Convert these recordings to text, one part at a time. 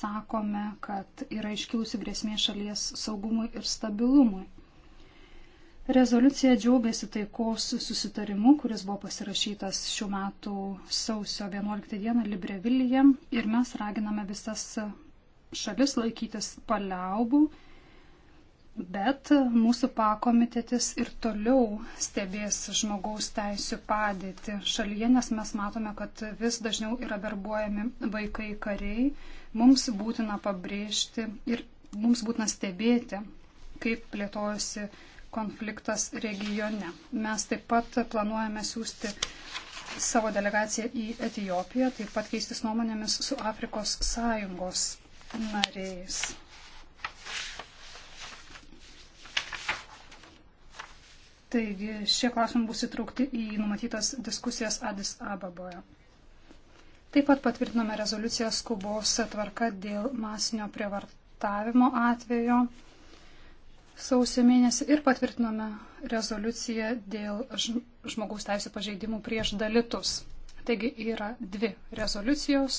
sakome, kad yra iškilusi grėsmė šalies saugumui ir stabilumui. Rezoliucija džiaugiasi taikos susitarimu, kuris buvo pasirašytas šių metų sausio 11 dieną Librevilyje ir mes raginame visas šalis laikytis paliaubų Bet mūsų pakomitetis ir toliau stebės žmogaus teisų padėti šalyje, nes mes matome, kad vis dažniau yra darbuojami vaikai kariai. Mums būtina pabrėžti ir mums būtina stebėti, kaip plėtojasi konfliktas regione. Mes taip pat planuojame siūsti savo delegaciją į Etijopiją, taip pat keistis nuomonėmis su Afrikos sąjungos nariais. Taigi šie klausimai bus įtraukti į numatytas diskusijas Adis Ababoje. Taip pat patvirtinome rezoliuciją skubos tvarka dėl masinio prievartavimo atvejo sausio mėnesį ir patvirtinome rezoliuciją dėl žmogaus teisų pažeidimų prieš dalitus. Taigi yra dvi rezoliucijos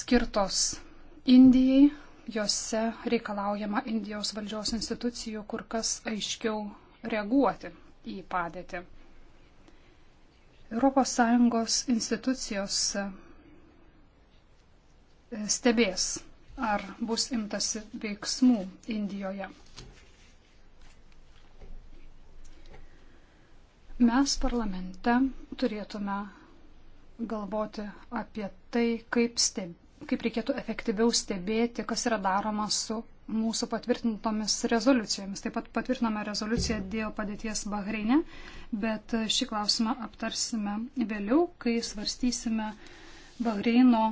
skirtos Indijai Jose reikalaujama Indijos valdžios institucijų kur kas aiškiau reaguoti į padėtį. ES institucijos e, stebės, ar bus imtasi veiksmų Indijoje. Mes parlamente turėtume galvoti apie tai, kaip stebėti kaip reikėtų efektyviau stebėti, kas yra daroma su mūsų patvirtintomis rezoliucijomis. Taip pat patvirtinome rezoliuciją dėl padėties Bahreine, bet šį klausimą aptarsime vėliau, kai svarstysime Bahreino,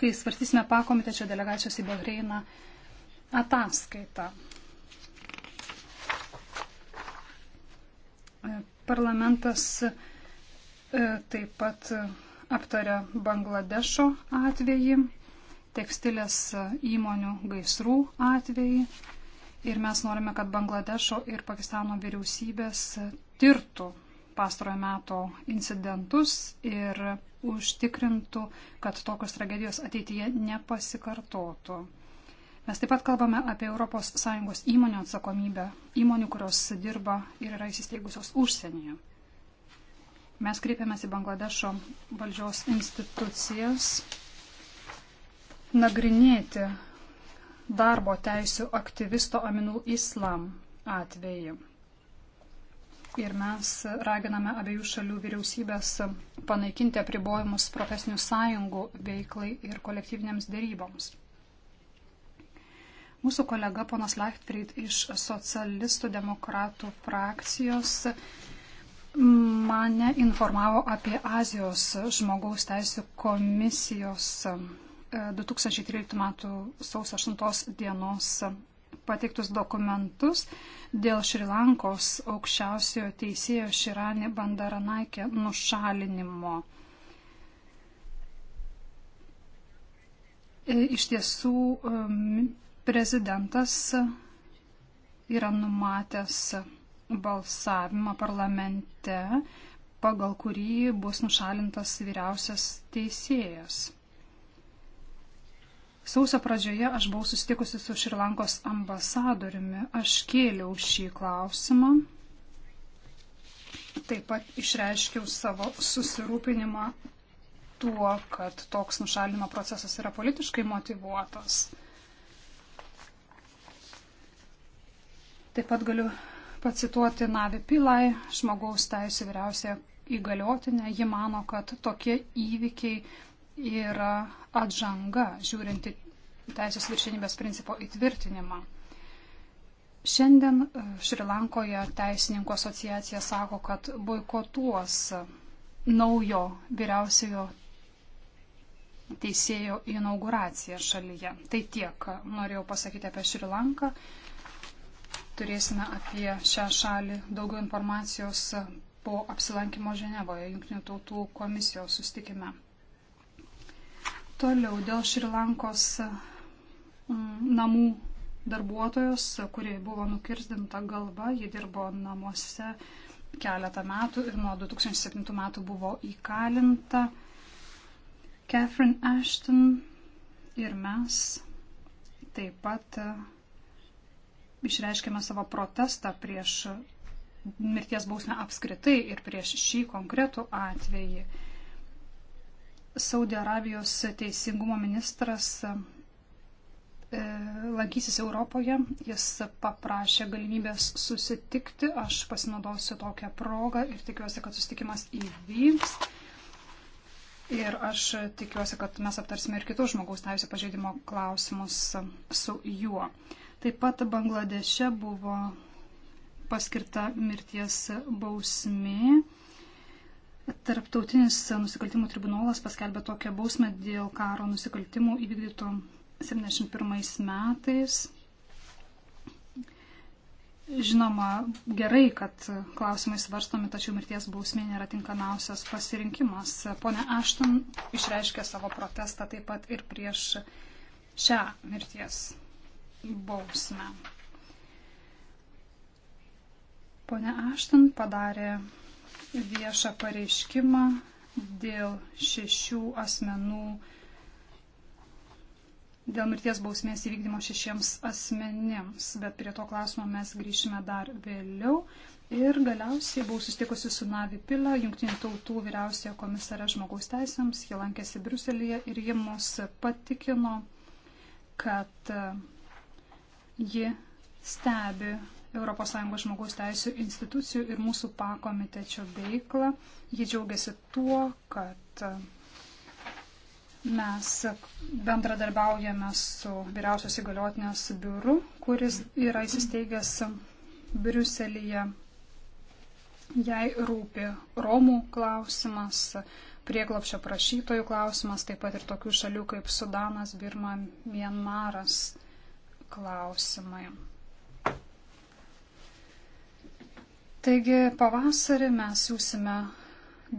kai svarstysime pakomitečio delegacijos į Bahreiną ataskaitą. Parlamentas e, taip pat e, aptarė Bangladešo atvejį tekstilės įmonių gaisrų atvejai. Ir mes norime, kad Bangladešo ir Pakistano vyriausybės tirtų pastarojo meto incidentus ir užtikrintų, kad tokios tragedijos ateityje nepasikartotų. Mes taip pat kalbame apie ES įmonių atsakomybę, įmonių, kurios dirba ir yra įsisteigusios užsienyje. Mes kreipiamės į Bangladešo valdžios institucijas nagrinėti darbo teisų aktyvisto Aminų Islam atvejį. Ir mes raginame abiejų šalių vyriausybės panaikinti apribojimus profesinių sąjungų veiklai ir kolektyvinėms dėryboms. Mūsų kolega ponas Lechtfried iš socialistų demokratų frakcijos mane informavo apie Azijos žmogaus teisų komisijos 2013 m. sausio 8 dienos pateiktus dokumentus dėl Šrilankos aukščiausiojo teisėjo Širani Bandaranaikė nušalinimo. E, iš tiesų, e, prezidentas yra numatęs balsavimą parlamente, pagal kurį bus nušalintas vyriausias teisėjas. Sausio pradžioje aš buvau susitikusi su Šrilankos ambasadoriumi. Aš kėliau šį klausimą. Taip pat išreiškiau savo susirūpinimą tuo, kad toks nušalinimo procesas yra politiškai motivuotas. Taip pat galiu pacituoti Navi Pilai, žmogaus teisų vyriausia įgaliotinė. Ji mano, kad tokie įvykiai yra atžanga, žiūrinti teisės viršinybės principo įtvirtinimą. Šiandien e, Šrilankoje Teisininkų asociacija sako, kad boikotuos naujo vyriausiojo teisėjo inauguraciją šalyje. Tai tiek norėjau pasakyti apie Šrilanką. Turėsime apie šią šalį daugiau informacijos po apsilankimo Ženevoje, Junktinių tautų komisijos sustikime. Toliau dėl Šrilankos mm, namų darbuotojos, kuri buvo nukirzdinta galva, ji dirbo namuose keletą metų ir nuo 2007 metų buvo įkalinta. Catherine Ashton ir mes taip pat e, išreiškėme savo protestą prieš mirties bausmę apskritai ir prieš šį konkretų atvejį. Saudė Arabijos teisingumo ministras e, lankysis Europoje, jis paprašė galimybės susitikti, aš pasinaudosiu tokią progą ir tikiuosi, kad susitikimas įvyks. Ir aš tikiuosi, kad mes aptarsime ir kitus žmogaus teisų pažeidimo klausimus su juo. Taip pat Bangladeše buvo paskirta mirties bausmė Tarptautinis nusikaltimų tribunolas paskelbė tokią bausmę dėl karo nusikaltimų įvykdytų 71 metais. Žinoma, gerai, kad klausimai svarstomi, tačiau mirties bausmė nėra tinkamiausias pasirinkimas. Pone Ašton išreiškė savo protestą taip pat ir prieš šią mirties bausmę. Pone Ašton padarė viešą pareiškimą dėl šešių asmenų, dėl mirties bausmės įvykdymo šešiems asmenims. Bet prie to klausimo mes grįšime dar vėliau. Ir galiausiai buvau sustikusi su Navi Pila, jungtinių tautų vyriausioje komisare žmogaus teisėms. Ji lankėsi Bruselėje ir ji mus patikino, kad e, ji stebi ES žmogaus teisų institucijų ir mūsų pakomitečio veiklą. Ji džiaugiasi tuo, kad e, mes bendradarbiaujame su vyriausios įgaliotinės biuru, kuris yra įsisteigęs Briuselyje. Jai rūpi Romų klausimas, prieglopšio prašytojų klausimas, taip pat ir tokių šalių kaip Sudanas, Birma, Mienmaras klausimai. Taigi pavasarį mes siūsime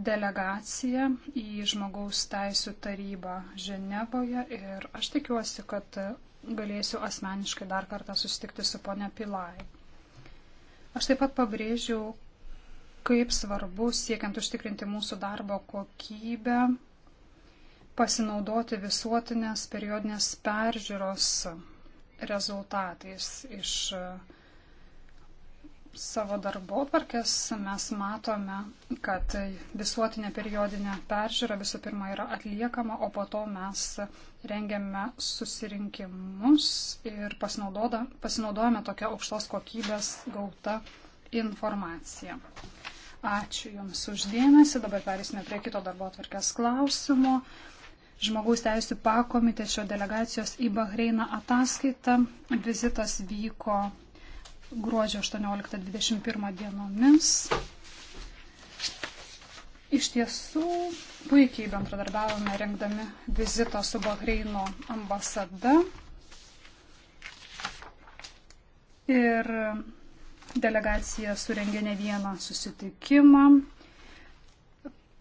delegaciją į žmogaus teisų tarybą Ženevoje ir aš tikiuosi, kad galėsiu asmeniškai dar kartą susitikti su ponia Pilai. Aš taip pat pabrėžiau, kaip svarbu siekiant užtikrinti mūsų darbo kokybę, pasinaudoti visuotinės periodinės peržiūros rezultatais iš uh, savo darbo tvarkės mes matome, kad visuotinė periodinė peržiūra visų pirma yra atliekama, o po to mes rengiame susirinkimus ir pasinaudojame tokią aukštos kokybės gautą informaciją. Ačiū Jums uždėmesi. Dabar perėsime prie kito darbo tvarkės klausimo. Žmogaus teisų pakomitečio delegacijos į Bahreiną ataskaitą. Vizitas vyko gruodžio 18-21 dienomis. Iš tiesų puikiai bendradarbiavome rengdami vizitą su Bahreino ambasada. Ir delegacija surengė ne vieną susitikimą.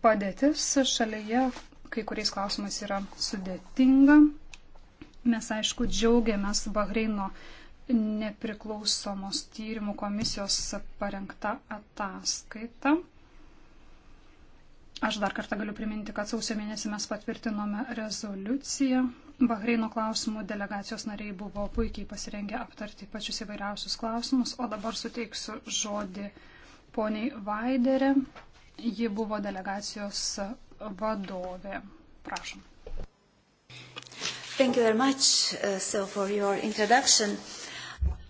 Padėtis šalyje kai kuriais klausimais yra sudėtinga. Mes aišku džiaugiamės Bahreino ambasada nepriklausomos tyrimų komisijos parengta ataskaita. Aš dar kartą galiu priminti, kad sausio mėnesį mes patvirtinome rezoliuciją. Bahreino klausimų delegacijos nariai buvo puikiai pasirengę aptarti pačius įvairiausius klausimus, o dabar suteiksiu žodį poniai Vaiderė. Ji buvo delegacijos vadovė. Prašom. Thank you very much uh, so for your introduction. Uh,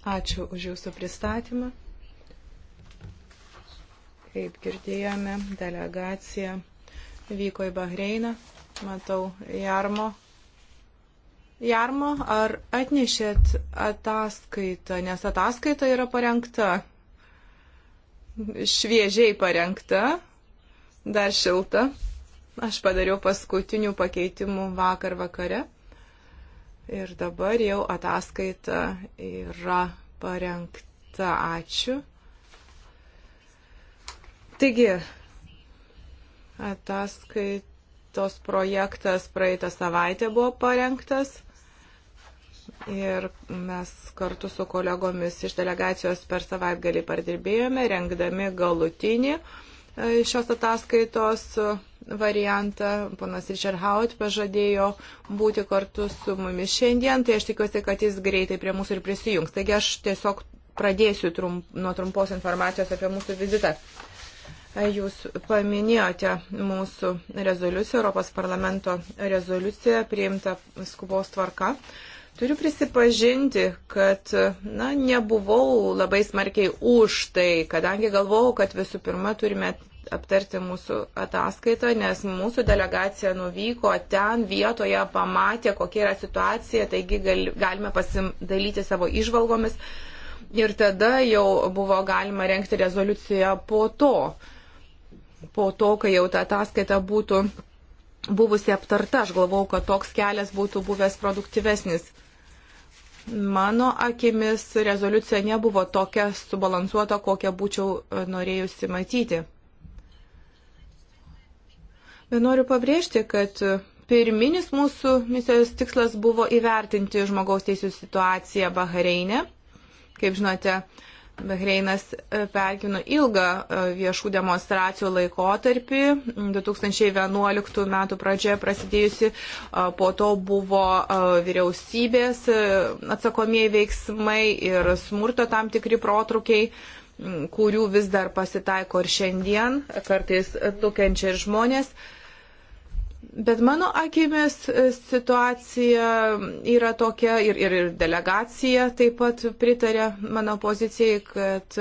Ačiū už Jūsų pristatymą. Kaip girdėjome, delegacija vyko į Bahreiną. Matau, Jarmo. Jarmo, ar atnešėt ataskaitą, nes ataskaita yra parengta, šviežiai parengta, dar šilta. Aš padariau paskutinių pakeitimų vakar vakare. Ir dabar jau ataskaita yra parengta. Ačiū. Taigi, ataskaitos projektas praeitą savaitę buvo parengtas. Ir mes kartu su kolegomis iš delegacijos per savaitgalį pardirbėjome, rengdami galutinį uh, šios ataskaitos variantą. Panas Richard Hout pažadėjo būti kartu su mumis šiandien, tai aš tikiuosi, kad jis greitai prie mūsų ir prisijungs. Taigi aš tiesiog pradėsiu trump, nuo trumpos informacijos apie mūsų vizitą. Jūs paminėjote mūsų rezoliuciją, Europos parlamento rezoliuciją priimta skubos tvarka. Uh, Turiu prisipažinti, kad na, nebuvau labai smarkiai už tai, kadangi galvojau, kad visų pirma turime aptarti mūsų ataskaitą, nes mūsų delegacija nuvyko ten vietoje, pamatė, kokia yra situacija, taigi gal, galime pasidalyti savo išvalgomis ir tada jau buvo galima renkti rezoliuciją po to, po to, kai jau ta ataskaita būtų buvusi aptarta. Aš galvau, kad toks kelias būtų buvęs produktyvesnis. Mano akimis rezoliucija nebuvo tokia subalansuota, kokią būčiau e, norėjusi matyti. Bet noriu pabrėžti, kad pirminis mūsų misijos tikslas buvo įvertinti žmogaus teisų situaciją Bahreinė. Kaip žinote, uh, Bahreinas e, perkino ilgą e, viešų demonstracijų laikotarpį. 2011 m. pradžioje prasidėjusi, e, po to buvo vyriausybės atsakomieji veiksmai ir smurto tam tikri protrukiai kurių vis dar pasitaiko ir šiandien, kartais nukenčia ir žmonės. Uh, Bet mano akimis e, situacija yra tokia ir, ir, ir delegacija taip pat pritarė mano pozicijai, kad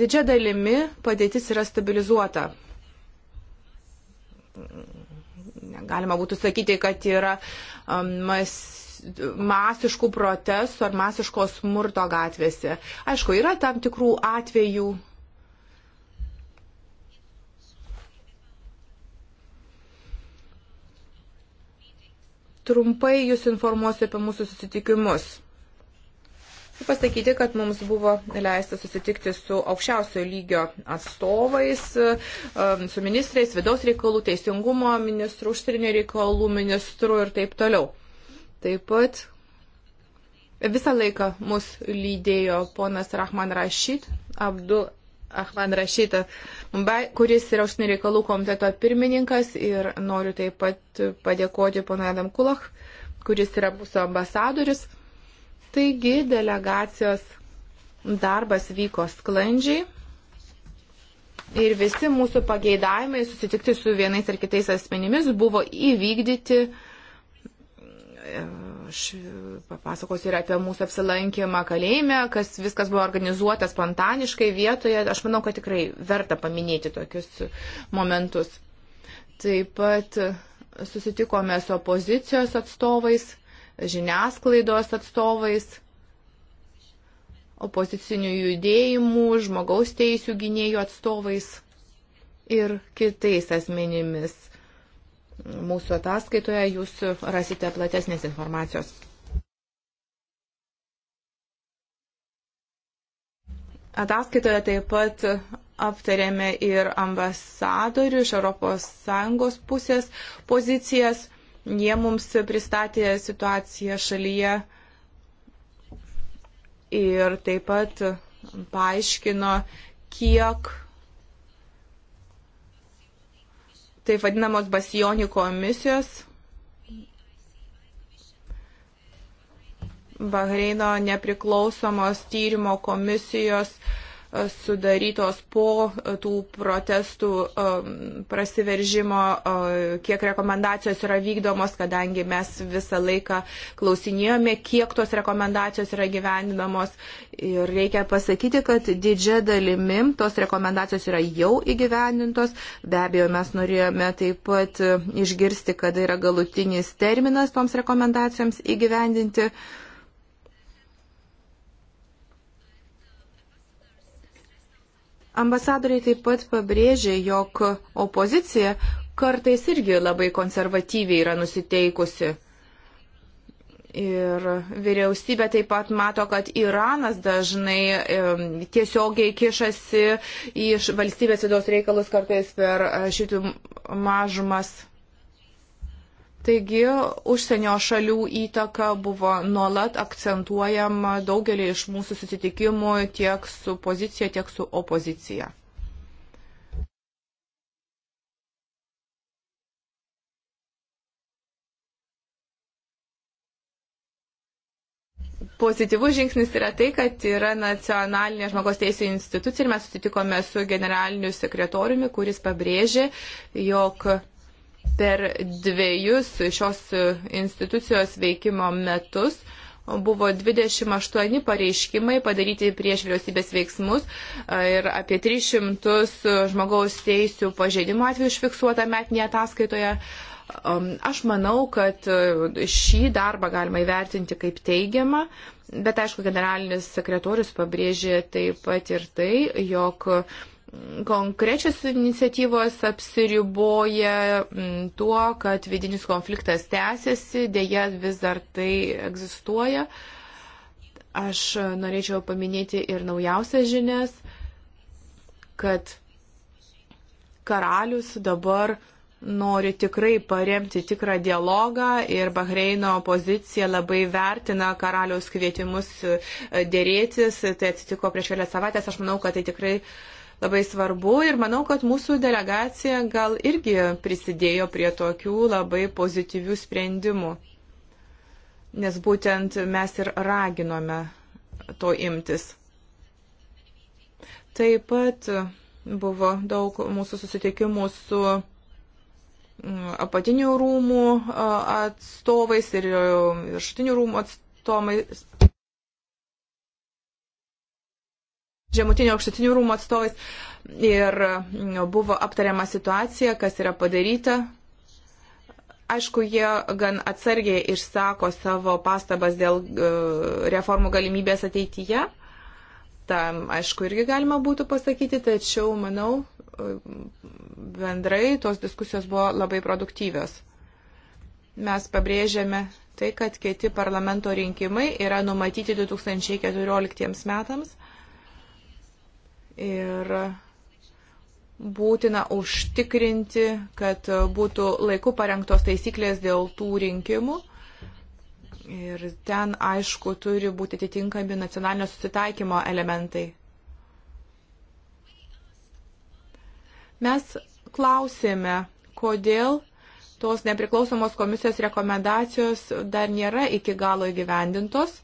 didžia dalimi padėtis yra stabilizuota. Galima būtų sakyti, kad yra mas, masiškų protestų ar masiško smurto gatvėse. Aišku, yra tam tikrų atvejų Trumpai jūs informuosiu apie mūsų susitikimus. Pasakyti, kad mums buvo leista susitikti su aukščiausio lygio atstovais, um, su ministrais, vidaus reikalų, teisingumo ministru, užsienio reikalų ministru ir taip toliau. Taip pat visą laiką mus lydėjo ponas Rahman Rašyt, Abdul Ahvan Rašyta, kuris yra užsienio reikalų komiteto pirmininkas ir noriu taip pat padėkoti ponui Adam Kulach, kuris yra mūsų ambasadorius. Taigi delegacijos darbas vyko sklandžiai ir visi mūsų pageidavimai susitikti su vienais ar kitais asmenimis buvo įvykdyti Aš e, papasakosiu ir apie mūsų apsilankymą kalėjime, kas viskas buvo organizuota spontaniškai vietoje. Aš manau, kad tikrai verta paminėti tokius momentus. Taip pat e, susitikome su opozicijos atstovais, žiniasklaidos atstovais, opozicinių judėjimų, žmogaus teisų gynėjų atstovais ir kitais asmenimis Mūsų ataskaitoje jūs rasite platesnės informacijos. Ataskaitoje taip pat aptarėme ir ambasadorių iš ES pusės pozicijas. Jie mums pristatė situaciją šalyje ir taip pat paaiškino, kiek tai vadinamos basijonių komisijos. Bahreino nepriklausomos tyrimo komisijos uh, sudarytos po tų protestų um, prasiveržimo, uh, kiek rekomendacijos yra vykdomos, kadangi mes visą laiką klausinėjome, kiek tos rekomendacijos yra gyvendinamos. Ir reikia pasakyti, kad didžia dalimi tos rekomendacijos yra jau įgyvendintos. Be abejo, mes norėjome taip pat uh, išgirsti, kada yra galutinis terminas toms rekomendacijoms įgyvendinti. Uh, Ambasadoriai taip pat pabrėžė, jog opozicija kartais irgi labai konservatyviai yra nusiteikusi. Ir vyriausybė taip pat mato, kad Iranas dažnai tiesiogiai kišasi į valstybės vidaus reikalus kartais per šitų mažumas Taigi užsienio šalių įtaka buvo nuolat akcentuojama daugelį iš mūsų susitikimų tiek su pozicija, tiek su opozicija. pozityvus žingsnis yra tai, kad yra nacionalinė žmogaus teisų institucija ir mes susitikome su generaliniu sekretoriumi, kuris pabrėžė, jog Per dviejus šios institucijos veikimo metus buvo 28 pareiškimai padaryti prieš vyriausybės veiksmus e, ir apie 300 žmogaus teisų pažeidimo atveju užfiksuota metinėje ataskaitoje. Um, aš manau, kad e, šį darbą galima įvertinti kaip teigiamą, bet aišku, generalinis sekretorius pabrėžė taip pat ir tai, jog konkrečios iniciatyvos apsiriboja mm, tuo, kad vidinis konfliktas tęsiasi, dėja vis dar tai egzistuoja. Aš norėčiau paminėti ir naujausias žinias, kad karalius dabar nori tikrai paremti tikrą dialogą ir Bahreino opozicija labai vertina karaliaus kvietimus e, dėrėtis. Tai atsitiko prieš kelias savaitės. Aš manau, kad tai tikrai uh, labai svarbu ir manau, kad mūsų delegacija gal irgi prisidėjo prie tokių labai pozityvių sprendimų, nes būtent mes ir raginome to imtis. Taip pat buvo daug mūsų susitikimų su mm, apatinių rūmų atstovais ir e, viršutinių rūmų atstovais žemutinio aukštutinių rūmų atstovais ir mm, buvo aptariama situacija, kas yra padaryta. Aišku, jie gan atsargiai išsako savo pastabas dėl e, reformų galimybės ateityje. Tam, aišku, irgi galima būtų pasakyti, tačiau, manau, e, bendrai tos diskusijos buvo labai produktyvios. Mes pabrėžėme tai, kad kiti parlamento rinkimai yra numatyti 2014 metams Ir būtina užtikrinti, kad būtų laiku parengtos taisyklės dėl tų rinkimų. Ir ten, aišku, turi būti atitinkami nacionalinio susitaikymo elementai. Mes klausėme, kodėl tos nepriklausomos komisijos rekomendacijos dar nėra iki galo įgyvendintos.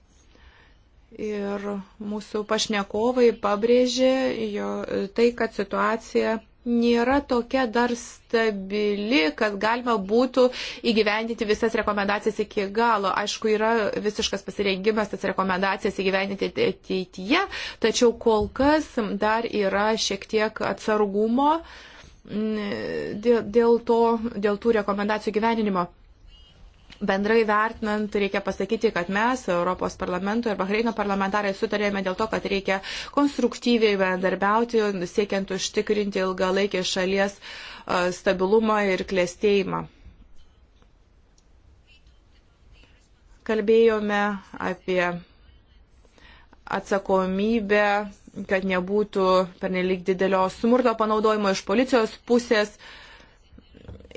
Ir mūsų pašnekovai pabrėžė jo, tai, kad situacija nėra tokia dar stabili, kad galima būtų įgyvendinti visas rekomendacijas iki galo. Aišku, yra visiškas pasirengimas tas rekomendacijas įgyvendinti ateityje, tačiau kol kas dar yra šiek tiek atsargumo dėl, dėl, to, dėl tų rekomendacijų gyveninimo. Bendrai vertinant, reikia pasakyti, kad mes, Europos parlamento ir Bahreino parlamentarai, sutarėme dėl to, kad reikia konstruktyviai bendarbiauti, siekiant užtikrinti ilgalaikį šalies stabilumą ir klėstėjimą. Kalbėjome apie atsakomybę, kad nebūtų pernelyg didelio smurto panaudojimo iš policijos pusės. Uh,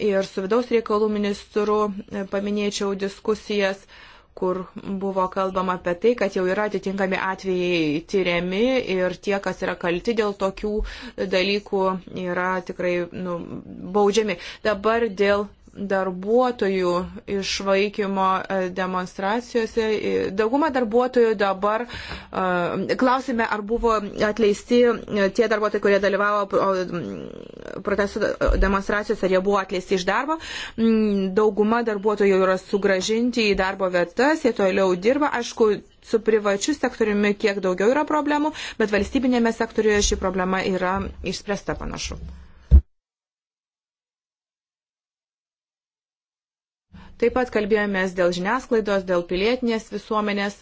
ir su vidaus reikalų ministru e, paminėčiau diskusijas, kur buvo kalbama apie tai, kad jau yra atitinkami atvejai tyriami ir tie, kas yra kalti dėl tokių dalykų, yra tikrai nu, baudžiami. Dabar dėl darbuotojų išvaikymo e, demonstracijose. E, dauguma darbuotojų dabar e, klausime, ar buvo atleisti tie darbuotojai, kurie dalyvavo protestų demonstracijose, ar jie buvo atleisti iš darbo. Dauguma darbuotojų yra sugražinti į darbo vietas, jie toliau dirba. Aišku, su privačiu sektoriumi kiek daugiau yra problemų, bet valstybinėme sektoriuje ši problema yra išspręsta panašu. Taip pat kalbėjomės dėl žiniasklaidos, dėl pilietinės visuomenės.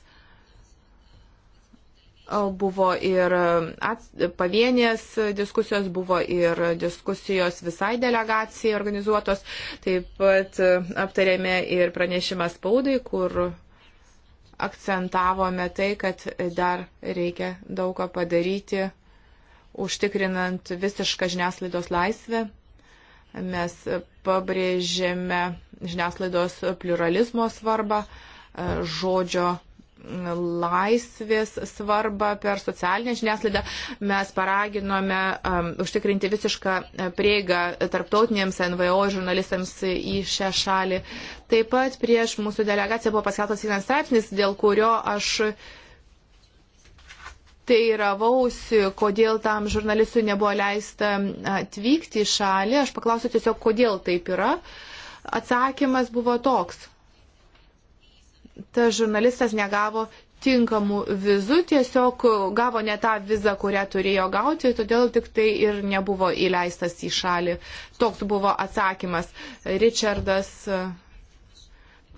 Buvo ir ats, pavienės diskusijos, buvo ir diskusijos visai delegacijai organizuotos. Taip pat aptarėme ir pranešimą spaudai, kur akcentavome tai, kad dar reikia daug ką padaryti, užtikrinant visišką žiniasklaidos laisvę Mes pabrėžėme žiniasklaidos pluralizmo svarbą, e, žodžio laisvės svarbą per socialinę žiniasklaidą. Mes paraginome um, užtikrinti visišką prieigą tarptautiniams NVO žurnalistams į šią šalį. Taip pat prieš mūsų delegaciją buvo paskeltas vienas straipsnis, dėl kurio aš uh, teiravausi, kodėl tam žurnalistui nebuvo leista atvykti į šalį. Aš paklausiu tiesiog, kodėl taip yra. Atsakymas buvo toks. Ta žurnalistas negavo tinkamų vizų, tiesiog gavo ne tą vizą, kurią turėjo gauti, todėl tik tai ir nebuvo įleistas į šalį. Toks buvo atsakymas. Richardas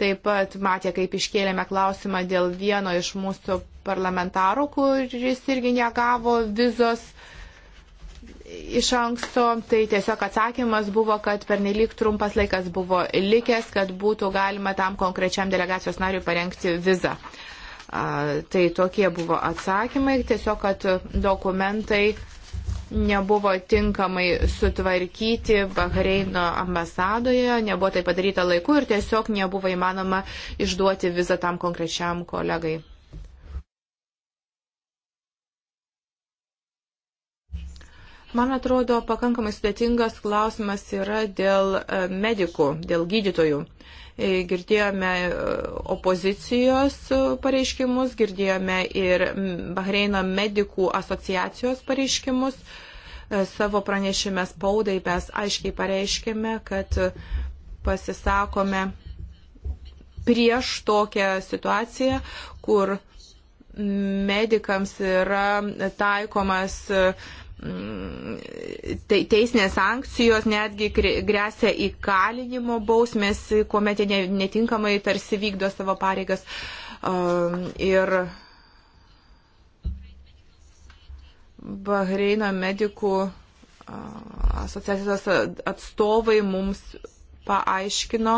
taip pat matė, kaip iškėlėme klausimą dėl vieno iš mūsų parlamentarų, kuris irgi negavo vizos iš anksto. Tai tiesiog atsakymas buvo, kad pernelyg trumpas laikas buvo likęs, kad būtų galima tam konkrečiam delegacijos nariui parengti vizą. Tai tokie buvo atsakymai, tiesiog, kad dokumentai nebuvo tinkamai sutvarkyti Bahreino ambasadoje, nebuvo tai padaryta laiku ir tiesiog nebuvo įmanoma išduoti vizą tam konkrečiam kolegai. Man atrodo, pakankamai sudėtingas klausimas yra dėl e, medikų, dėl gydytojų. E, girdėjome e, opozicijos pareiškimus, girdėjome ir Bahreino medikų asociacijos pareiškimus. Savo pranešime spaudai mes aiškiai pareiškėme, kad pasisakome prieš tokią situaciją, kur medikams yra taikomas uh, Mm, teisinės sankcijos, netgi grėsia įkalinimo bausmės, kuomet jie netinkamai tarsi vykdo savo pareigas. Um, ir Bahreino medikų asociacijos atstovai mums paaiškino,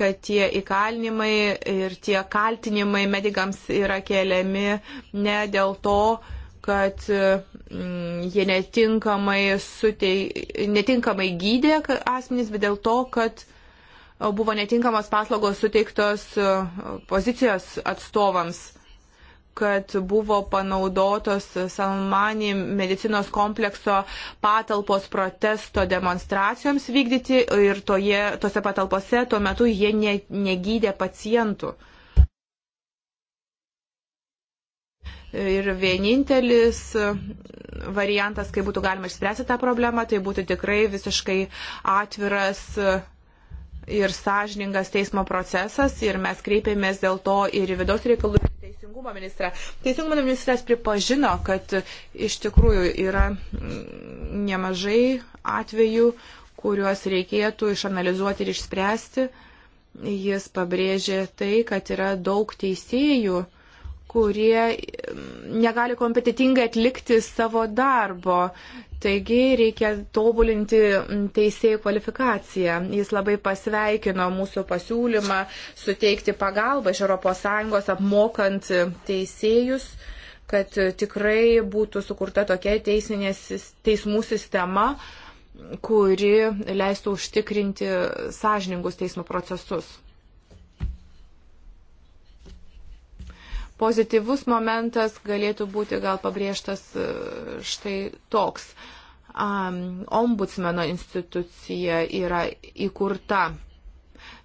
kad tie įkalinimai ir tie kaltinimai medikams yra keliami ne dėl to, kad mm, jie netinkamai, sutei, netinkamai gydė asmenys, bet dėl to, kad e, buvo netinkamos paslaugos suteiktos e, pozicijos atstovams kad buvo panaudotos Salmani medicinos komplekso patalpos protesto demonstracijoms vykdyti ir toje, tose patalpose tuo metu jie ne, negydė pacientų. Ir vienintelis mm, variantas, kai būtų galima išspręsti tą problemą, tai būtų tikrai visiškai atviras mm, ir sąžiningas teismo procesas ir mes kreipėmės dėl to ir į vidaus reikalų ir teisingumo ministrą. Teisingumo ministras pripažino, kad iš tikrųjų yra mm, nemažai atvejų, kuriuos reikėtų išanalizuoti ir išspręsti. Jis pabrėžė tai, kad yra daug teisėjų, kurie mm, negali kompetitingai atlikti savo darbo. Taigi reikia tobulinti mm, teisėjų kvalifikaciją. Jis labai pasveikino mūsų pasiūlymą suteikti pagalbą iš ES apmokant teisėjus kad tikrai būtų sukurta tokia teisinė teismų sistema, kuri leistų užtikrinti sąžiningus teismų procesus. pozityvus momentas galėtų būti gal pabrėžtas e, štai toks. Ombudsmeno institucija yra įkurta.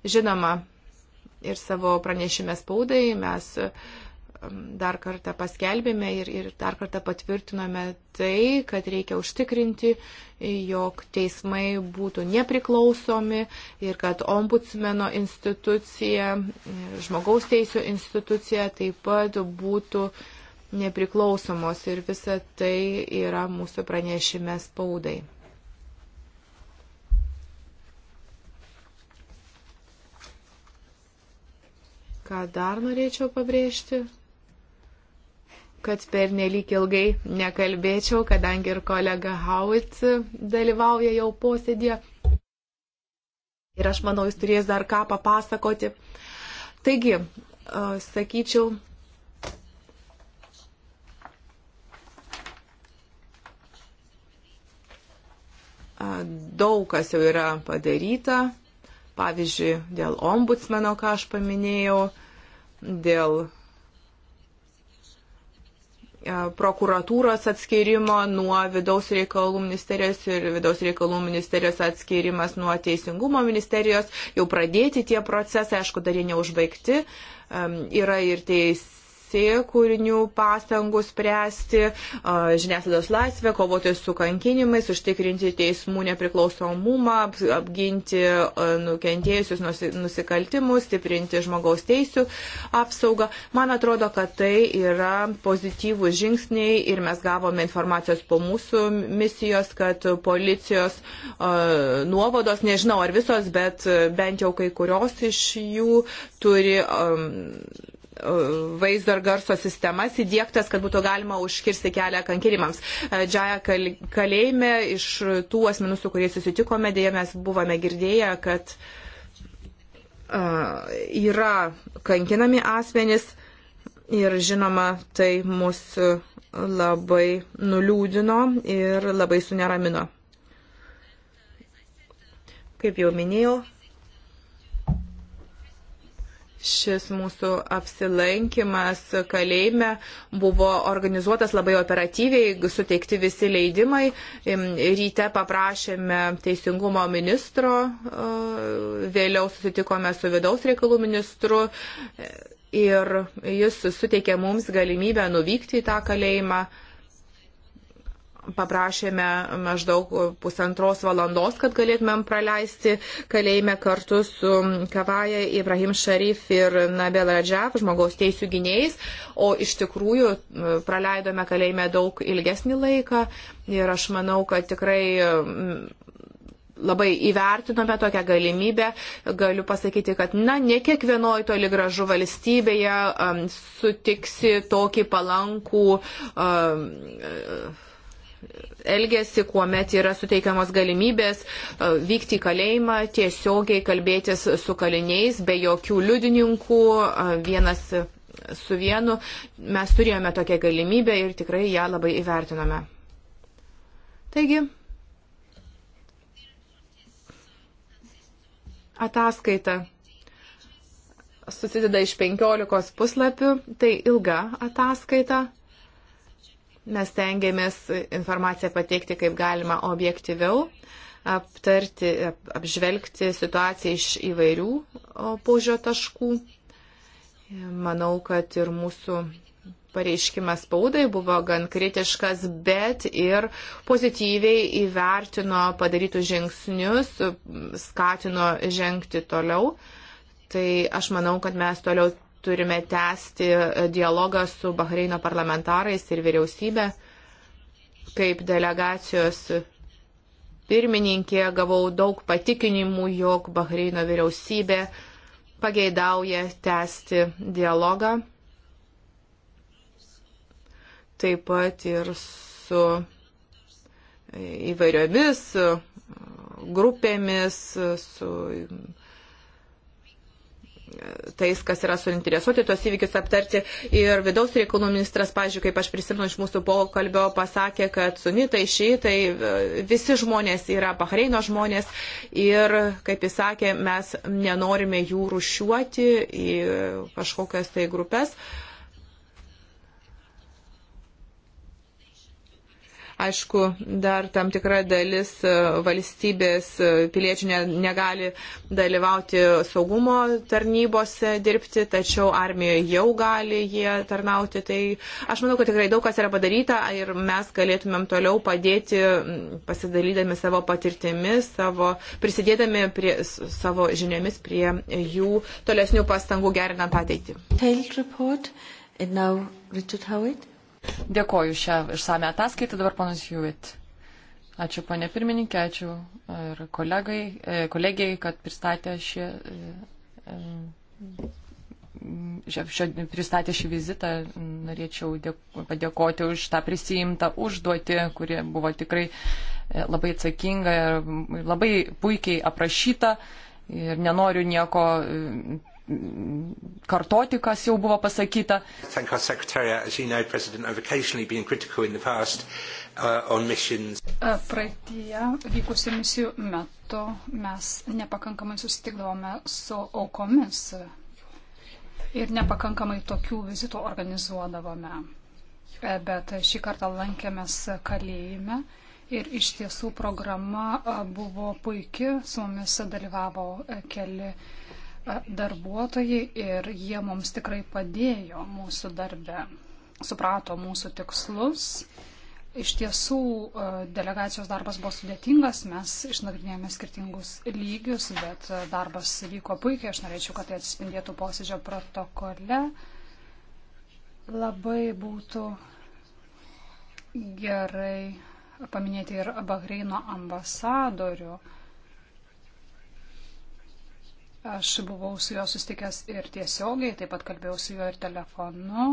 Žinoma, ir savo pranešime spaudai mes uh, dar kartą paskelbėme ir, ir dar kartą patvirtinome tai, kad reikia užtikrinti, jog teismai būtų nepriklausomi ir kad ombudsmeno institucija, žmogaus teisų institucija taip pat būtų nepriklausomos ir visa tai yra mūsų pranešime spaudai. Ką dar norėčiau pabrėžti? kad per nelik ilgai nekalbėčiau, kadangi ir kolega Howitt dalyvauja jau posėdėje. Ir aš manau, jis turės dar ką papasakoti. Taigi, sakyčiau, daug kas jau yra padaryta. Pavyzdžiui, dėl ombudsmeno, ką aš paminėjau, dėl E, prokuratūros atskirimo nuo vidaus reikalų ministerijos ir vidaus reikalų ministerijos atskirimas nuo teisingumo ministerijos, jau pradėti tie procesai, aišku, dar jie neužbaigti, yra ir teis teisėjų kūrinių pastangų spręsti žiniasklaidos laisvę, kovoti su kankinimais, užtikrinti teismų nepriklausomumą, apginti nukentėjusius nusikaltimus, stiprinti žmogaus teisų apsaugą. Man atrodo, kad tai yra pozityvų žingsniai ir mes gavome informacijos po mūsų misijos, kad policijos nuovados, nežinau ar visos, bet bent jau kai kurios iš jų turi um, vaizdo ir garso sistemas įdėktas, kad būtų galima užkirsti kelią kankirimams. E, Džiaja kalėjime iš tų asmenų, su kuriais susitikome, dėja mes buvome girdėję, kad uh, yra kankinami asmenys ir žinoma, tai mus labai nuliūdino ir labai suneramino. Kaip jau minėjau, Šis mūsų apsilankimas kalėjime buvo organizuotas labai operatyviai, suteikti visi leidimai. Ryte paprašėme teisingumo ministro, vėliau susitikome su vidaus reikalų ministru e, ir jis suteikė mums galimybę nuvykti į tą kalėjimą paprašėme maždaug pusantros valandos, kad galėtumėm praleisti kalėjime kartu su Kavaja, Ibrahim Šarif ir Nabel Radžav, žmogaus teisų gynėjais, o iš tikrųjų praleidome kalėjime daug ilgesnį laiką ir aš manau, kad tikrai mm, labai įvertinome tokią galimybę. Galiu pasakyti, kad, na, ne kiekvienoj toli gražu valstybėje um, sutiksi tokį palankų um, elgesi, kuomet yra suteikiamos galimybės e, vykti į kalėjimą, tiesiogiai kalbėtis su kaliniais, be jokių liudininkų, e, vienas su vienu. Mes turėjome tokią galimybę ir tikrai ją labai įvertinome. Taigi, ataskaita susideda iš 15 puslapių, tai ilga ataskaita Mes tengiamės informaciją pateikti kaip galima objektyviau, aptarti, apžvelgti situaciją iš įvairių paužio taškų. Manau, kad ir mūsų pareiškimas spaudai buvo gan kritiškas, bet ir pozityviai įvertino padarytus žingsnius, skatino žengti toliau. Tai aš manau, kad mes toliau turime tęsti e, dialogą su Bahreino parlamentarais ir vyriausybė. Kaip delegacijos pirmininkė gavau daug patikinimų, jog Bahreino vyriausybė pageidauja tęsti dialogą. Taip pat ir su įvairiomis grupėmis, su tais, kas yra suinteresuoti tos įvykius aptarti. Ir vidaus reikalų ministras, pažiūrėjau, kaip aš prisimenu iš mūsų pokalbio, pasakė, kad sunitai, šitai, visi žmonės yra Bahreino žmonės ir, kaip jis sakė, mes nenorime jų rušiuoti į kažkokias tai grupės. Uh, Aišku, dar tam tikra dalis e, valstybės e, piliečių negali dalyvauti saugumo tarnybose dirbti, tačiau armijoje jau gali jie tarnauti. Tai aš manau, kad tikrai daug kas yra padaryta ir mes galėtumėm toliau padėti pasidalydami savo patirtimis, savo, prisidėdami prie, savo žiniomis prie jų tolesnių pastangų gerinant ateitį. Tailed report and now Richard Howitt. Dėkoju šią išsame ataskaitą, dabar ponas Juvit. Ačiū ponė pirmininkė, ačiū ir kolegai, e, kolegijai, kad pristatė šį, e, e, šio, pristatė šį vizitą. Norėčiau dėk, padėkoti už tą prisijimtą užduotį, kuri buvo tikrai labai atsakinga ir labai puikiai aprašyta. Ir nenoriu nieko kartoti, kas jau buvo pasakyta. Uh, e, praeitie vykusių misijų metu mes nepakankamai susitikdavome su aukomis ir nepakankamai tokių vizitų organizuodavome. E, bet šį kartą lankėmės kalėjime ir iš tiesų programa e, buvo puikia, su mumis dalyvavo keli darbuotojai ir jie mums tikrai padėjo mūsų darbe, suprato mūsų tikslus. Iš tiesų e, delegacijos darbas buvo sudėtingas, mes išnagrinėjome skirtingus lygius, bet e, darbas vyko puikiai, aš norėčiau, kad tai atsispindėtų posėdžio protokole. Labai būtų gerai paminėti ir Bahreino ambasadorių Aš buvau su juo sustikęs ir tiesiogiai, taip pat kalbėjau su juo ir telefonu.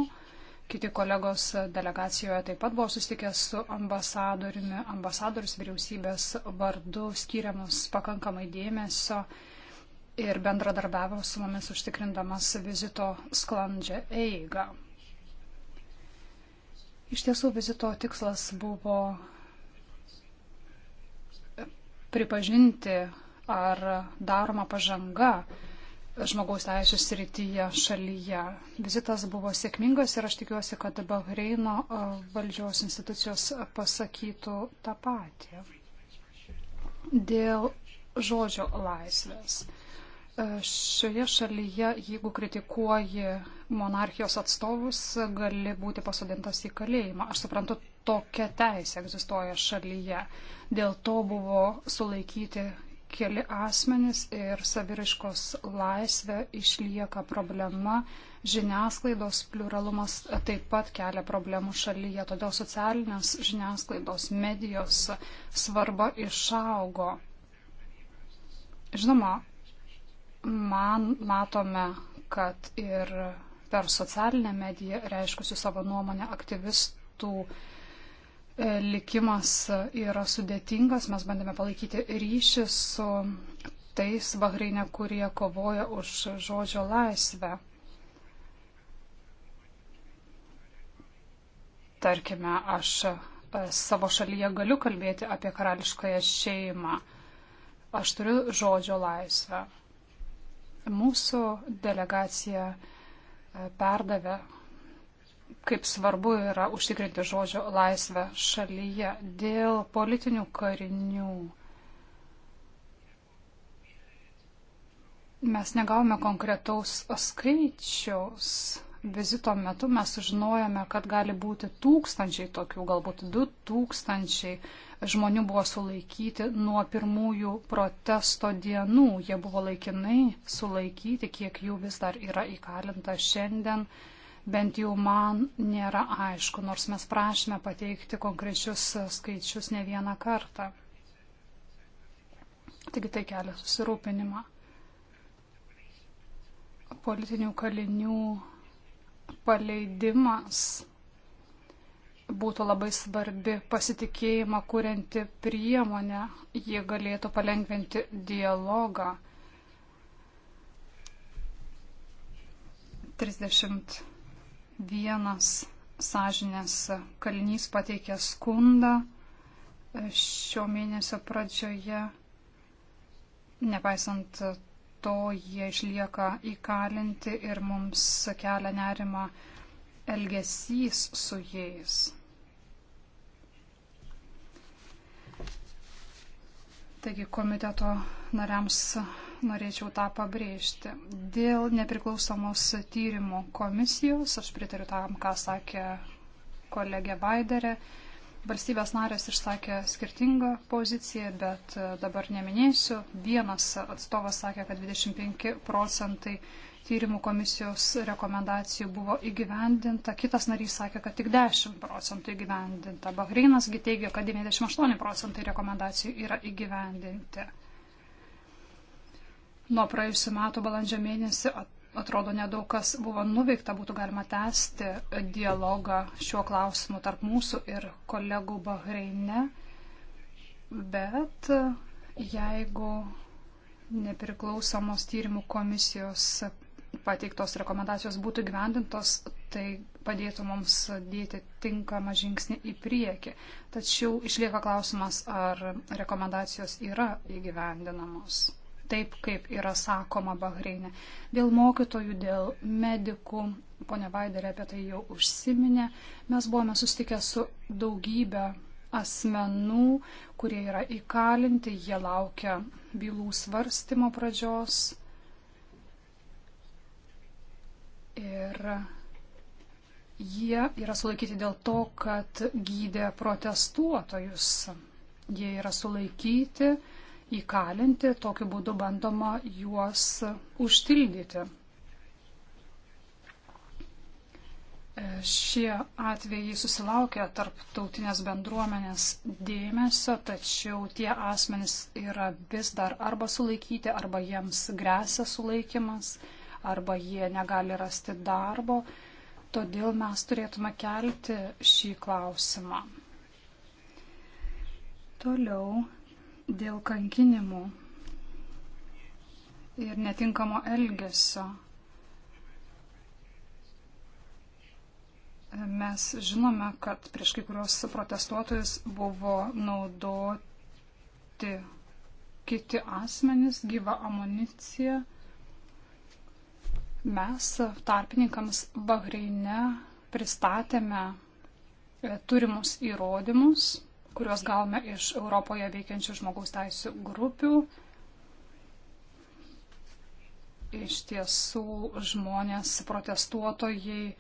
Kiti kolegos delegacijoje taip pat buvo sustikęs su ambasadoriumi. Ambasadorius vyriausybės vardu skiriamus pakankamai dėmesio ir bendradarbiavo su mumis užtikrindamas vizito sklandžią eigą. Iš tiesų vizito tikslas buvo pripažinti ar daroma pažanga žmogaus teisų srityje šalyje. Vizitas buvo sėkmingas ir aš tikiuosi, kad Bahreino valdžios institucijos pasakytų tą patį. Dėl žodžio laisvės. Šioje šalyje, jeigu kritikuoji monarchijos atstovus, gali būti pasodintas į kalėjimą. Aš suprantu, tokia teisė egzistuoja šalyje. Dėl to buvo sulaikyti keli asmenys ir saviriškos laisvė išlieka problema. Žiniasklaidos pluralumas taip pat kelia problemų šalyje, todėl socialinės žiniasklaidos medijos svarba išaugo. Žinoma, man matome, kad ir per socialinę mediją reiškusių savo nuomonę aktyvistų E, likimas e, yra sudėtingas. Mes bandėme palaikyti ryšį su tais Bahreinė, kurie kovoja už žodžio laisvę. Tarkime, aš e, savo šalyje galiu kalbėti apie karališkąją šeimą. Aš turiu žodžio laisvę. Mūsų delegacija perdavė kaip svarbu yra užtikrinti žodžio laisvę šalyje dėl politinių karinių. Mes negavome konkretaus skaičiaus. Vizito metu mes sužinojome, kad gali būti tūkstančiai tokių, galbūt du tūkstančiai žmonių buvo sulaikyti nuo pirmųjų protesto dienų. Jie buvo laikinai sulaikyti, kiek jų vis dar yra įkalinta šiandien. Uh, bent jau man nėra aišku, nors mes prašome pateikti konkrečius skaičius ne vieną kartą. Taigi tai kelia susirūpinimą. Politinių kalinių paleidimas būtų labai svarbi pasitikėjimą kurianti priemonė, jie galėtų palengventi dialogą. 30 Vienas sąžinės kalinys pateikė skundą e, šio mėnesio pradžioje. Nepaisant to, jie išlieka įkalinti ir mums kelia nerima elgesys su jais. Taigi komiteto nariams norėčiau tą pabrėžti. Dėl nepriklausomos tyrimų komisijos, aš pritariu tam, ką sakė kolegė Vaiderė, valstybės narės išsakė skirtingą poziciją, bet dabar neminėsiu. Vienas atstovas sakė, kad 25 procentai tyrimų komisijos rekomendacijų buvo įgyvendinta, kitas narys sakė, kad tik 10 procentų įgyvendinta. Bahreinasgi teigia, kad 98 procentai rekomendacijų yra įgyvendinti. Nuo praėjusiu metu balandžio mėnesį atrodo nedaug kas buvo nuveikta, būtų galima tęsti dialogą šiuo klausimu tarp mūsų ir kolegų Bahreine. Bet jeigu nepriklausomos tyrimų komisijos pateiktos rekomendacijos būtų gyvendintos, tai padėtų mums dėti tinkamą žingsnį į priekį. Tačiau išlieka klausimas, ar rekomendacijos yra įgyvendinamos taip, kaip yra sakoma Bahreinė. Dėl mokytojų, dėl medikų, ponia Vaiderė apie tai jau užsiminė, mes buvome susitikę su daugybė asmenų, kurie yra įkalinti, jie laukia bylų svarstymo pradžios Ir jie yra sulaikyti dėl to, kad gydė protestuotojus. Jie yra sulaikyti, įkalinti, tokiu būdu bandoma juos užtildyti. Šie atvejai susilaukia tarptautinės bendruomenės dėmesio, tačiau tie asmenys yra vis dar arba sulaikyti, arba jiems grėsia sulaikimas arba jie negali rasti darbo. Todėl mes turėtume kelti šį klausimą. Toliau dėl kankinimų ir netinkamo elgesio. Mes žinome, kad prieš kai kurios protestuotojus buvo naudoti kiti asmenys, gyva amunicija. Mes tarpininkams Bahreine pristatėme e, turimus įrodymus, kuriuos gavome iš Europoje veikiančių žmogaus teisų grupių. Iš tiesų žmonės, protestuotojai e,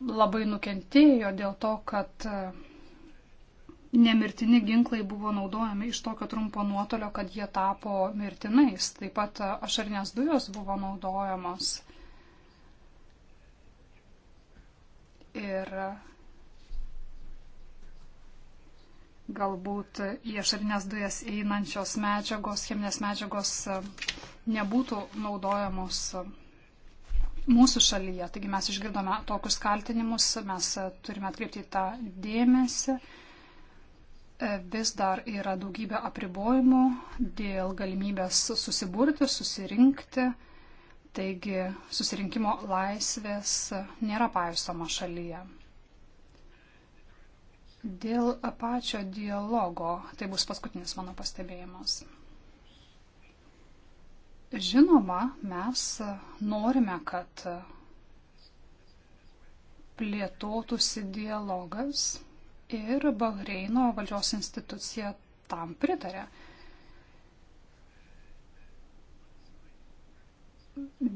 labai nukentėjo dėl to, kad e, nemirtini ginklai buvo naudojami iš tokio trumpo nuotolio, kad jie tapo mirtinais. Taip pat e, ašarnės dujos buvo naudojamos. Ir galbūt į ašarinės dujas einančios medžiagos, cheminės medžiagos e, nebūtų naudojamos e, mūsų šalyje. Taigi mes išgirdome tokius kaltinimus, mes turime atkreipti į tą dėmesį vis dar yra daugybė apribojimų dėl galimybės susiburti, susirinkti. Taigi susirinkimo laisvės nėra paisoma šalyje. Dėl pačio dialogo, tai bus paskutinis mano pastebėjimas. Žinoma, mes norime, kad plėtotųsi dialogas ir Bahreino valdžios institucija tam pritarė.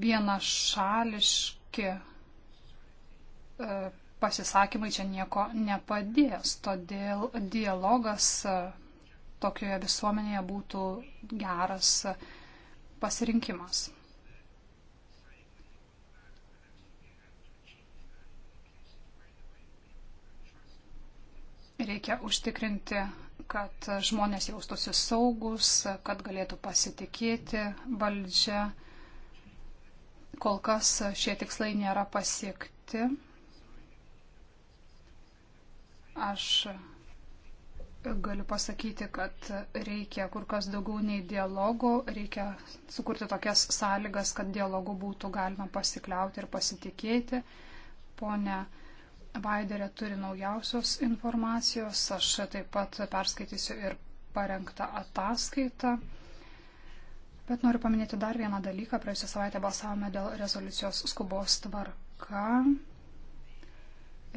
Vienašališki e, pasisakymai čia nieko nepadės, todėl dialogas e, tokioje visuomenėje būtų geras pasirinkimas. Reikia užtikrinti, kad žmonės jaustųsi saugus, kad galėtų pasitikėti valdžia. Kol kas šie tikslai nėra pasiekti. Aš galiu pasakyti, kad reikia kur kas daugiau nei dialogų, reikia sukurti tokias sąlygas, kad dialogų būtų galima pasikliauti ir pasitikėti. Pone Vaiderė turi naujausios informacijos. Aš taip pat perskaitysiu ir parengtą ataskaitą. Bet noriu paminėti dar vieną dalyką. Praėjusią savaitę balsavome dėl rezoliucijos skubos tvarka.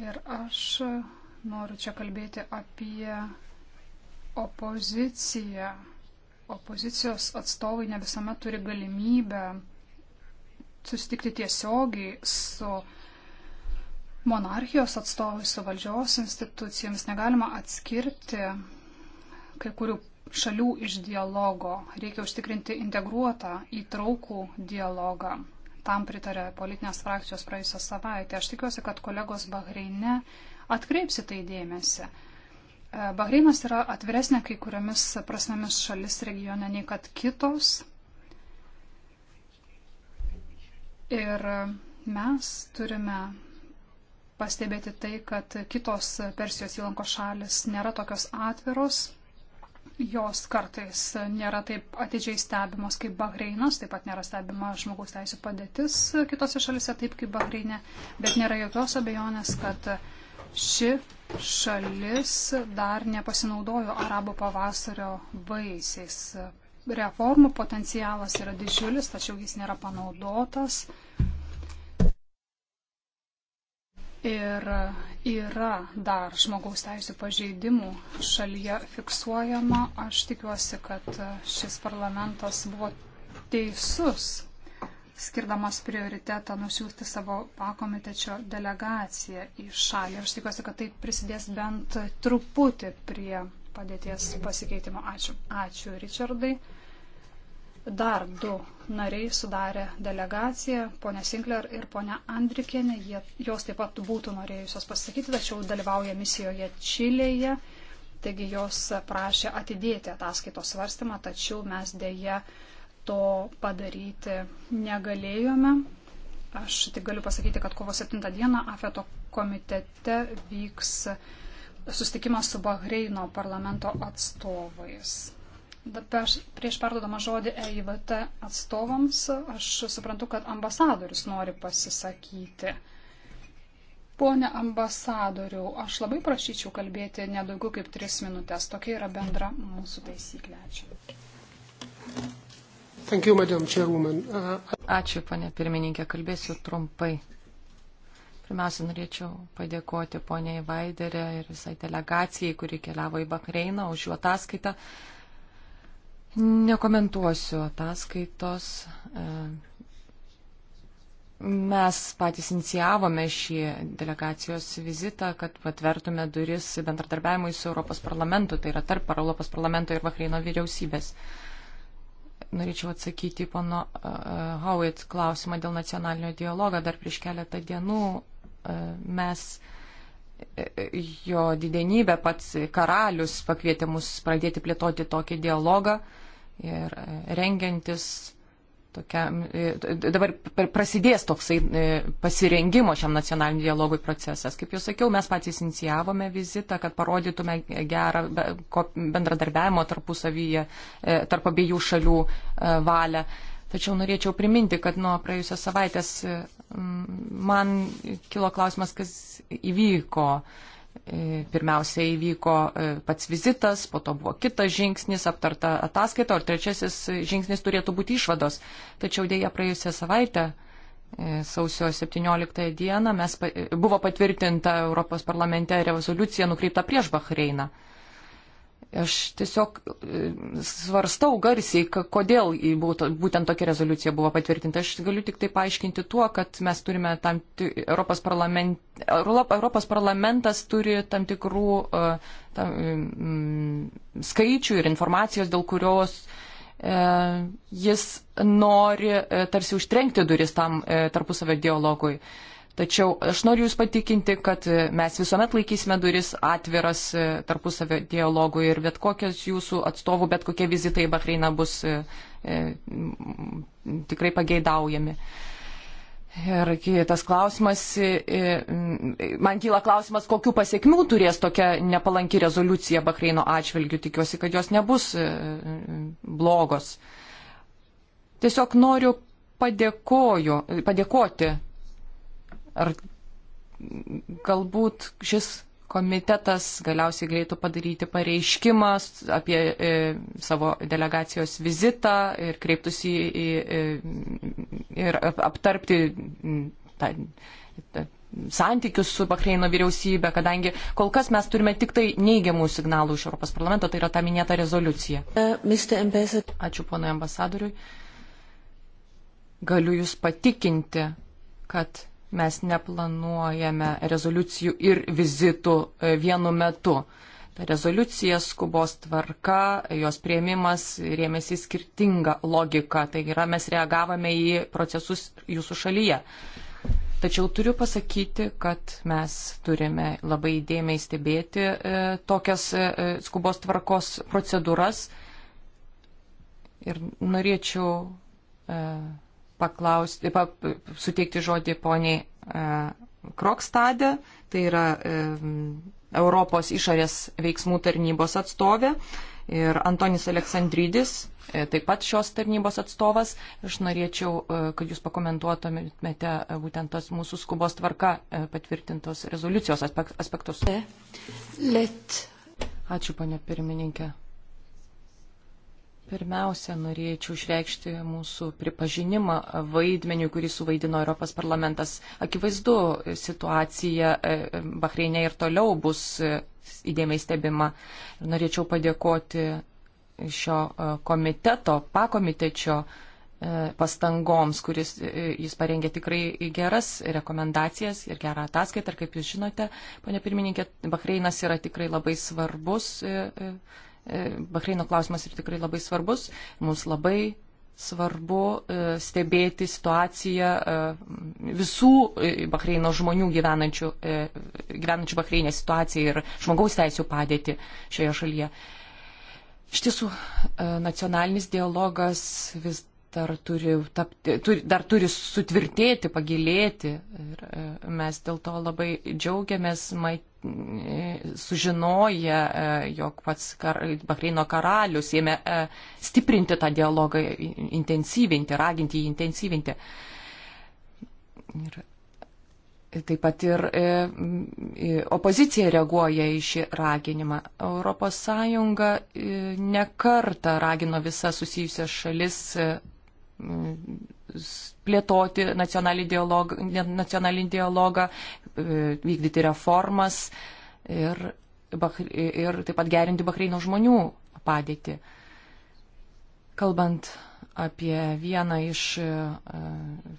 Ir aš noriu čia kalbėti apie opoziciją. Opozicijos atstovai ne visuomet turi galimybę susitikti tiesiogiai su monarchijos atstovai su valdžios institucijomis negalima atskirti kai kurių šalių iš dialogo. Reikia užtikrinti integruotą, įtraukų dialogą. Tam pritarė politinės frakcijos praėjusią savaitę. Aš tikiuosi, kad kolegos Bahreine atkreipsi tai dėmesį. E, Bahreinas yra atviresnė kai kuriomis prasmėmis šalis regione nei kad kitos. Ir mes turime pastebėti tai, kad kitos Persijos įlankos šalis nėra tokios atviros. Jos kartais nėra taip atidžiai stebimos kaip Bahreinas, taip pat nėra stebima žmogaus teisų padėtis kitose šalise taip kaip Bahreinė, bet nėra jokios abejonės, kad ši šalis dar nepasinaudojo arabo pavasario vaisiais. Reformų potencialas yra didžiulis, tačiau jis nėra panaudotas. Ir yra dar žmogaus teisų pažeidimų šalyje fiksuojama. Aš tikiuosi, kad šis parlamentas buvo teisus, skirdamas prioritetą nusiųsti savo pakomitečio delegaciją į šalį. Aš tikiuosi, kad tai prisidės bent truputį prie padėties pasikeitimo. Ačiū. Ačiū, Richardai. Dar du nariai sudarė delegaciją, ponė Sinkler ir ponė Andrikienė, jie, jos taip pat būtų norėjusios pasakyti, tačiau dalyvauja misijoje Čilėje, taigi jos prašė atidėti ataskaitos svarstymą, tačiau mes dėje to padaryti negalėjome. Aš tik galiu pasakyti, kad kovo 7 dieną AFETO komitete vyks susitikimas su Bahreino parlamento atstovais. Prieš perdodama žodį EIVT atstovams, aš suprantu, kad ambasadorius nori pasisakyti. Pone ambasadoriu, aš labai prašyčiau kalbėti nedaugiau kaip tris minutės. Tokia yra bendra mūsų taisyklė. Ačiū. Thank you, Madam Chairwoman. Uh, Ačiū, ponė pirmininkė, kalbėsiu trumpai. Pirmiausia, norėčiau padėkoti poniai Vaiderė ir visai delegacijai, kuri keliavo į Bahreiną už jų ataskaitą. Uh, Nekomentuosiu ataskaitos. E, mes patys inicijavome šį delegacijos vizitą, kad patvertume duris bendradarbiavimui su Europos parlamentu, tai yra tarp Europos parlamento ir Bahreino vyriausybės. Norėčiau atsakyti pono e, Howitt klausimą dėl nacionalinio dialogo. Dar prieš keletą dienų e, mes jo didenybė, pats karalius pakvietė mus pradėti plėtoti tokį dialogą ir e, rengiantis tokiam, e, dabar prasidės toksai e, pasirengimo šiam nacionaliniam dialogui procesas. Kaip jau sakiau, mes patys inicijavome vizitą, kad parodytume gerą bendradarbiavimo tarpusavyje, tarp abiejų šalių valią. Tačiau norėčiau priminti, kad nuo praėjusios savaitės man kilo klausimas, kas įvyko. E, pirmiausia įvyko e, pats vizitas, po to buvo kitas žingsnis, aptarta ataskaita, o trečiasis žingsnis turėtų būti išvados. Tačiau dėja praėjusią savaitę, e, sausio 17 dieną, mes, buvo patvirtinta Europos parlamente rezoliucija nukreipta prieš Bahreiną. Aš tiesiog e, svarstau garsiai, kodėl būtent tokia rezoliucija buvo patvirtinta. Aš galiu tik tai paaiškinti tuo, kad mes turime tam, Europos, parlament, Europos parlamentas turi tam tikrų e, tam, mm, skaičių ir informacijos, dėl kurios e, jis nori tarsi užtrenkti duris tam tarpusavio dialogui. Tačiau aš noriu Jūs patikinti, kad mes visuomet laikysime duris atviras e, tarpusavio dialogui ir bet kokias Jūsų atstovų, bet kokie vizitai į Bahreiną bus e, e tikrai pageidaujami. Ir tas klausimas, e, e man kyla klausimas, kokiu pasiekmių turės tokia nepalanki rezoliucija Bahreino atžvilgių. Tikiuosi, kad jos nebus blogos. Tiesiog noriu padėkoju, padėkoti Ar galbūt šis komitetas galiausiai galėtų padaryti pareiškimą apie e, savo delegacijos vizitą ir kreiptųsi į, į, e, ir aptarpti tą, tą, santykius su Bahreino vyriausybė, kadangi kol kas mes turime tik tai neigiamų signalų iš Europos parlamento, tai yra ta minėta rezoliucija. E, Ačiū ponui ambasadoriui. Galiu Jūs patikinti, kad Mes neplanuojame rezoliucijų ir vizitų e, vienu metu. Ta rezoliucija skubos tvarka, jos prieimimas rėmėsi skirtingą logiką, tai yra mes reagavome į procesus jūsų šalyje. Tačiau turiu pasakyti, kad mes turime labai dėmiai stebėti e, tokias e, e, skubos tvarkos procedūras ir norėčiau e, paklausti, pa, suteikti žodį poniai e, Krokstadė, tai yra e, Europos išorės veiksmų tarnybos atstovė ir Antonis Aleksandrydis, e, taip pat šios tarnybos atstovas. Aš norėčiau, kad jūs pakomentuotumėte būtent tas mūsų skubos tvarka patvirtintos rezoliucijos aspektus. Let. Ačiū, ponė pirmininkė. Pirmiausia, norėčiau išreikšti mūsų pripažinimą vaidmeniu, kurį suvaidino Europos parlamentas. Akivaizdu, situacija e, Bahreinė ir toliau bus e, įdėmiai stebima. Norėčiau padėkoti šio e, komiteto, pakomitečio pastangoms, kuris jis parengė tikrai geras rekomendacijas ir gerą ataskaitą. Ir kaip jūs žinote, ponė pirmininkė, Bahreinas yra tikrai labai svarbus E, Bahreino klausimas ir tikrai labai svarbus. Mums labai svarbu e, stebėti situaciją e, visų Bahreino žmonių gyvenančių, gyvenančių Bahreinė situaciją ir žmogaus teisų padėti šioje šalyje. Iš tiesų, nacionalinis dialogas vis dar turi, tapti, turi, dar turi sutvirtėti, pagilėti ir mes dėl to labai džiaugiamės matyti sužinoję, e, jog pats kar, Bahreino karalius ėmė e, stiprinti tą dialogą, intensyvinti, raginti jį intensyvinti. Ir taip pat ir e, opozicija reaguoja į šį raginimą. ES nekarta ragino visas susijusias šalis plėtoti nacionalinį dialogą, nacionalinį dialogą e, vykdyti reformas ir, ir taip pat gerinti Bahreino žmonių padėtį. Kalbant apie vieną iš e,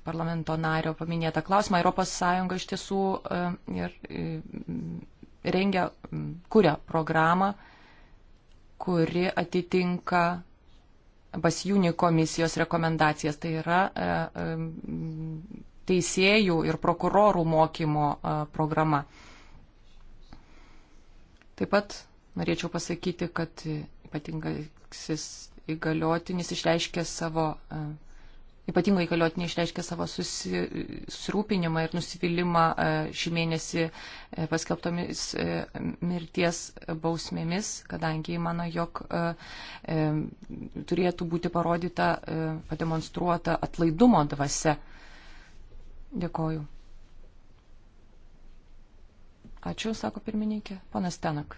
parlamento nario paminėtą klausimą, ES iš tiesų e, ir, rengia, kuria programą, kuri atitinka pasjūni komisijos rekomendacijas, tai yra e, e, teisėjų ir prokurorų mokymo e, programa. Taip pat norėčiau pasakyti, kad ypatingasis įgaliotinis išreiškė savo Ypatingai galiotinė išreiškė savo susi, susirūpinimą ir nusivylimą e, šį mėnesį e, paskelbtomis e, mirties bausmėmis, kadangi mano, jog turėtų būti parodyta, pademonstruota atlaidumo dvasia. Dėkoju. Ačiū, sako pirmininkė. Panas Tenak.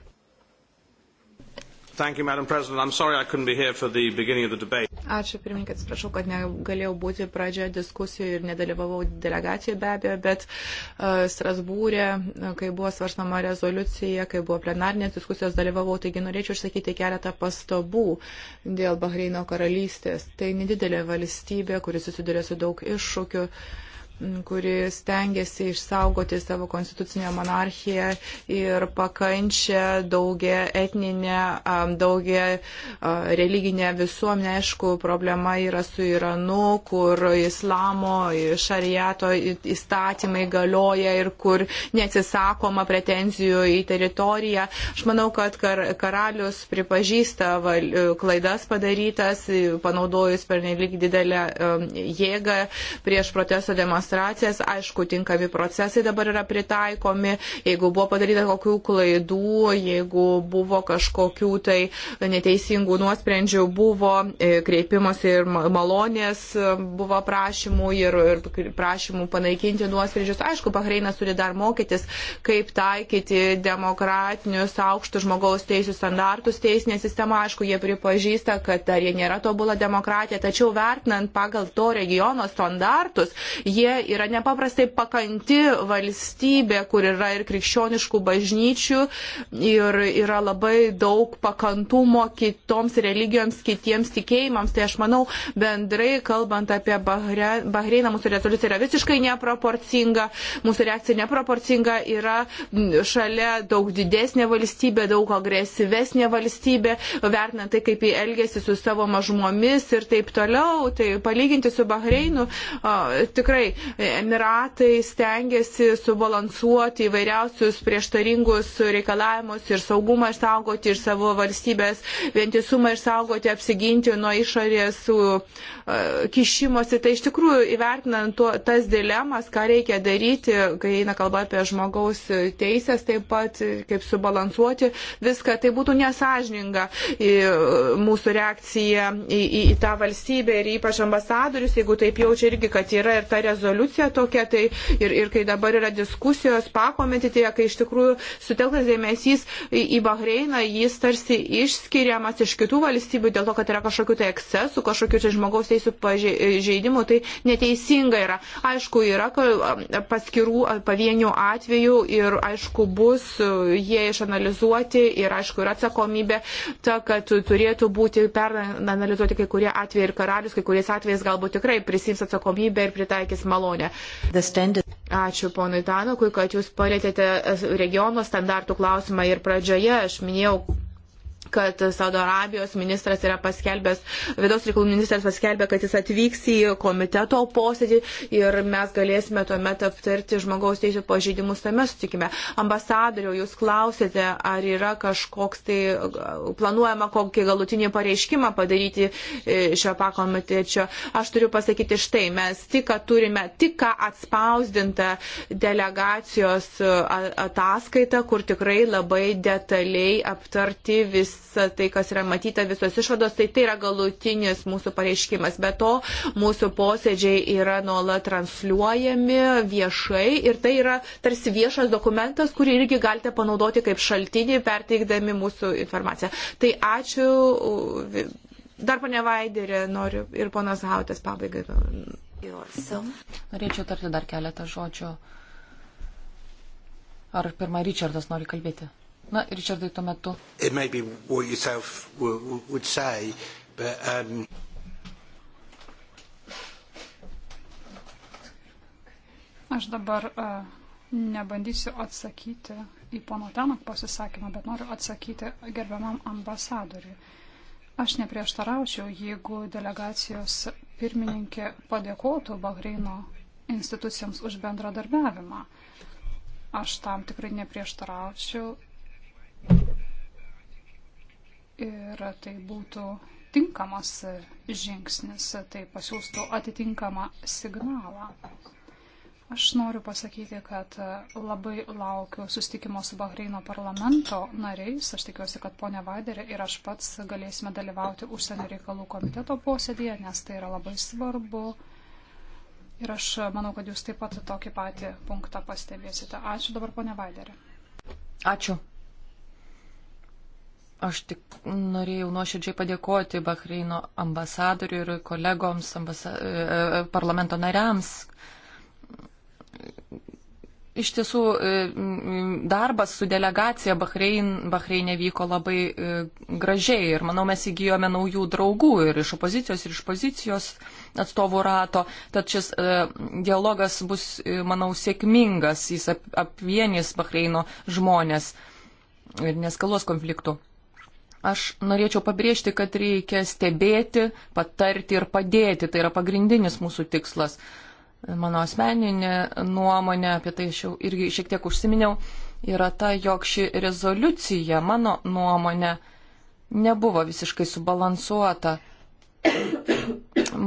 You, Madam President. I'm sorry I couldn't be here for the beginning of the debate. Ačiū pirmininkai, atsiprašau, kad negalėjau būti pradžioje diskusijų ir nedalyvavau delegacijoje be abejo, bet uh, Strasbūrė, e, kai buvo svarstama rezoliucija, kai buvo plenarnės diskusijos dalyvavau, taigi norėčiau išsakyti keletą pastabų dėl Bahreino karalystės. Tai nedidelė valstybė, kuris susiduria su daug iššūkių. Uh, kuris tengiasi išsaugoti savo konstitucinę monarchiją ir pakančią daugia etninę, daugia religinę visuomenę. Aišku, problema yra su Iranu, kur islamo šariato įstatymai galioja ir kur neatsisakoma pretenzijų į teritoriją. Aš manau, kad kar karalius pripažįsta val, klaidas padarytas, panaudojus per nelik didelę jėgą prieš protesto demonstraciją demonstracijas, aišku, tinkami procesai dabar yra pritaikomi, jeigu buvo padaryta kokių klaidų, jeigu buvo kažkokių tai neteisingų nuosprendžių, buvo e, kreipimas ir malonės, e, buvo prašymų ir, ir prašymų panaikinti nuosprendžius. Aišku, Bahreinas turi dar mokytis, kaip taikyti demokratinius aukštus žmogaus teisų standartus teisinė sistema. Aišku, jie pripažįsta, kad dar jie nėra tobula demokratija, tačiau vertinant pagal to regiono standartus, jie Italija yra nepaprastai pakanti valstybė, kur yra ir krikščioniškų bažnyčių, ir yra labai daug pakantumo kitoms religijoms, kitiems tikėjimams. Tai aš manau, bendrai kalbant apie Bahreiną, mūsų rezoliucija yra visiškai neproporcinga, mūsų reakcija neproporcinga, yra šalia daug didesnė valstybė, daug agresyvesnė valstybė, vertinant tai, kaip jie elgesi su savo mažumomis ir taip toliau. Tai palyginti su Bahreinu, a, tikrai Emiratai stengiasi subalansuoti įvairiausius prieštaringus reikalavimus ir saugumą išsaugoti ir savo valstybės vientisumą išsaugoti, apsiginti nuo išorės e, kišimosi. Tai iš tikrųjų įvertinant tuo, tas dilemas, ką reikia daryti, kai eina kalba apie žmogaus teisės, taip pat kaip subalansuoti viską, tai būtų nesažininga e, mūsų reakcija į, į, į tą valstybę ir ypač ambasadorius, jeigu taip jaučia irgi, kad yra ir ta rezoliucija rezoliucija tokia, tai ir, ir kai dabar yra diskusijos pakomentitėje, kai iš tikrųjų sutelktas dėmesys į, į Bahreiną, jis tarsi išskiriamas iš kitų valstybių dėl to, kad yra kažkokių tai ekscesų, kažkokių tai žmogaus teisų pažeidimų, tai neteisinga yra. Aišku, yra paskirų pavienių atvejų ir aišku bus jie išanalizuoti ir aišku yra atsakomybė ta, kad turėtų būti peranalizuoti kai kurie atvejai ir karalius, kai kuriais atvejais galbūt tikrai prisims atsakomybę ir pritaikys malonę malonę. Ačiū ponui Tanukui, kad jūs palėtėte regiono standartų klausimą ir pradžioje aš minėjau, kad Saudo Arabijos ministras yra paskelbęs, vidaus reikalų ministras paskelbė, kad jis atvyks į komiteto posėdį ir mes galėsime tuomet aptarti žmogaus teisų pažeidimus tame sutikime. Ambasadoriu, jūs klausėte, ar yra kažkoks tai planuojama kokį galutinį pareiškimą padaryti e, šio pakomitečio. Aš turiu pasakyti štai, mes tik turime tik atspausdintą delegacijos ataskaitą, kur tikrai labai detaliai aptarti visi tai, kas yra matyta visos išvados, tai tai yra galutinis mūsų pareiškimas. Be to, mūsų posėdžiai yra nuolat transliuojami viešai ir tai yra tarsi viešas dokumentas, kurį irgi galite panaudoti kaip šaltinį, perteikdami mūsų informaciją. Tai ačiū. Dar ponia Vaiderė noriu ir ponas Hautės pabaigai. Norėčiau tarti dar keletą žodžių. Ar pirmą Richardas nori kalbėti? Na, Richardai, tuo metu. Say, but, um... Aš dabar uh, nebandysiu atsakyti į pono Tenok pasisakymą, bet noriu atsakyti gerbiamam ambasadoriui. Aš neprieštaraučiau, jeigu delegacijos pirmininkė padėkotų Bahreino institucijoms už bendradarbiavimą. Aš tam tikrai neprieštaraučiau Ir tai būtų tinkamas žingsnis, tai pasiūstų atitinkamą signalą. Aš noriu pasakyti, kad labai laukiu sustikimo su Bahreino parlamento nariais. Aš tikiuosi, kad ponia Vaiderė ir aš pats galėsime dalyvauti užsienio reikalų komiteto posėdėje, nes tai yra labai svarbu. Ir aš manau, kad jūs taip pat tokį patį punktą pastebėsite. Ačiū dabar, ponia Vaiderė. Ačiū. Aš tik norėjau nuoširdžiai padėkoti Bahreino ambasadoriui ir kolegoms, ambasa e, e, parlamento nariams. Iš tiesų, e, darbas su delegacija Bahrein, Bahreinė vyko labai gražiai ir manau mes įgyjome naujų draugų ir iš opozicijos, ir iš pozicijos atstovų rato. Tad šis dialogas bus, manau, sėkmingas, jis apvienys Bahreino žmonės ir neskalos konfliktų. Aš norėčiau pabrėžti, kad reikia stebėti, patarti ir padėti. Tai yra pagrindinis mūsų tikslas. Mano asmeninė nuomonė, apie tai aš jau irgi šiek tiek užsiminiau, yra ta, jog ši rezoliucija, mano nuomonė, nebuvo visiškai subalansuota.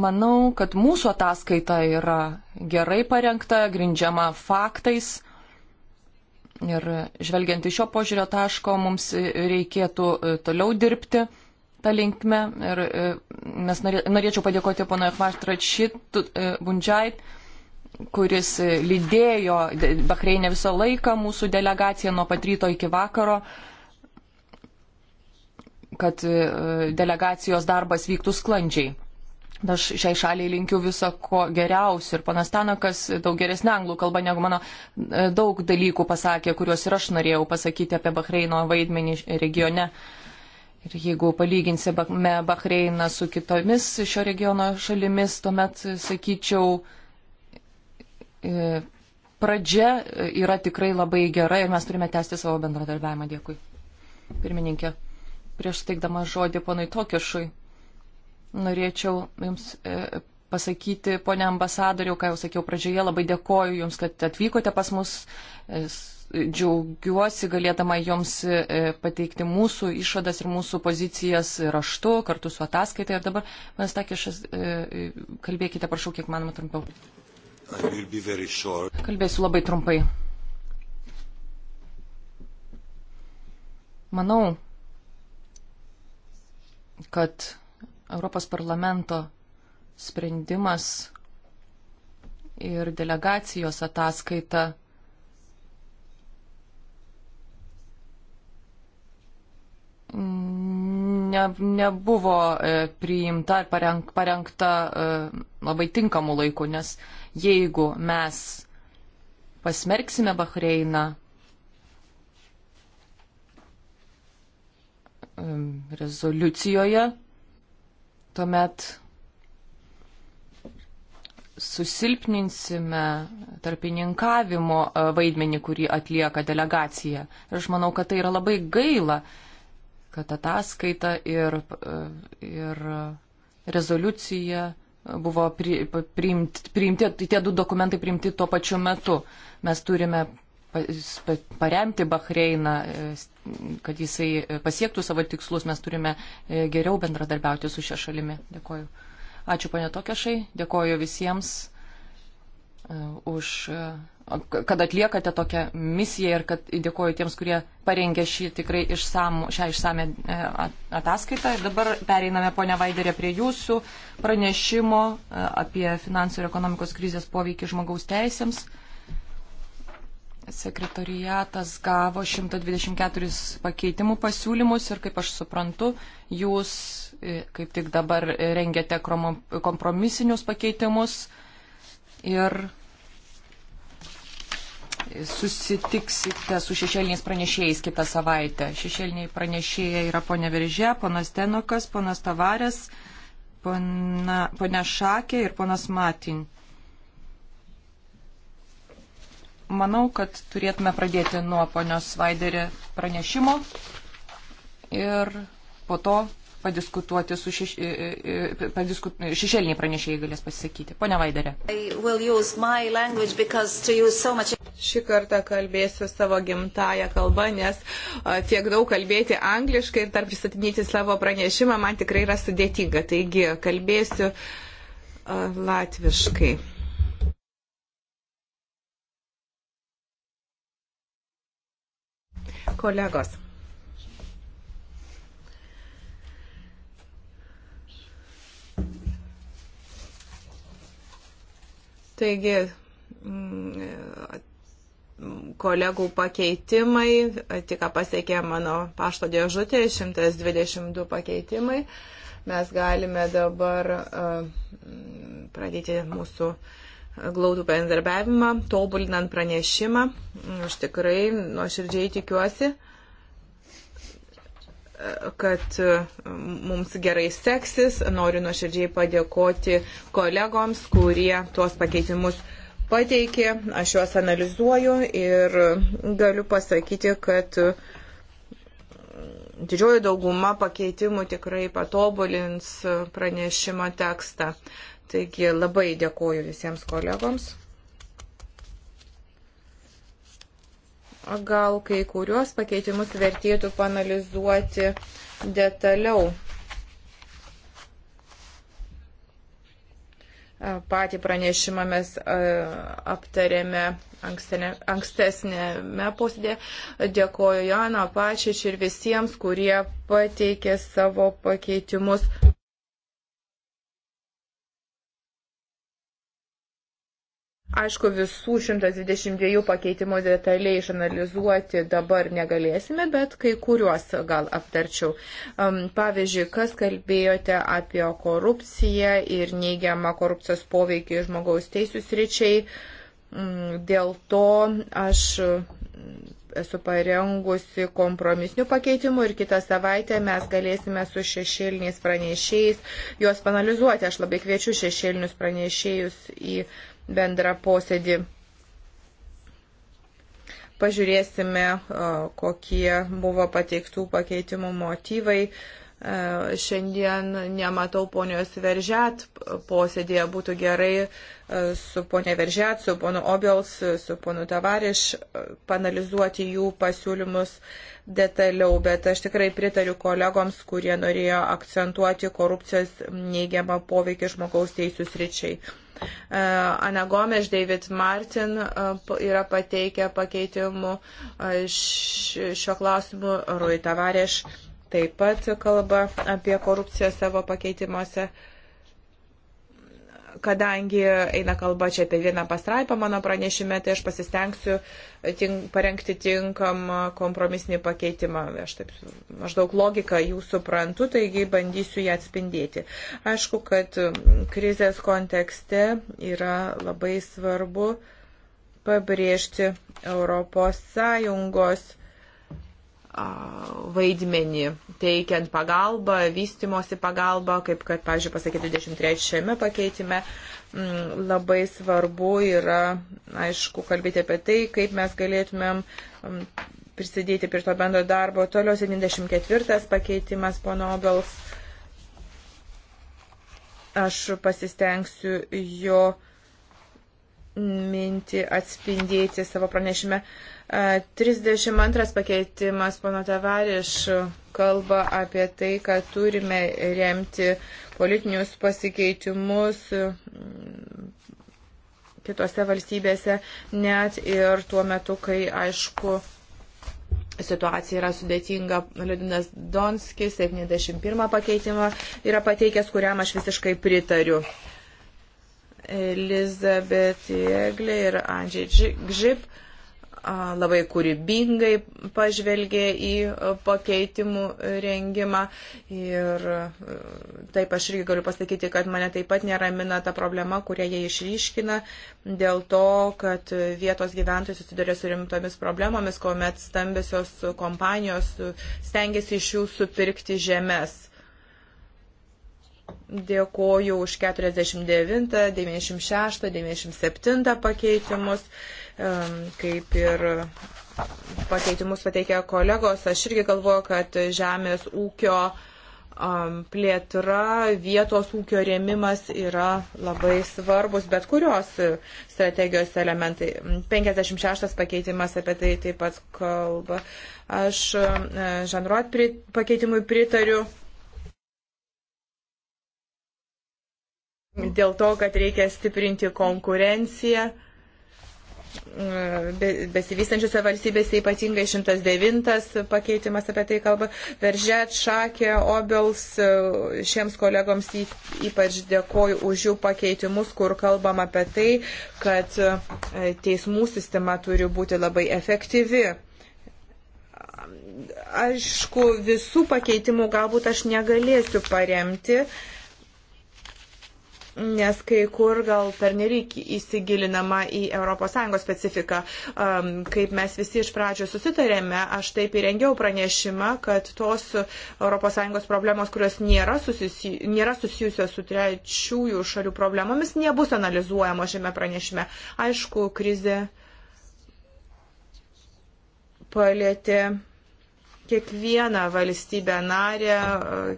Manau, kad mūsų ataskaita yra gerai parengta, grindžiama faktais Ir žvelgiant iš šio požiūrio taško, mums reikėtų e, toliau dirbti tą linkmę. Ir e, mes norėčiau padėkoti pono Ekmartračit e, Bundžait, kuris lydėjo Bahreinę visą laiką mūsų delegaciją nuo pat ryto iki vakaro kad delegacijos darbas vyktų sklandžiai. Aš šiai šaliai linkiu viso ko geriausio ir panas Tanakas daug geresnė anglų kalba negu mano e, daug dalykų pasakė, kuriuos ir aš norėjau pasakyti apie Bahreino vaidmenį regione. Ir jeigu palyginsime Bahreiną su kitomis šio regiono šalimis, tuomet, e, sakyčiau, e, pradžia yra tikrai labai gera ir mes turime tęsti savo bendradarbiavimą. Dėkui. Pirmininkė, prieš teikdama žodį ponui Tokiešui norėčiau Jums e, pasakyti, ponė ambasadoriau, ką jau sakiau pradžioje, labai dėkoju Jums, kad atvykote pas mus. E, džiaugiuosi galėdama Jums e, pateikti mūsų išvadas ir mūsų pozicijas raštu kartu su ataskaita. Ir dabar, manas Takišas, kalbėkite, prašau, kiek manoma trumpiau. Kalbėsiu labai trumpai. Manau, kad Europos parlamento sprendimas ir delegacijos ataskaita ne, nebuvo e, priimta ar parenk, parengta e, labai tinkamu laiku, nes jeigu mes pasmerksime Bahreiną, e, rezoliucijoje tuomet susilpninsime tarpininkavimo e, vaidmenį, kurį atlieka delegacija. Ir aš manau, kad tai yra labai gaila, kad ataskaita ir, e, ir rezoliucija buvo pri, priimti, priimti, tie du dokumentai priimti tuo pačiu metu. Mes turime paremti Bahreiną, e, kad jisai pasiektų savo tikslus, mes turime e, geriau bendradarbiauti su šia šalimi. Dėkoju. Ačiū, ponė Tokešai, dėkoju visiems e, už, kad atliekate tokią misiją ir kad dėkoju tiems, kurie parengė šį tikrai išsamų, šią išsamę ataskaitą. Ir dabar pereiname, ponė Vaiderė, prie jūsų pranešimo apie finansų ir ekonomikos krizės poveikį žmogaus teisėms. Sekretariatas gavo 124 pakeitimų pasiūlymus ir, kaip aš suprantu, jūs e, kaip tik dabar rengiate kompromisinius pakeitimus ir susitiksite su šešėliniais pranešėjais kitą savaitę. Šešėliniai pranešėjai yra ponia Viržė, ponas Tenokas, ponas Tavarės, ponia Šakė ir ponas Matin. Manau, kad turėtume pradėti nuo ponios Vaiderį pranešimo ir po to padiskutuoti su šeš... E- e- e- padiskut... šešėliniai pranešėjai galės pasisakyti. Pone Vaidarė. So much... Šį kartą kalbėsiu savo gimtają kalbą, nes tiek daug kalbėti angliškai ir dar pristatinėti savo pranešimą man tikrai yra sudėtinga. Taigi kalbėsiu latviškai. kolegos. Taigi, mm, kolegų pakeitimai, tik pasiekė mano pašto dėžutė, 122 pakeitimai. Mes galime dabar mm, pradėti mūsų uh, glaudų bendarbiavimą, tobulinant pranešimą. Aš tikrai nuoširdžiai tikiuosi, kad mums gerai seksis. Noriu nuoširdžiai padėkoti kolegoms, kurie tuos pakeitimus pateikė. Aš juos analizuoju ir galiu pasakyti, kad didžioji dauguma pakeitimų tikrai patobulins pranešimo tekstą. Taigi labai dėkoju visiems kolegoms. Gal kai kuriuos pakeitimus vertėtų panalizuoti detaliau. Patį pranešimą mes aptarėme ankstesnėme posėdė. Dėkoju Jano Pačič ir visiems, kurie pateikė savo pakeitimus. Aišku, visų 122 pakeitimų detaliai išanalizuoti dabar negalėsime, bet kai kuriuos gal aptarčiau. Pavyzdžiui, kas kalbėjote apie korupciją ir neigiamą korupcijos poveikį žmogaus teisų sričiai. Mm, dėl to aš esu parengusi kompromisnių pakeitimų ir kitą savaitę mes galėsime su šešėliniais pranešėjais juos panalizuoti. Aš labai kviečiu šešėlinius pranešėjus į bendrą posėdį. Pažiūrėsime, kokie buvo pateiktų pakeitimų motyvai. Šiandien nematau ponios Veržet posėdėje. Būtų gerai su ponė Veržet, su ponu Obels, su ponu Tavariš panalizuoti jų pasiūlymus detaliau, bet aš tikrai pritariu kolegoms, kurie norėjo akcentuoti korupcijos neigiamą poveikį žmogaus teisų sričiai. E, Ana Gomes, David Martin e, yra pateikę pakeitimų e, šio klausimu. Rui Tavarėš taip pat kalba apie korupciją savo pakeitimuose kadangi eina kalba čia apie vieną pastraipą mano pranešime, tai aš pasistengsiu tink, parengti tinkamą kompromisinį pakeitimą. Aš taip maždaug logiką jų suprantu, taigi bandysiu ją atspindėti. Aišku, kad krizės kontekste yra labai svarbu pabrėžti Europos Sąjungos vaidmenį teikiant pagalbą, vystimosi pagalbą, kaip kad, pavyzdžiui, pasakyti 23 pakeitime, mm, labai svarbu yra, aišku, kalbėti apie tai, kaip mes galėtumėm mm, prisidėti prie to bendro darbo. Toliau 74 pakeitimas, pono Obels. Aš pasistengsiu jo mintį atspindėti savo pranešime. Uh, 32 pakeitimas pono Tavariš kalba apie tai, kad turime remti politinius pasikeitimus mm, kitose valstybėse, net ir tuo metu, kai, aišku, situacija yra sudėtinga. Liudinas Donskis 71 pakeitimą yra pateikęs, kuriam aš visiškai pritariu. Elizabeth Jėglė ir Andžiai Gžip. Gžip labai kūrybingai pažvelgė į pakeitimų rengimą. Ir taip aš irgi galiu pasakyti, kad mane taip pat neramina ta problema, kurią jie išryškina, dėl to, kad vietos gyventojai susiduria su rimtomis problemomis, kuomet stambesios kompanijos stengiasi iš jų supirkti žemės. Dėkoju už 49, 96, 97 pakeitimus kaip ir pakeitimus pateikė kolegos, aš irgi galvoju, kad žemės ūkio plėtra, vietos ūkio rėmimas yra labai svarbus, bet kurios strategijos elementai. 56 pakeitimas apie tai taip pat kalba. Aš e, žanruot pakeitimui pritariu. Dėl to, kad reikia stiprinti konkurenciją besivystančiose valstybėse, ypatingai 109 pakeitimas apie tai kalba, Veržet, Šakė, Obels, šiems kolegoms ypač dėkoju už jų pakeitimus, kur kalbam apie tai, kad e, teismų sistema turi būti labai efektyvi aišku, visų pakeitimų galbūt aš negalėsiu paremti, nes kai kur gal pernelyg įsigilinama į ES specifiką. Um, kaip mes visi iš pradžio susitarėme, aš taip įrengiau pranešimą, kad tos ES problemos, kurios nėra, susijusi, nėra susijusios su trečiųjų šalių problemomis, nebus analizuojama šiame pranešime. Aišku, krizė palėtė kiekvieną valstybę narę,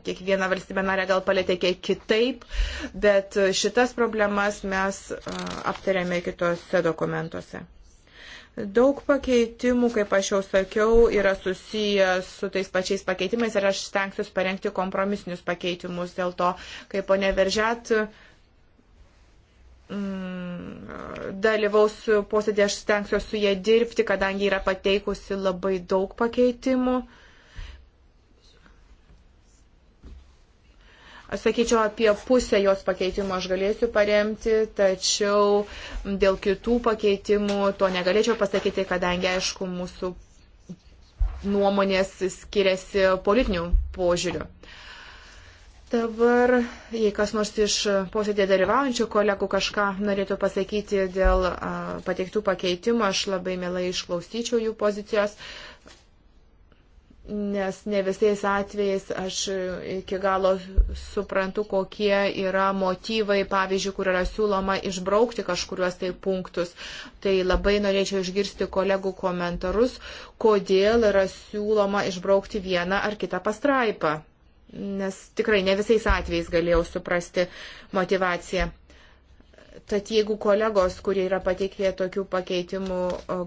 kiekvieną valstybę narę gal palėtė kiek kitaip, bet šitas problemas mes aptarėme kitose dokumentuose. Daug pakeitimų, kaip aš jau sakiau, yra susiję su tais pačiais pakeitimais ir aš stengsiuosi parengti kompromisinius pakeitimus dėl to, kaip ponė Veržet mm, dalyvaus posėdė, aš stengsiuosi su jie dirbti, kadangi yra pateikusi labai daug pakeitimų. Uh, Aš sakyčiau, apie pusę jos pakeitimų aš galėsiu paremti, tačiau dėl kitų pakeitimų to negalėčiau pasakyti, kadangi, aišku, mūsų nuomonės skiriasi politinių požiūrių. Dabar, jei kas nors iš posėdė dalyvaujančių kolegų kažką norėtų pasakyti dėl a, pateiktų pakeitimų, aš labai mielai išklausyčiau jų pozicijos. A, nes ne visais atvejais aš iki galo suprantu, kokie yra motyvai, pavyzdžiui, kur yra siūloma išbraukti kažkuriuos tai punktus. Tai labai norėčiau išgirsti kolegų komentarus, kodėl yra siūloma išbraukti vieną ar kitą pastraipą. Nes tikrai ne visais atvejais galėjau suprasti motivaciją. Tad jeigu kolegos, kurie yra pateikę tokių pakeitimų,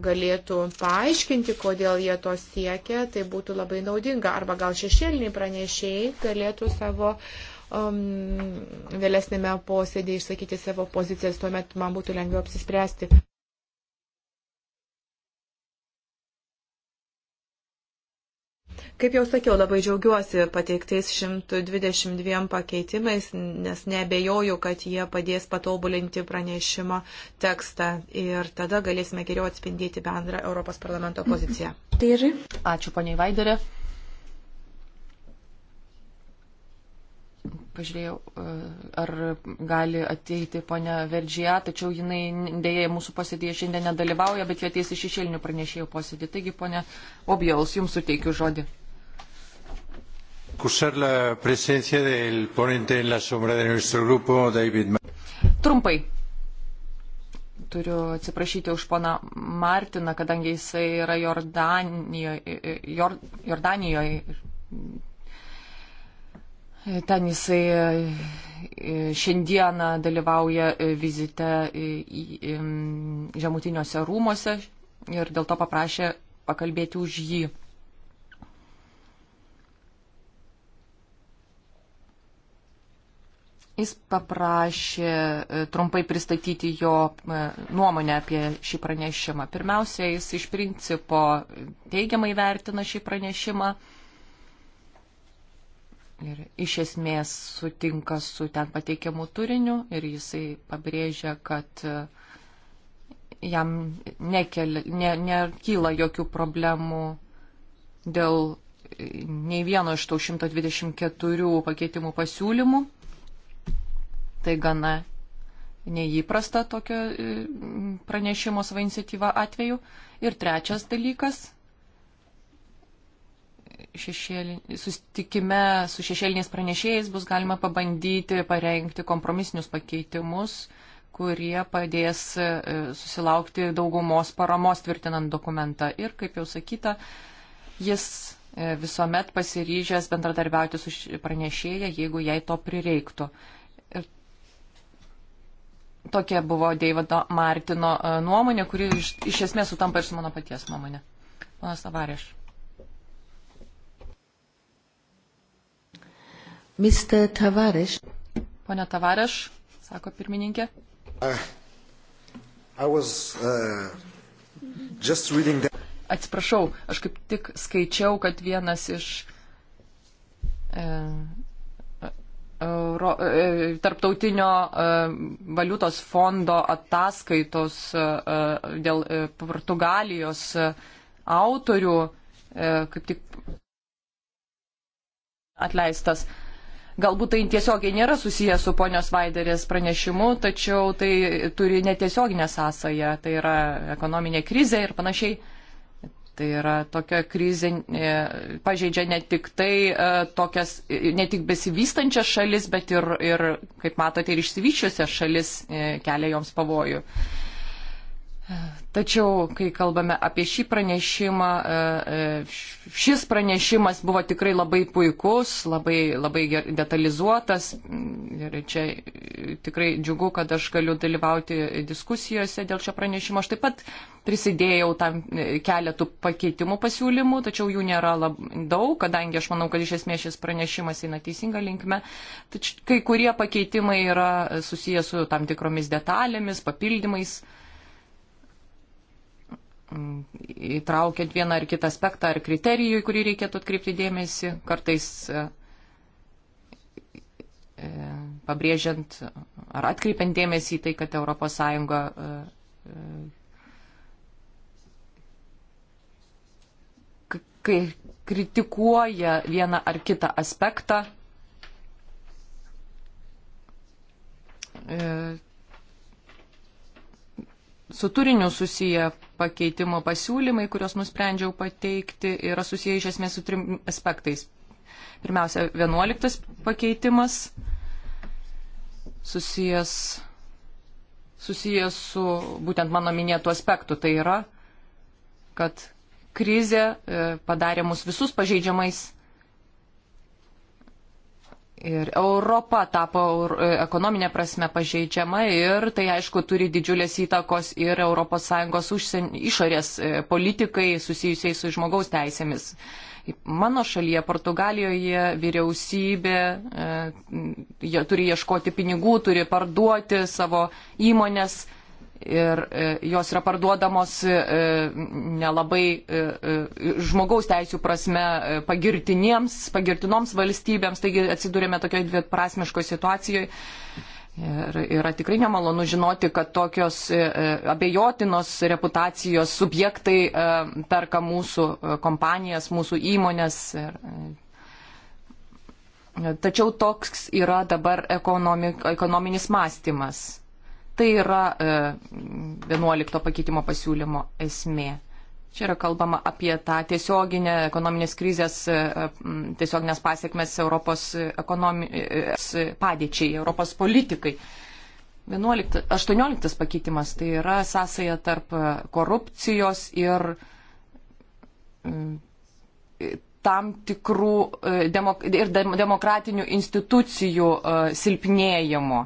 galėtų paaiškinti, kodėl jie to siekia, tai būtų labai naudinga. Arba gal šešėliniai pranešėjai galėtų savo um, vėlesnėme posėdėje išsakyti savo pozicijas, tuomet man būtų lengviau apsispręsti. Kaip jau sakiau, labai džiaugiuosi pateiktais 122 pakeitimais, nes nebejoju, kad jie padės patobulinti pranešimo tekstą ir tada galėsime geriau atspindėti bendrą Europos parlamento poziciją. Tyri. Ačiū, poniai Vaidarė. pažiūrėjau, e, ar gali ateiti ponia Verdžija, tačiau jinai dėja mūsų posėdėje šiandien nedalyvauja, bet jie ateis iš išėlinių pranešėjų posėdį. Taigi, ponia Objols, jums suteikiu žodį. Cursar la presencia del ponente en la sombra de nuestro grupo, David. Trumpai. Turiu atsiprašyti už poną Martiną, kadangi jisai yra Jordanijoje. Jor, Jordanijoje. Ten jisai e, šiandieną dalyvauja e, vizite e, į žemutiniuose rūmose ir dėl to paprašė pakalbėti už jį. Jis paprašė e, trumpai pristatyti jo e, nuomonę apie šį pranešimą. Pirmiausia, jis iš principo teigiamai vertina šį pranešimą ir iš esmės sutinka su ten pateikiamu turiniu ir jisai pabrėžia, kad e, jam nekelia, ne, nekyla jokių problemų dėl nei vieno iš tų 124 pakeitimų pasiūlymų Tai gana neįprasta tokio e, pranešimo savo iniciatyvą atveju. Ir trečias dalykas. Šešėlį, sustikime su šešėliniais pranešėjais bus galima pabandyti parengti kompromisinius pakeitimus, kurie padės e, susilaukti daugumos paramos tvirtinant dokumentą. Ir, kaip jau sakyta, jis e, visuomet pasiryžęs bendradarbiauti su pranešėja, jeigu jai to prireiktų. Ir Tokia buvo Deivido Martino e, nuomonė, kuri iš, iš esmės sutampa ir su mano paties nuomonė. Ponas Tavarėš. Mr. Tavarėš. Pone Tavarėš, sako pirmininkė. Uh, was, uh, Atsiprašau, aš kaip tik skaičiau, kad vienas iš. Uh, Euro, e, tarptautinio e, valiutos fondo ataskaitos e, dėl Portugalijos autorių, kaip tik atleistas. Galbūt tai tiesiogiai nėra susijęs su ponios Vaiderės pranešimu, tačiau tai turi netiesioginę sąsąją, tai yra ekonominė krizė ir panašiai. Tai yra tokia krizė e, pažeidžia ne tik tai e, tokias, ne tik besivystančias šalis, bet ir, ir kaip matote, ir išsivyščiusias šalis e, kelia joms pavojų. Uh, Tačiau, kai kalbame apie šį pranešimą, e, e, šis pranešimas buvo tikrai labai puikus, labai, labai detalizuotas ir čia e, tikrai džiugu, kad aš galiu dalyvauti diskusijose dėl šio pranešimo. Aš taip pat prisidėjau tam keletų pakeitimų pasiūlymų, tačiau jų nėra lab, daug, kadangi aš manau, kad iš esmės šis pranešimas eina teisinga linkme. Tačiau kai kurie pakeitimai yra susijęs su tam tikromis detalėmis, papildymais Mm, įtraukiant vieną ar kitą aspektą ar kriterijų, į kurį reikėtų atkreipti dėmesį, kartais e, e, pabrėžiant ar atkreipiant dėmesį į tai, kad ES e, kai kritikuoja vieną ar kitą aspektą, su turiniu susiję pakeitimo pasiūlymai, kuriuos nusprendžiau pateikti, yra susiję iš esmės su trim aspektais. Pirmiausia, vienuoliktas pakeitimas susijęs, susijęs su būtent mano minėtų aspektų. Tai yra, kad krizė e, padarė mus visus pažeidžiamais Ir Europa tapo e, ekonominė prasme pažeidžiama ir tai aišku turi didžiulės įtakos ir ES užsien, išorės e, politikai susijusiai su žmogaus teisėmis. Mano šalyje, Portugalijoje, vyriausybė e, turi ieškoti pinigų, turi parduoti savo įmonės ir e, jos yra parduodamos e, nelabai e, žmogaus teisų prasme pagirtiniems, pagirtinoms valstybėms, taigi atsidūrėme tokioje dviprasmiškoje situacijoje. Ir yra tikrai nemalonu žinoti, kad tokios abejotinos reputacijos subjektai perka mūsų kompanijas, mūsų įmonės. Tačiau toks yra dabar ekonomik, ekonominis mąstymas. Tai yra 11 e, pakeitimo pasiūlymo esmė. Čia yra kalbama apie tą tiesioginę ekonominės krizės, e, tiesioginės pasiekmes Europos ekonomi... E, padėčiai, Europos politikai. 11, 18 pakeitimas tai yra sąsaja tarp korupcijos ir tam tikrų demok, ir demokratinių institucijų silpnėjimo.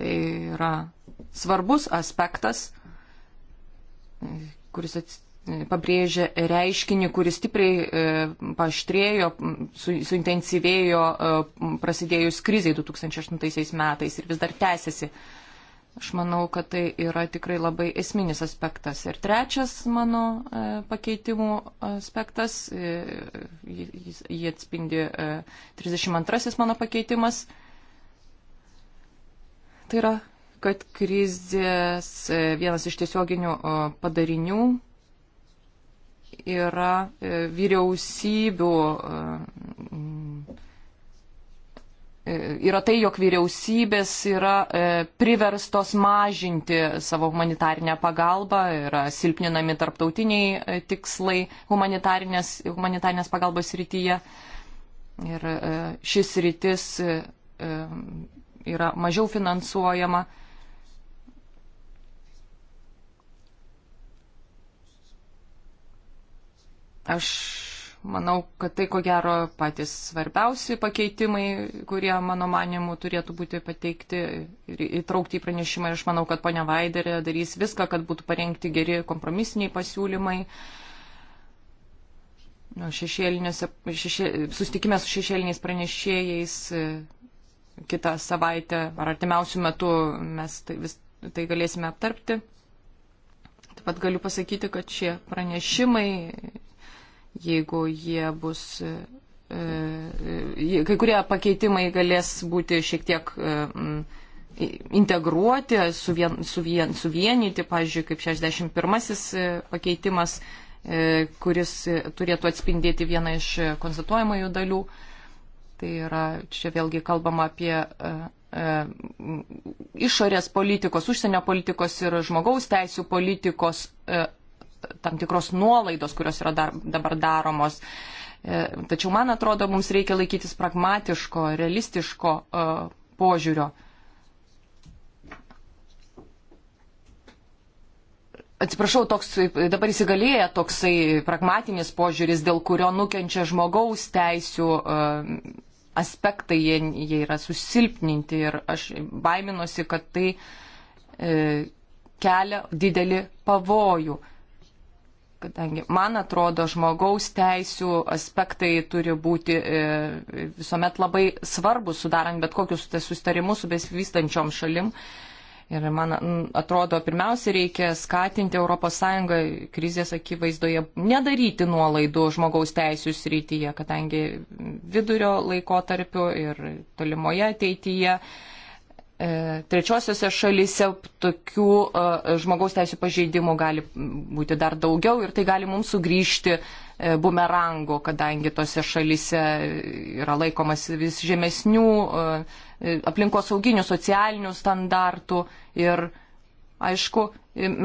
Tai yra svarbus aspektas, kuris pabrėžia reiškinį, kuris stipriai e, paštrėjo, su, suintensyvėjo e, prasidėjus kriziai 2008 metais ir vis dar tęsiasi. Aš manau, kad tai yra tikrai labai esminis aspektas. Ir trečias mano e, pakeitimų aspektas, jį atspindi 32 mano pakeitimas Tai yra, kad krizės e, vienas iš tiesioginių padarinių yra e, vyriausybių. E, yra tai, jog vyriausybės yra priverstos mažinti savo humanitarinę pagalbą, yra silpninami tarptautiniai tikslai humanitarinės, humanitarinės pagalbos rytyje. Ir šis rytis yra mažiau finansuojama. Aš manau, kad tai ko gero patys svarbiausi pakeitimai, kurie mano manimu turėtų būti pateikti ir įtraukti į pranešimą. Ir aš manau, kad ponia Vaiderė darys viską, kad būtų parengti geri kompromisiniai pasiūlymai. Nu, šešėlinėse, šešė, sustikime su šešėliniais pranešėjais kitą savaitę ar artimiausių metų mes tai, vis, tai galėsime aptarpti. Taip pat galiu pasakyti, kad šie pranešimai, jeigu jie bus e, e, kai kurie pakeitimai galės būti šiek tiek e, integruoti, suvien, suvien, suvienyti, pavyzdžiui, kaip 61-asis pakeitimas, kuris turėtų atspindėti vieną iš konstatuojamųjų dalių. Tai yra, čia vėlgi kalbama apie e, e, išorės politikos, užsienio politikos ir žmogaus teisų politikos e, tam tikros nuolaidos, kurios yra dar, dabar daromos. Tačiau, man atrodo, mums reikia laikytis pragmatiško, realistiško požiūrio. Atsiprašau, toks, dabar įsigalėja toksai pragmatinis požiūris, dėl kurio nukenčia žmogaus teisų aspektai, jie, jie yra susilpninti ir aš baiminuosi, kad tai e, kelia didelį pavojų. Kadangi, man atrodo, žmogaus teisų aspektai turi būti e, visuomet labai svarbus, sudarant bet kokius sustarimus su besivystančiom šalim. E, Ir man atrodo, pirmiausia, reikia skatinti ES krizės akivaizdoje nedaryti nuolaidų žmogaus teisų srityje, kadangi vidurio laiko tarpiu ir tolimoje ateityje e, trečiosiose šalyse tokių e, žmogaus teisų pažeidimų gali būti dar daugiau ir tai gali mums sugrįžti e, bumerangu, kadangi tose šalyse yra laikomas vis žemesnių aplinkosauginių, socialinių standartų ir aišku,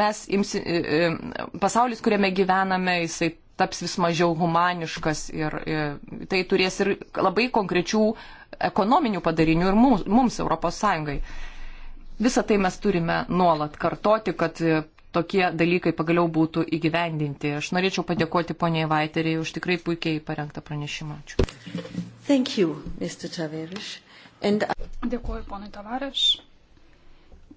mes imsi, e, e, pasaulis, kuriame gyvename, jisai taps vis mažiau humaniškas ir, ir e, tai turės ir labai konkrečių ekonominių padarinių ir mums, mums Europos Sąjungai. Visą tai mes turime nuolat kartoti, kad tokie dalykai pagaliau būtų įgyvendinti. Aš norėčiau padėkoti poniai Vaiteriai už tikrai puikiai parengtą pranešimą. Ačiū. Thank you, Mr. Taverish. And... Dėkuoju, ponai Tavareš.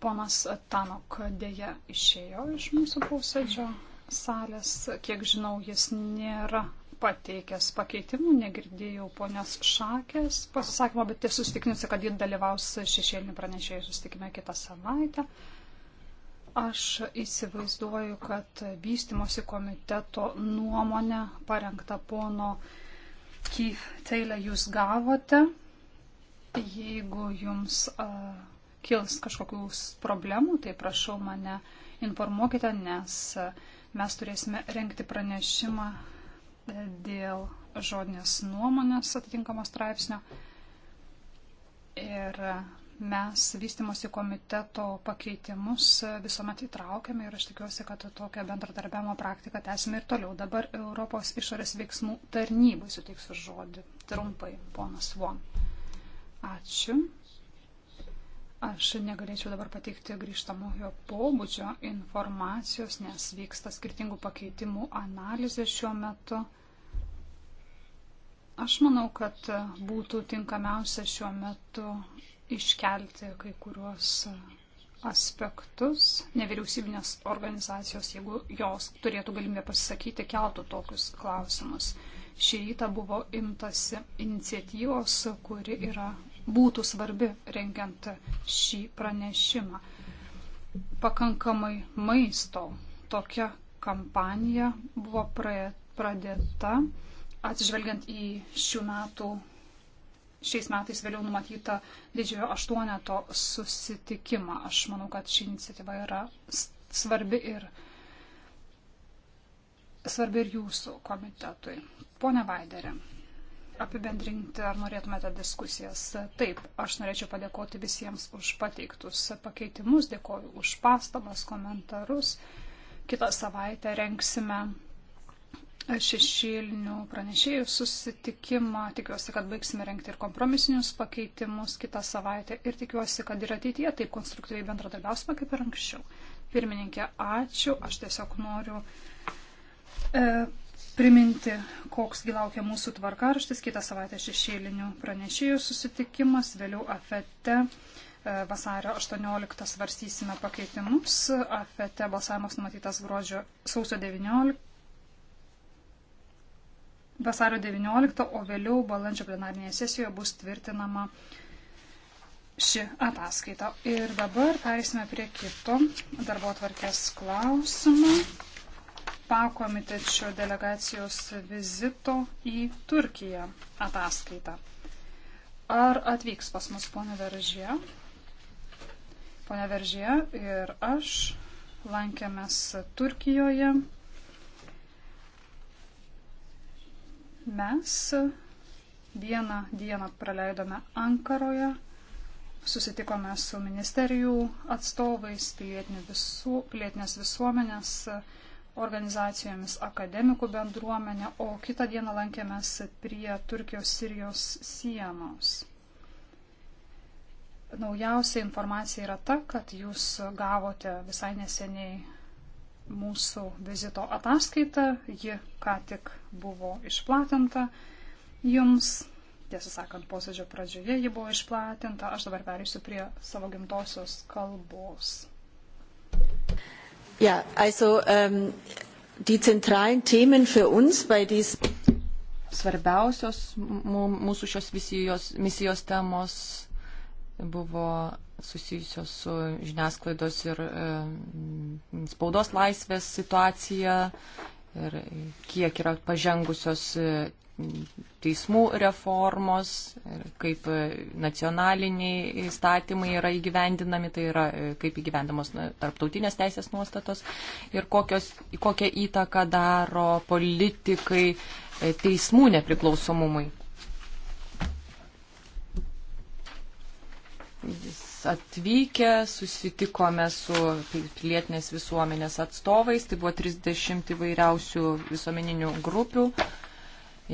Ponas Tanok dėja išėjo iš mūsų posėdžio salės. Kiek žinau, jis nėra pateikęs pakeitimų, negirdėjau ponios šakės pasisakymą, bet tiesų stikinusi, kad jį dalyvaus šešėlinių pranešėjų sustikime kitą savaitę. Aš įsivaizduoju, kad vystimosi komiteto nuomonę parengtą pono Keith Taylor jūs gavote. Jeigu jums a, kils kažkokių problemų, tai prašau mane informuokite, nes mes turėsime renkti pranešimą e, dėl žodinės nuomonės atitinkamo straipsnio. Ir mes vystimosi komiteto pakeitimus visuomet įtraukiame ir aš tikiuosi, kad tokią bendradarbiavimo praktiką tęsime ir toliau. Dabar Europos išorės veiksmų tarnybai suteiksiu žodį. Trumpai, ponas Von. Ačiū. Aš negalėčiau dabar pateikti grįžtamojo pobūdžio informacijos, nes vyksta skirtingų pakeitimų analizė šiuo metu. Aš manau, kad būtų tinkamiausia šiuo metu iškelti kai kuriuos aspektus. Nevyriausybinės organizacijos, jeigu jos turėtų galimybę pasisakyti, keltų tokius klausimus. Šį rytą buvo imtasi iniciatyvos, kuri yra būtų svarbi rengiant šį pranešimą. Pakankamai maisto tokia kampanija buvo pradėta atsižvelgiant į šių metų, šiais metais vėliau numatytą didžiojo aštuoneto susitikimą. Aš manau, kad ši iniciatyva yra svarbi ir svarbi ir jūsų komitetui. Pone Vaiderė, apibendrinti, ar norėtumėte diskusijas. Taip, aš norėčiau padėkoti visiems už pateiktus pakeitimus, dėkoju už pastabas, komentarus. Kitą savaitę renksime šešėlinių pranešėjų susitikimą. Tikiuosi, kad baigsime renkti ir kompromisinius pakeitimus kitą savaitę ir tikiuosi, kad ir ateityje taip konstruktyviai bendradarbiausime kaip ir anksčiau. Pirmininkė, ačiū. Aš tiesiog noriu. E, priminti, koksgi laukia mūsų tvarkaraštis. Kitą savaitę šešėlinių pranešėjų susitikimas, vėliau afete e, vasario 18 svarstysime pakeitimus, afete balsavimas numatytas gruodžio sausio 19. Vasario 19, o vėliau balandžio plenarnėje sesijoje bus tvirtinama ši ataskaita. Ir dabar perėsime prie kito darbo tvarkės klausimo pakomitečio delegacijos vizito į Turkiją ataskaitą. Ar atvyks pas mus ponė Veržė? Pone Veržė ir aš lankėmės Turkijoje. Mes vieną dieną praleidome Ankaroje, susitikome su ministerijų atstovais, pilietinės visuomenės atstovais organizacijomis, akademikų bendruomenė, o kitą dieną lankėmės prie Turkijos-Sirijos sienos. Naujausia informacija yra ta, kad jūs gavote visai neseniai mūsų vizito ataskaitą, ji ką tik buvo išplatinta jums. Tiesą sakant, posėdžio pradžioje ji buvo išplatinta. Aš dabar perėsiu prie savo gimtosios kalbos. Ja, also ähm, die zentralen Themen für uns bei diesem. Svarbiausios mūsų šios visijos, misijos temos buvo susijusios su žiniasklaidos ir e, spaudos laisvės situacija ir kiek yra pažengusios teismų reformos, kaip nacionaliniai įstatymai yra įgyvendinami, tai yra e, kaip įgyvendamos tarptautinės teisės nuostatos ir kokios, kokią įtaką daro politikai e, teismų nepriklausomumui. atvykę, susitikome su pilietinės visuomenės atstovais, tai buvo 30 įvairiausių visuomeninių grupių,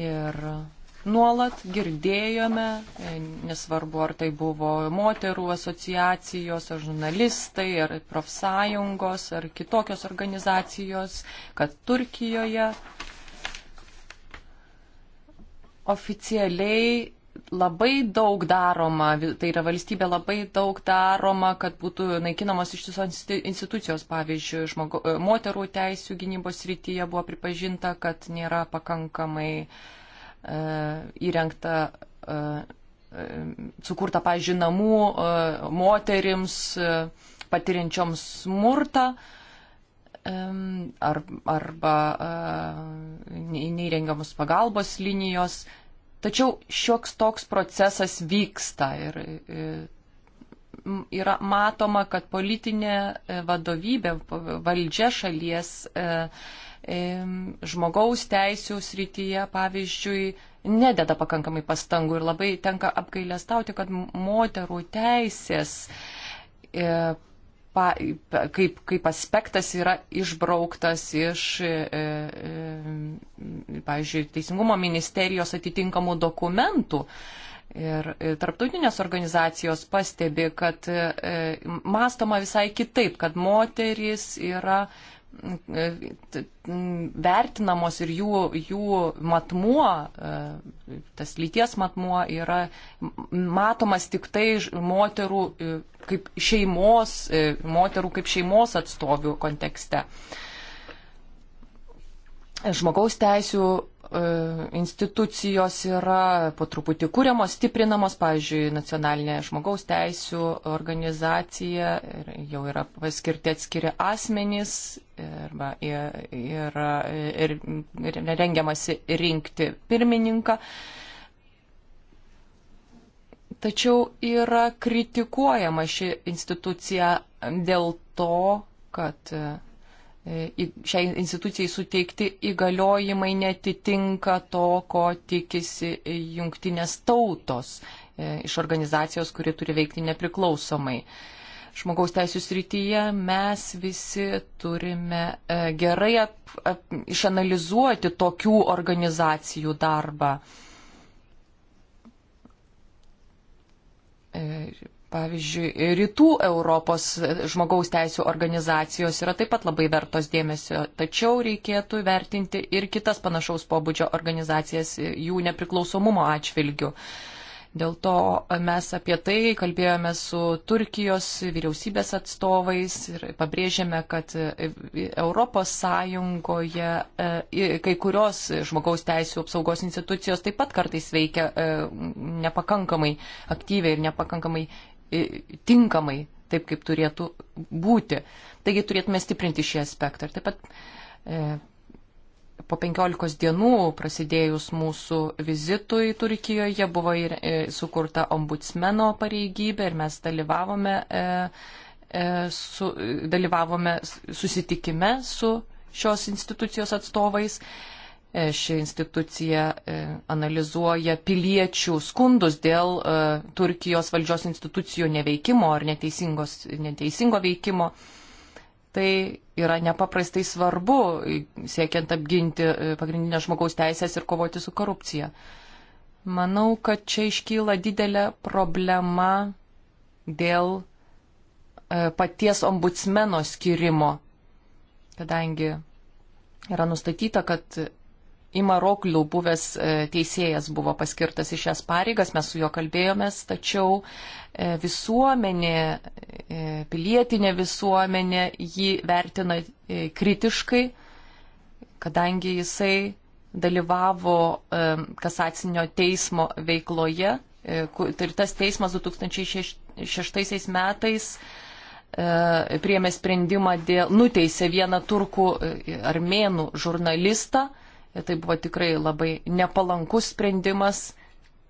Ir nuolat girdėjome, e, nesvarbu ar tai buvo moterų asociacijos, ar žurnalistai, ar profsąjungos, ar kitokios organizacijos, kad Turkijoje oficialiai labai daug daroma, tai yra valstybė labai daug daroma, kad būtų naikinamos ištisos institucijos, pavyzdžiui, žmogu, e, moterų teisų gynybos rytyje buvo pripažinta, kad nėra pakankamai e, įrengta. E, e sukurta, pažiūrėjau, namų e, moterims e, patiriančioms smurtą, ar, arba e, neįrengiamus pagalbos linijos. Tačiau šioks toks procesas vyksta ir e, yra matoma, kad politinė e, vadovybė, valdžia šalies e, žmogaus teisų srityje, pavyzdžiui, nededa pakankamai pastangų ir labai tenka apgailestauti, kad moterų teisės pa, kaip, kaip aspektas yra išbrauktas iš, e, e, pavyzdžiui, Teisingumo ministerijos atitinkamų dokumentų. Ir e, tarptautinės organizacijos pastebi, kad mąstoma visai kitaip, kad moteris yra vertinamos ir jų, jų matmuo, e, tas lyties matmuo yra matomas tik tai moterų e, kaip šeimos, e, moterų kaip šeimos atstovių kontekste. Žmogaus teisų E, institucijos yra po truputį kūriamos, stiprinamos, pavyzdžiui, nacionalinė žmogaus teisų organizacija, jau yra paskirti atskiri asmenys arba yra, ir, ir, ir rengiamasi rinkti pirmininką. Tačiau yra kritikuojama ši institucija dėl to, kad E, šiai institucijai suteikti įgaliojimai netitinka to, ko tikisi jungtinės tautos e, iš organizacijos, kuri turi veikti nepriklausomai. Žmogaus teisų srityje mes visi turime e, gerai ap, ap, išanalizuoti tokių organizacijų darbą Pavyzdžiui, rytų Europos žmogaus teisų organizacijos yra taip pat labai vertos dėmesio, tačiau reikėtų vertinti ir kitas panašaus pobūdžio organizacijas jų nepriklausomumo atžvilgių. Dėl to mes apie tai kalbėjome su Turkijos vyriausybės atstovais ir pabrėžėme, kad Europos Sąjungoje e, kai kurios žmogaus teisų apsaugos institucijos taip pat kartais veikia e, nepakankamai aktyviai ir nepakankamai tinkamai, taip kaip turėtų būti. Taigi turėtume stiprinti šį aspektą. Ir taip pat e, po 15 dienų prasidėjus mūsų vizitui Turkijoje buvo ir e, sukurta ombudsmeno pareigybė ir mes dalyvavome, e, e su, dalyvavome susitikime su šios institucijos atstovais. E, E, ši institucija e, analizuoja piliečių skundus dėl e, Turkijos valdžios institucijų neveikimo ar neteisingo veikimo. Tai yra nepaprastai svarbu, siekiant apginti pagrindinės žmogaus teisės ir kovoti su korupcija. Manau, kad čia iškyla didelė problema dėl paties ombudsmeno skirimo, kadangi yra nustatyta, kad Imaroklių buvęs e, teisėjas buvo paskirtas į šias pareigas, mes su juo kalbėjomės, tačiau e, visuomenė, e, pilietinė visuomenė jį vertina kritiškai, kadangi jisai dalyvavo kasacinio teismo veikloje. Ir tai tas teismas 2006 metais priėmė sprendimą dėl, nuteisė vieną turkų armėnų žurnalistą Tai buvo tikrai labai nepalankus sprendimas,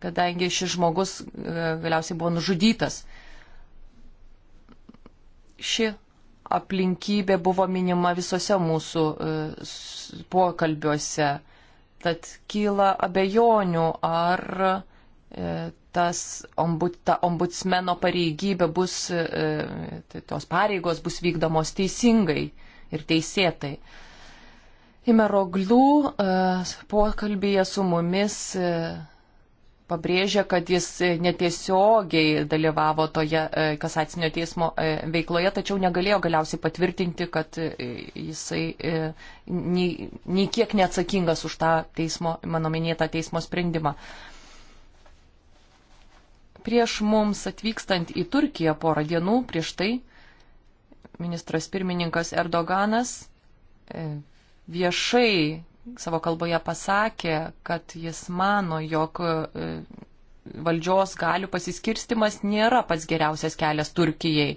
kadangi šis žmogus e, galiausiai buvo nužudytas. Ši aplinkybė buvo minima visose mūsų e, pokalbiuose. Tad kyla abejonių, ar e, tas ombud, ta ombudsmeno pareigybė bus, tai tos pareigos bus vykdomos teisingai ir teisėtai. Himeroglų e, pokalbėje su mumis e, pabrėžė, kad jis netiesiogiai dalyvavo toje e, kasacinio teismo veikloje, tačiau negalėjo galiausiai patvirtinti, kad jisai nei kiek neatsakingas už tą teismo, mano minėtą teismo sprendimą. Prieš mums atvykstant į Turkiją porą dienų, prieš tai ministras pirmininkas Erdoganas viešai savo kalboje pasakė, kad jis mano, jog e, valdžios galių pasiskirstimas nėra pats geriausias kelias Turkijai.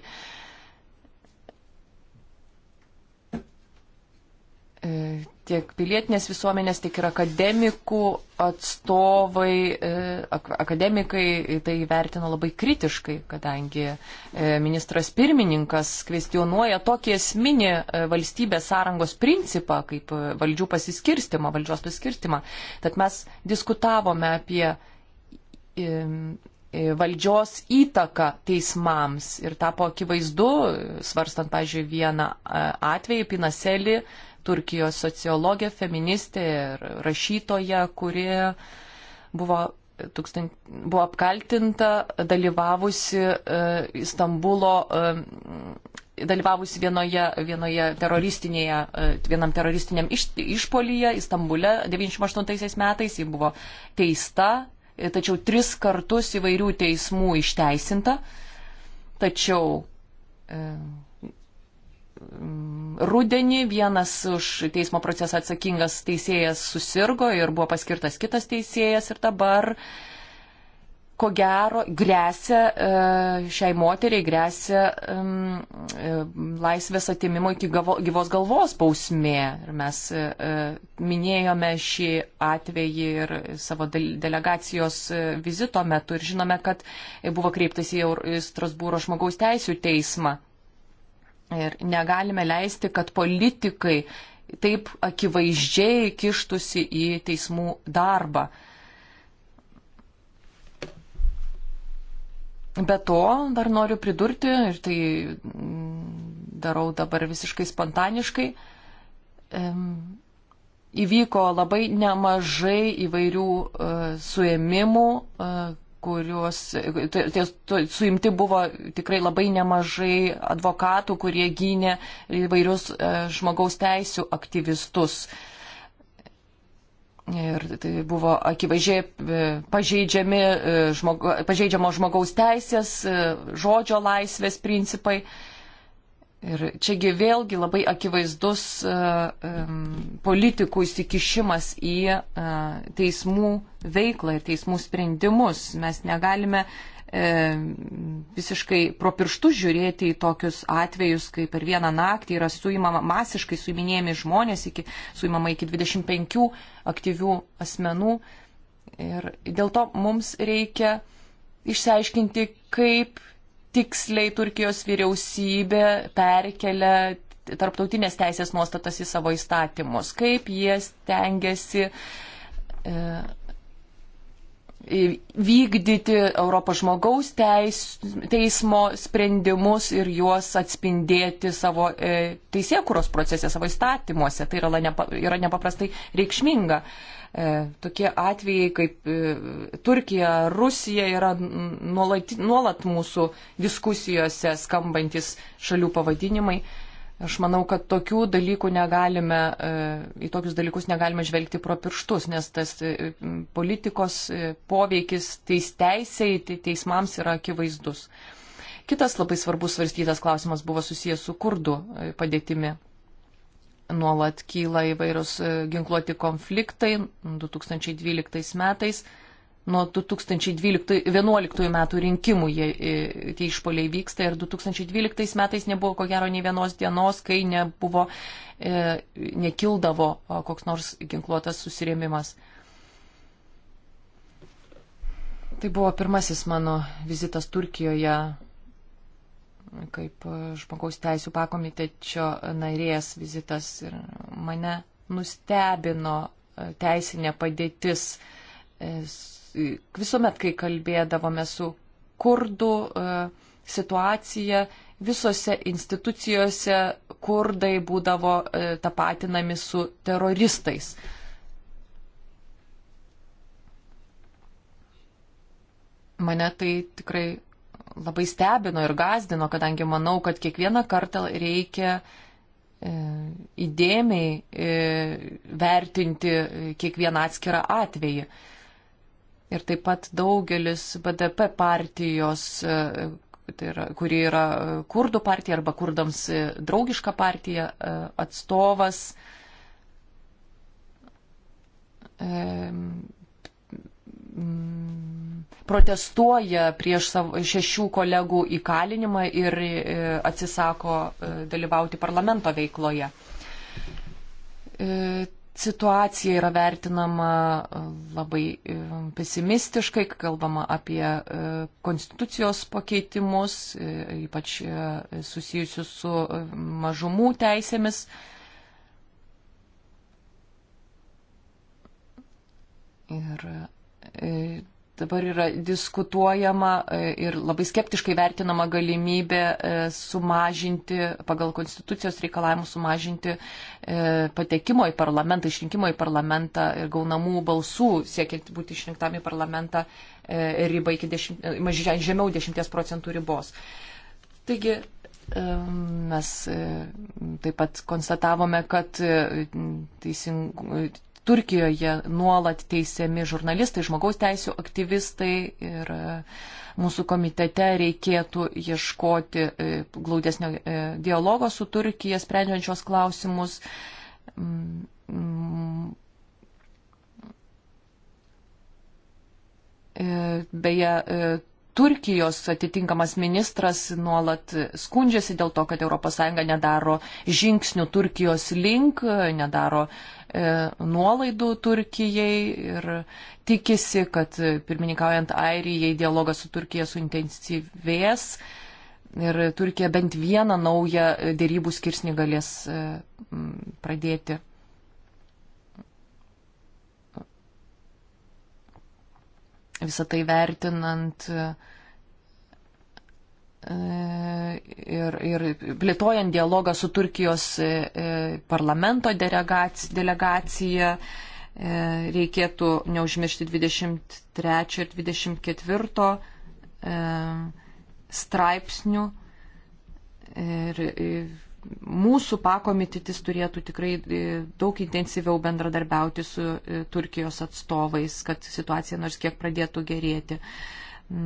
tiek pilietinės visuomenės, tiek ir akademikų atstovai, e, akademikai tai vertino labai kritiškai, kadangi e, ministras pirmininkas kvestionuoja tokį esminį e, valstybės sąrangos principą, kaip valdžių pasiskirstimą, valdžios pasiskirstimą. Tad mes diskutavome apie valdžios įtaka teismams. Ir tapo akivaizdu, svarstant, pažiūrėjau, vieną atvejį, Pinaseli Turkijos sociologė, feministė ir rašytoja, kuri buvo, tūkstant, buvo apkaltinta dalyvavusi uh, Istanbulo, uh, dalyvavusi vienoje, vienoje teroristinėje, uh, vienam teroristiniam iš, išpolyje Istambule 98 metais. Ji buvo teista, tačiau tris kartus įvairių teismų išteisinta. Tačiau. Uh, rudenį vienas už teismo procesą atsakingas teisėjas susirgo ir buvo paskirtas kitas teisėjas ir dabar, ko gero, grėsia e, šiai moteriai, grėsia e, laisvės atimimo iki gyvos galvos bausmė. Ir mes e, minėjome šį atvejį ir savo delegacijos vizito metu ir žinome, kad buvo kreiptas į Strasbūro žmogaus teisų teismą Ir negalime leisti, kad politikai taip akivaizdžiai kištusi į teismų darbą. Be to, dar noriu pridurti, ir tai mm, darau dabar visiškai spontaniškai, įvyko labai nemažai įvairių e, suėmimų, e, kurios, ties, tai, tai suimti buvo tikrai labai nemažai advokatų, kurie gynė įvairius e, žmogaus teisų aktyvistus. Ir tai buvo akivaizdžiai e, pažeidžiami, e, žmogu, pažeidžiamo žmogaus teisės, žodžio laisvės principai. Ir čiagi vėlgi labai akivaizdus e, e, politikų įsikišimas į e, teismų veiklą ir teismų sprendimus. Mes negalime visiškai pro pirštus žiūrėti į tokius atvejus, kai per vieną naktį yra suimama, masiškai suiminėjami žmonės, iki, suimama iki 25 aktyvių asmenų. Ir dėl to mums reikia išsiaiškinti, kaip tiksliai Turkijos vyriausybė perkelia tarptautinės teisės nuostatas į savo įstatymus, kaip jie stengiasi e, vykdyti Europos žmogaus teis, teismo sprendimus ir juos atspindėti savo e, teisėkuros procese, savo įstatymuose. Tai yra, yra nepaprastai reikšminga. E, E, tokie atvejai kaip e, Turkija, Rusija yra nuolat, nuolat mūsų diskusijose skambantis šalių pavadinimai. Aš manau, kad tokių dalykų negalime, e, į tokius dalykus negalime žvelgti pro pirštus, nes tas politikos poveikis teis teisėjai, teismams yra akivaizdus. Kitas labai svarbus svarstytas klausimas buvo susijęs su kurdų padėtimi nuolat kyla įvairūs e, ginkluoti konfliktai 2012 metais. Nuo 2011 metų rinkimų jie, e, tie išpoliai vyksta ir 2012 metais nebuvo ko gero nei vienos dienos, kai nebuvo, e, nekildavo koks nors ginkluotas susirėmimas. Tai buvo pirmasis mano vizitas Turkijoje kaip e, žmogaus teisų pakomitečio narės vizitas ir mane nustebino e, teisinė padėtis. E, visuomet, kai kalbėdavome su kurdų situacija, visose institucijose kurdai būdavo tapatinami su teroristais. Mane tai tikrai labai stebino ir gazdino, kadangi manau, kad kiekvieną kartą reikia e, įdėmiai e, vertinti kiekvieną atskirą atvejį. Ir taip pat daugelis BDP partijos, e, tai yra, kuri yra kurdų partija arba kurdams draugiška partija, atstovas Mm, protestuoja prieš savo šešių kolegų įkalinimą ir e, atsisako e, dalyvauti parlamento veikloje. E, situacija yra vertinama labai pesimistiškai, kalbama apie konstitucijos pakeitimus, ypač susijusius su mažumų teisėmis. Ir E, dabar yra diskutuojama e, ir labai skeptiškai vertinama galimybė e, sumažinti, pagal konstitucijos reikalavimus sumažinti patekimo į parlamentą, išrinkimo į parlamentą ir gaunamų balsų siekiant būti išrinktam į parlamentą ribą iki dešimt, žemiau 10 procentų ribos. Taigi mes taip pat konstatavome, kad teising, Turkijoje nuolat teisiami žurnalistai, žmogaus teisų aktyvistai ir e, mūsų komitete reikėtų ieškoti e, glaudesnio e, dialogo su Turkija, sprendžiančios klausimus. Mm, mm. Beje, Turkijos atitinkamas ministras nuolat skundžiasi dėl to, kad ES nedaro žingsnių Turkijos link, nedaro e, nuolaidų Turkijai ir tikisi, kad pirmininkaujant Airijai dialogas su Turkija suintensyvės ir Turkija bent vieną naują dėrybų skirsnį galės e, pradėti. visą tai vertinant e, ir, ir plėtojant dialogą su Turkijos e, e, parlamento delegacija, reikėtų neužmiršti 23 ir 24 straipsnių ir mūsų pakomitetis turėtų tikrai e, daug intensyviau bendradarbiauti su e, Turkijos atstovais, kad situacija nors kiek pradėtų gerėti.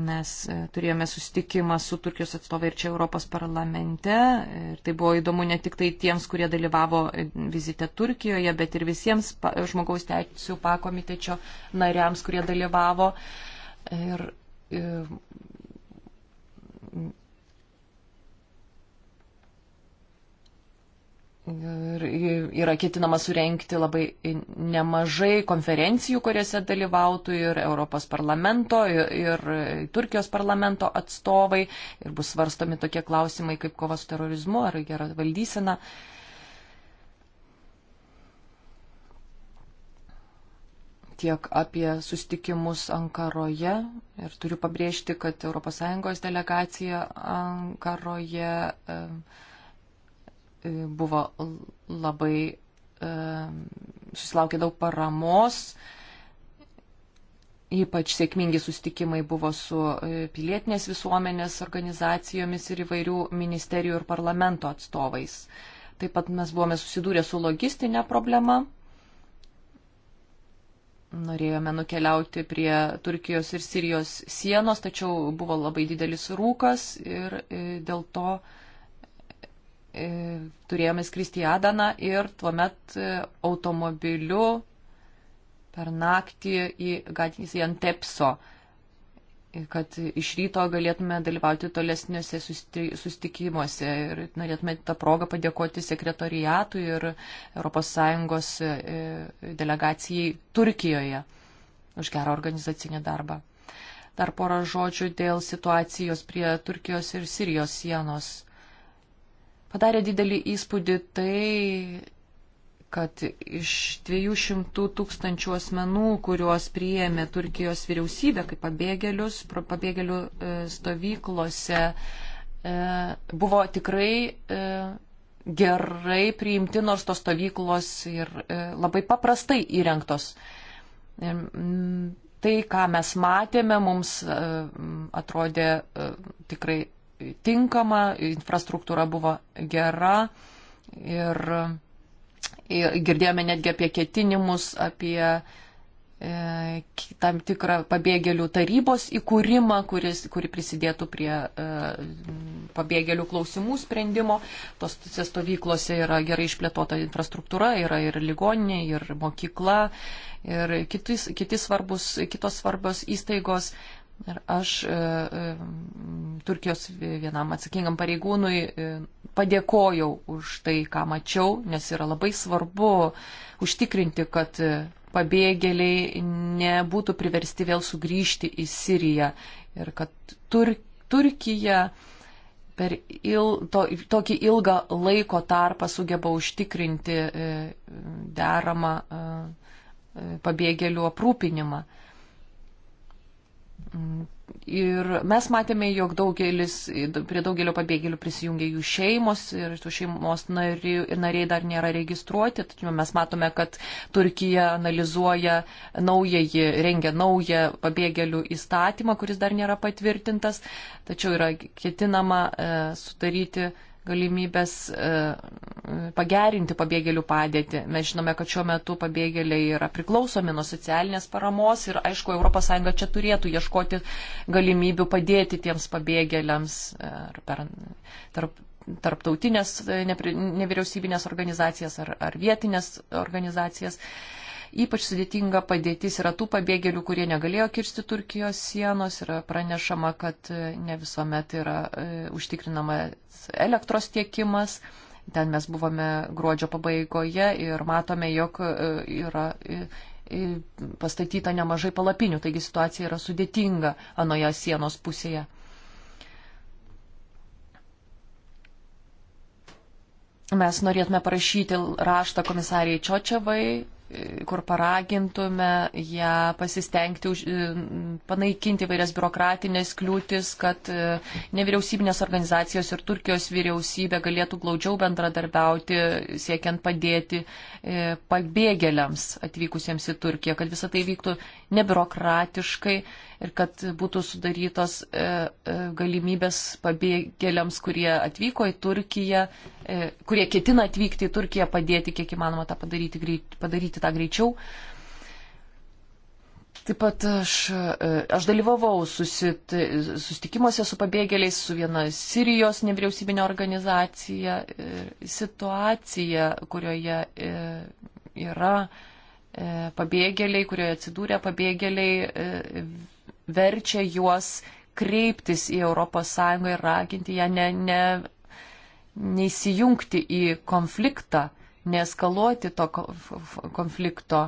Mes e, turėjome susitikimą su Turkijos atstovai ir čia Europos parlamente. Ir tai buvo įdomu ne tik tai tiems, kurie dalyvavo vizite Turkijoje, bet ir visiems žmogaus teisų pakomitečio nariams, kurie dalyvavo. Ir, ir Ir yra ketinama surenkti labai nemažai konferencijų, kuriuose dalyvautų ir Europos parlamento, ir, ir Turkijos parlamento atstovai, ir bus svarstomi tokie klausimai kaip kova su terorizmu ar gera valdysena. Tiek apie sustikimus Ankaroje. Ir turiu pabrėžti, kad ES delegacija Ankaroje. E, buvo labai e, susilaukė daug paramos. Ypač sėkmingi sustikimai buvo su e, pilietinės visuomenės organizacijomis ir įvairių ministerijų ir parlamento atstovais. Taip pat mes buvome susidūrę su logistinė problema. Norėjome nukeliauti prie Turkijos ir Sirijos sienos, tačiau buvo labai didelis rūkas ir e, dėl to uh, E, turėjome skristi į Adaną ir tuomet e, automobiliu per naktį į Gatinį į Antepso, e, kad iš ryto galėtume dalyvauti tolesniuose sustikimuose. Ir norėtume tą progą padėkoti sekretoriatui ir ES delegacijai Turkijoje už gerą organizacinį darbą. Dar porą žodžių dėl situacijos prie Turkijos ir Sirijos sienos Padarė didelį įspūdį tai, kad iš 200 tūkstančių asmenų, kuriuos priėmė Turkijos vyriausybė kaip pabėgėlius, pabėgėlių e, stovyklose, e, buvo tikrai e, gerai priimti, nors tos stovyklos ir labai paprastai įrengtos. Tai, ką mes matėme, mums atrodė tikrai tinkama, infrastruktūra buvo gera ir, ir girdėjome netgi apie ketinimus, apie e, tam tikrą pabėgėlių tarybos įkūrimą, kuris, kuri prisidėtų prie e, pabėgėlių klausimų sprendimo. Tos stovyklose yra gerai išplėtota infrastruktūra, yra ir ligoninė, ir mokykla, ir kitis, kitis svarbus, kitos svarbios įstaigos. Ir aš e, e, Turkijos vienam atsakingam pareigūnui e, padėkojau už tai, ką mačiau, nes yra labai svarbu užtikrinti, kad pabėgėliai nebūtų priversti vėl sugrįžti į Siriją ir kad Tur Turkija per il, to, tokį ilgą laiko tarpą sugeba užtikrinti deramą pabėgėlių aprūpinimą. Ir mes matėme, jog daugelis, prie daugelio pabėgėlių prisijungia jų šeimos ir tų šeimos nariai, nariai dar nėra registruoti. Tačiau mes matome, kad Turkija analizuoja naująjį, rengia naują pabėgėlių įstatymą, kuris dar nėra patvirtintas. Tačiau yra ketinama e, sudaryti galimybės e, pagerinti pabėgėlių padėtį. Mes žinome, kad šiuo metu pabėgėliai yra priklausomi nuo socialinės paramos ir, aišku, ES čia turėtų ieškoti galimybių padėti tiems pabėgėliams e, ar per tarp, tarptautinės e, nevyriausybinės organizacijas ar, ar vietinės organizacijas. Uh, Ypač sudėtinga padėtis yra tų pabėgėlių, kurie negalėjo kirsti Turkijos sienos. Yra pranešama, kad e, ne visuomet yra e, užtikrinama elektros tiekimas. Ten mes buvome gruodžio pabaigoje ir matome, jog e, yra pastatyta nemažai palapinių, taigi situacija yra sudėtinga anoje sienos pusėje. Mes norėtume parašyti raštą komisariai Čiočiavai kur paragintume ją pasistengti už, e, panaikinti vairias biurokratinės kliūtis, kad e, nevyriausybinės organizacijos ir Turkijos vyriausybė galėtų glaudžiau bendradarbiauti, siekiant padėti e, pabėgėliams atvykusiems į Turkiją, kad visa tai vyktų nebiurokratiškai ir kad būtų sudarytos e, e, galimybės pabėgėliams, kurie atvyko į Turkiją, e, kurie ketina atvykti į Turkiją, padėti kiek įmanoma tą padaryti, padaryti tą greičiau. Taip pat aš, aš dalyvavau susit, susitikimuose su pabėgėliais, su viena Sirijos nevyriausybinė organizacija. Situacija, kurioje yra pabėgėliai, kurioje atsidūrė pabėgėliai, verčia juos kreiptis į ES ir raginti ją ne, ne, neįsijungti į konfliktą, neeskaluoti to konflikto,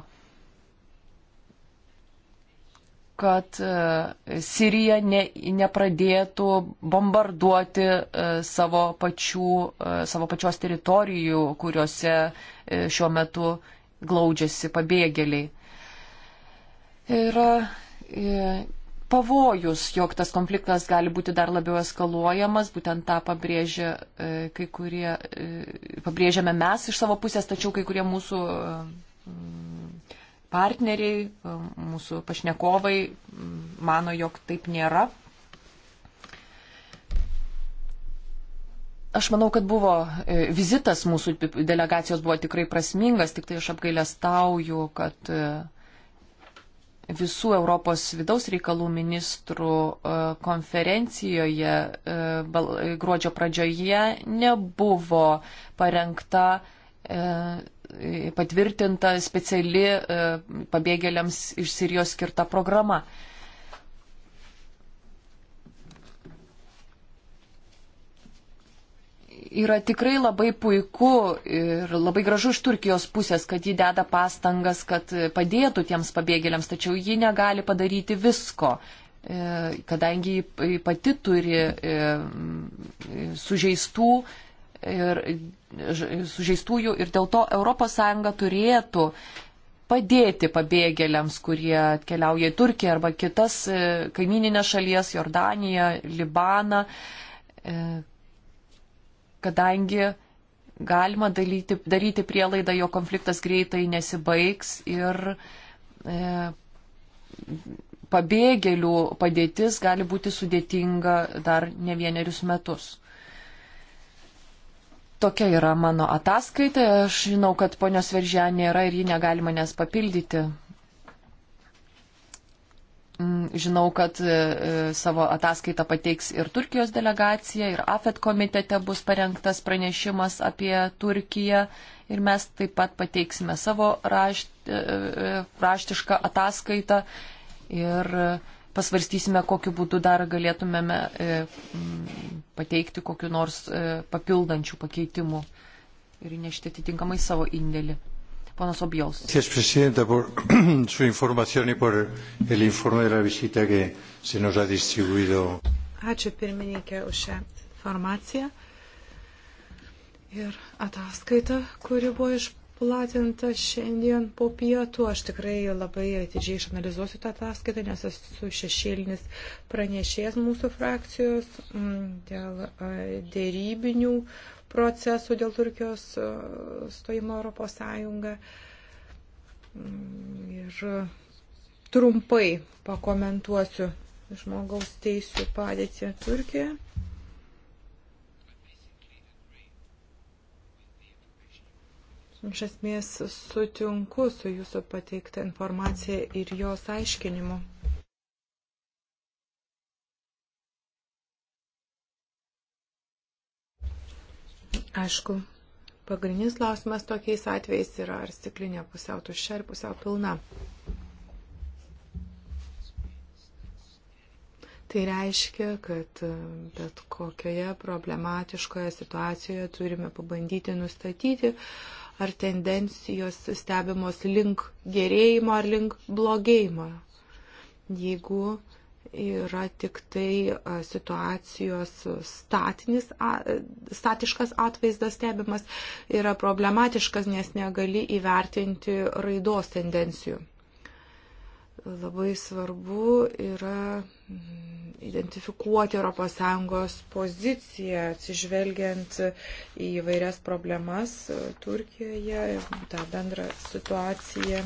kad e, Sirija ne, nepradėtų bombarduoti e, savo, pačių, e, savo pačios teritorijų, kuriuose šiuo metu glaudžiasi pabėgėliai. Yra pavojus, jog tas konfliktas gali būti dar labiau eskaluojamas, būtent tą pabrėžia, e, kai kurie, e, pabrėžiame mes iš savo pusės, tačiau kai kurie mūsų e, partneriai, mūsų pašnekovai mano, jog taip nėra. Aš manau, kad buvo vizitas mūsų delegacijos buvo tikrai prasmingas, tik tai aš apgailestauju, kad visų Europos vidaus reikalų ministrų e, konferencijoje e, gruodžio pradžioje nebuvo parengta e, patvirtinta speciali pabėgėliams iš Sirijos skirta programa. yra tikrai labai puiku ir labai gražu iš Turkijos pusės, kad ji deda pastangas, kad padėtų tiems pabėgėliams, tačiau ji negali padaryti visko, e, kadangi ji pati turi e, sužeistų ir sužeistųjų ir dėl to ES turėtų padėti pabėgėliams, kurie atkeliauja į Turkiją arba kitas e, kaimininės šalies, Jordaniją, Libaną kadangi galima dalyti, daryti prielaidą, jo konfliktas greitai nesibaigs ir e, pabėgėlių padėtis gali būti sudėtinga dar ne vienerius metus. Tokia yra mano ataskaita. Aš žinau, kad ponios Veržė nėra ir ji negali manęs papildyti. Mm, žinau, kad e, e, savo ataskaitą pateiks ir Turkijos delegacija, ir AFET komitete bus parengtas pranešimas apie Turkiją. Ir mes taip pat pateiksime savo rašt, e, raštišką ataskaitą ir pasvarstysime, kokiu būdu dar galėtumėme pateikti kokiu nors papildančių pakeitimų ir nešti atitinkamai savo indėlį. Ponas Objols. Ačiū pirmininkė už šią informaciją ir ataskaitą, kuri buvo išplatinta šiandien po pietų. Aš tikrai labai atidžiai išanalizuosiu tą ataskaitą, nes esu šešėlinis pranešėjas mūsų frakcijos mm, dėl e, dėrybinių procesų dėl Turkijos e, stojimo Europos Sąjungą. Mm, ir trumpai pakomentuosiu žmogaus teisų padėtį Turkijoje. Iš esmės sutinku su jūsų pateikta informacija ir jos aiškinimu. Aišku, pagrindinis klausimas tokiais atvejais yra, ar stiklinė pusiau tuščia ar pusiau pilna. Tai reiškia, kad e, bet kokioje problematiškoje situacijoje turime pabandyti nustatyti, ar tendencijos stebimos link gerėjimo ar link blogėjimo. Jeigu yra tik tai situacijos statinis, statiškas atvaizdas stebimas, yra problematiškas, nes negali įvertinti raidos tendencijų. Labai svarbu yra mm, identifikuoti ES poziciją, atsižvelgiant į vairias problemas e, Turkijoje, tą bendrą situaciją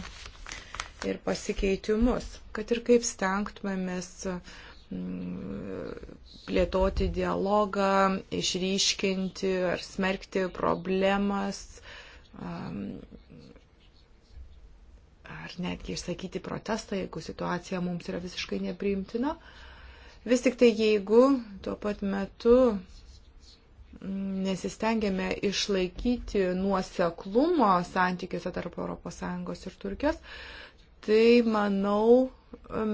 ir pasikeitimus, kad ir kaip stengtumėmės mm, plėtoti dialogą, išryškinti ar smerkti problemas, ar netgi išsakyti protestą, jeigu situacija mums yra visiškai nepriimtina. Vis tik tai jeigu tuo pat metu mm, nesistengėme išlaikyti nuoseklumo santykiuose tarp ES ir Turkijos, tai manau,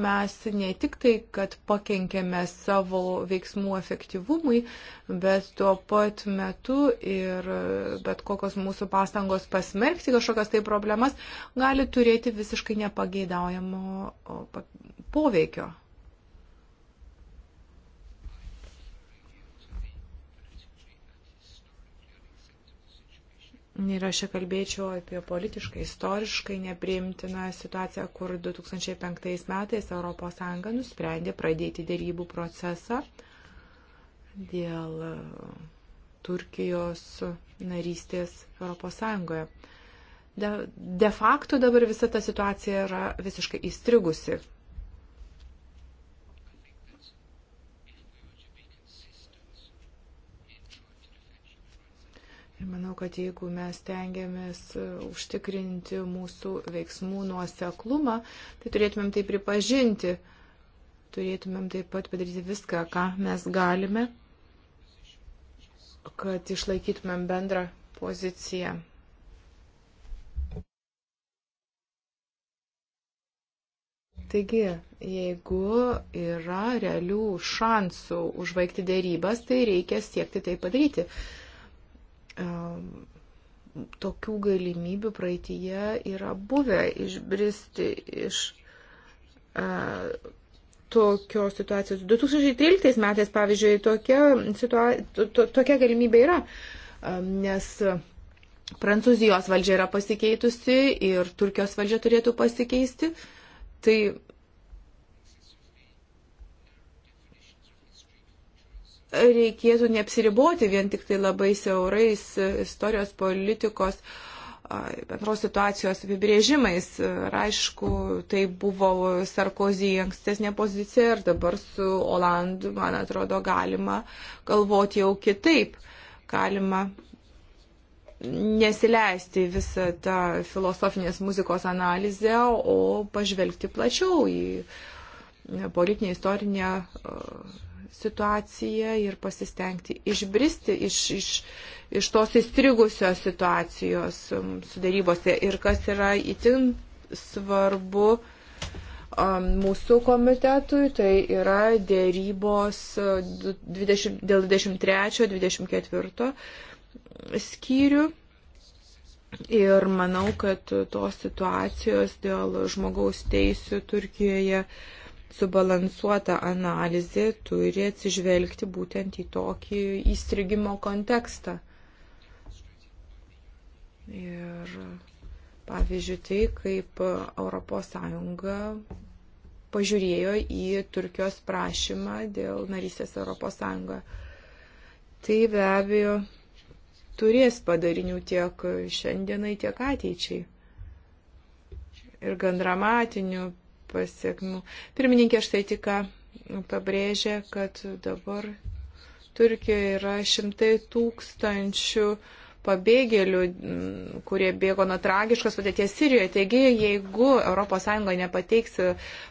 mes ne tik tai, kad pakenkėme savo veiksmų efektyvumui, bet tuo pat metu ir bet kokios mūsų pastangos pasmerkti kažkokias tai problemas gali turėti visiškai nepageidaujamo poveikio. Ir aš čia kalbėčiau apie politiškai, istoriškai nepriimtiną situaciją, kur 2005 metais ES nusprendė pradėti dėrybų procesą dėl Turkijos narystės ES. De, de facto dabar visa ta situacija yra visiškai įstrigusi. Ir manau, kad jeigu mes tengiamės e, užtikrinti mūsų veiksmų nuoseklumą, tai turėtumėm tai pripažinti, turėtumėm taip pat padaryti viską, ką mes galime, kad išlaikytumėm bendrą poziciją. Taigi, jeigu yra realių šansų užbaigti dėrybas, tai reikia siekti tai padaryti tokių galimybių praeitįje yra buvę išbristi iš a, e, tokios situacijos. 2013 metais, pavyzdžiui, tokia, situa, to, to, tokia galimybė yra, a, e, nes Prancūzijos valdžia yra pasikeitusi ir Turkijos valdžia turėtų pasikeisti. Tai reikėtų neapsiriboti vien tik tai labai siaurais e, istorijos politikos bendros situacijos apibrėžimais. Ir aišku, tai buvo Sarkozy ankstesnė pozicija ir dabar su Olandu, man atrodo, galima galvoti jau kitaip. Galima nesileisti visą tą filosofinės muzikos analizę, o pažvelgti plačiau į politinę, istorinę situaciją ir pasistengti išbristi iš, iš, iš tos įstrigusios situacijos um, sudarybose. Ir kas yra itin svarbu um, mūsų komitetui, tai yra dėrybos 20, uh, dėl 23-24 skyrių. Ir manau, kad tos situacijos dėl žmogaus teisų Turkijoje uh, subalansuota analizė turi atsižvelgti būtent į tokį įstrigimo kontekstą. Ir pavyzdžiui, tai kaip ES pažiūrėjo į Turkijos prašymą dėl narysės ES. Tai be abejo turės padarinių tiek šiandienai, tiek ateičiai. Ir gan dramatinių pasiekmių. Pirmininkė štai tik pabrėžė, kad dabar Turkijoje yra šimtai tūkstančių uh, pabėgėlių, kurie bėgo nuo tragiškos padėties Sirijoje. Taigi, jeigu ES nepateiks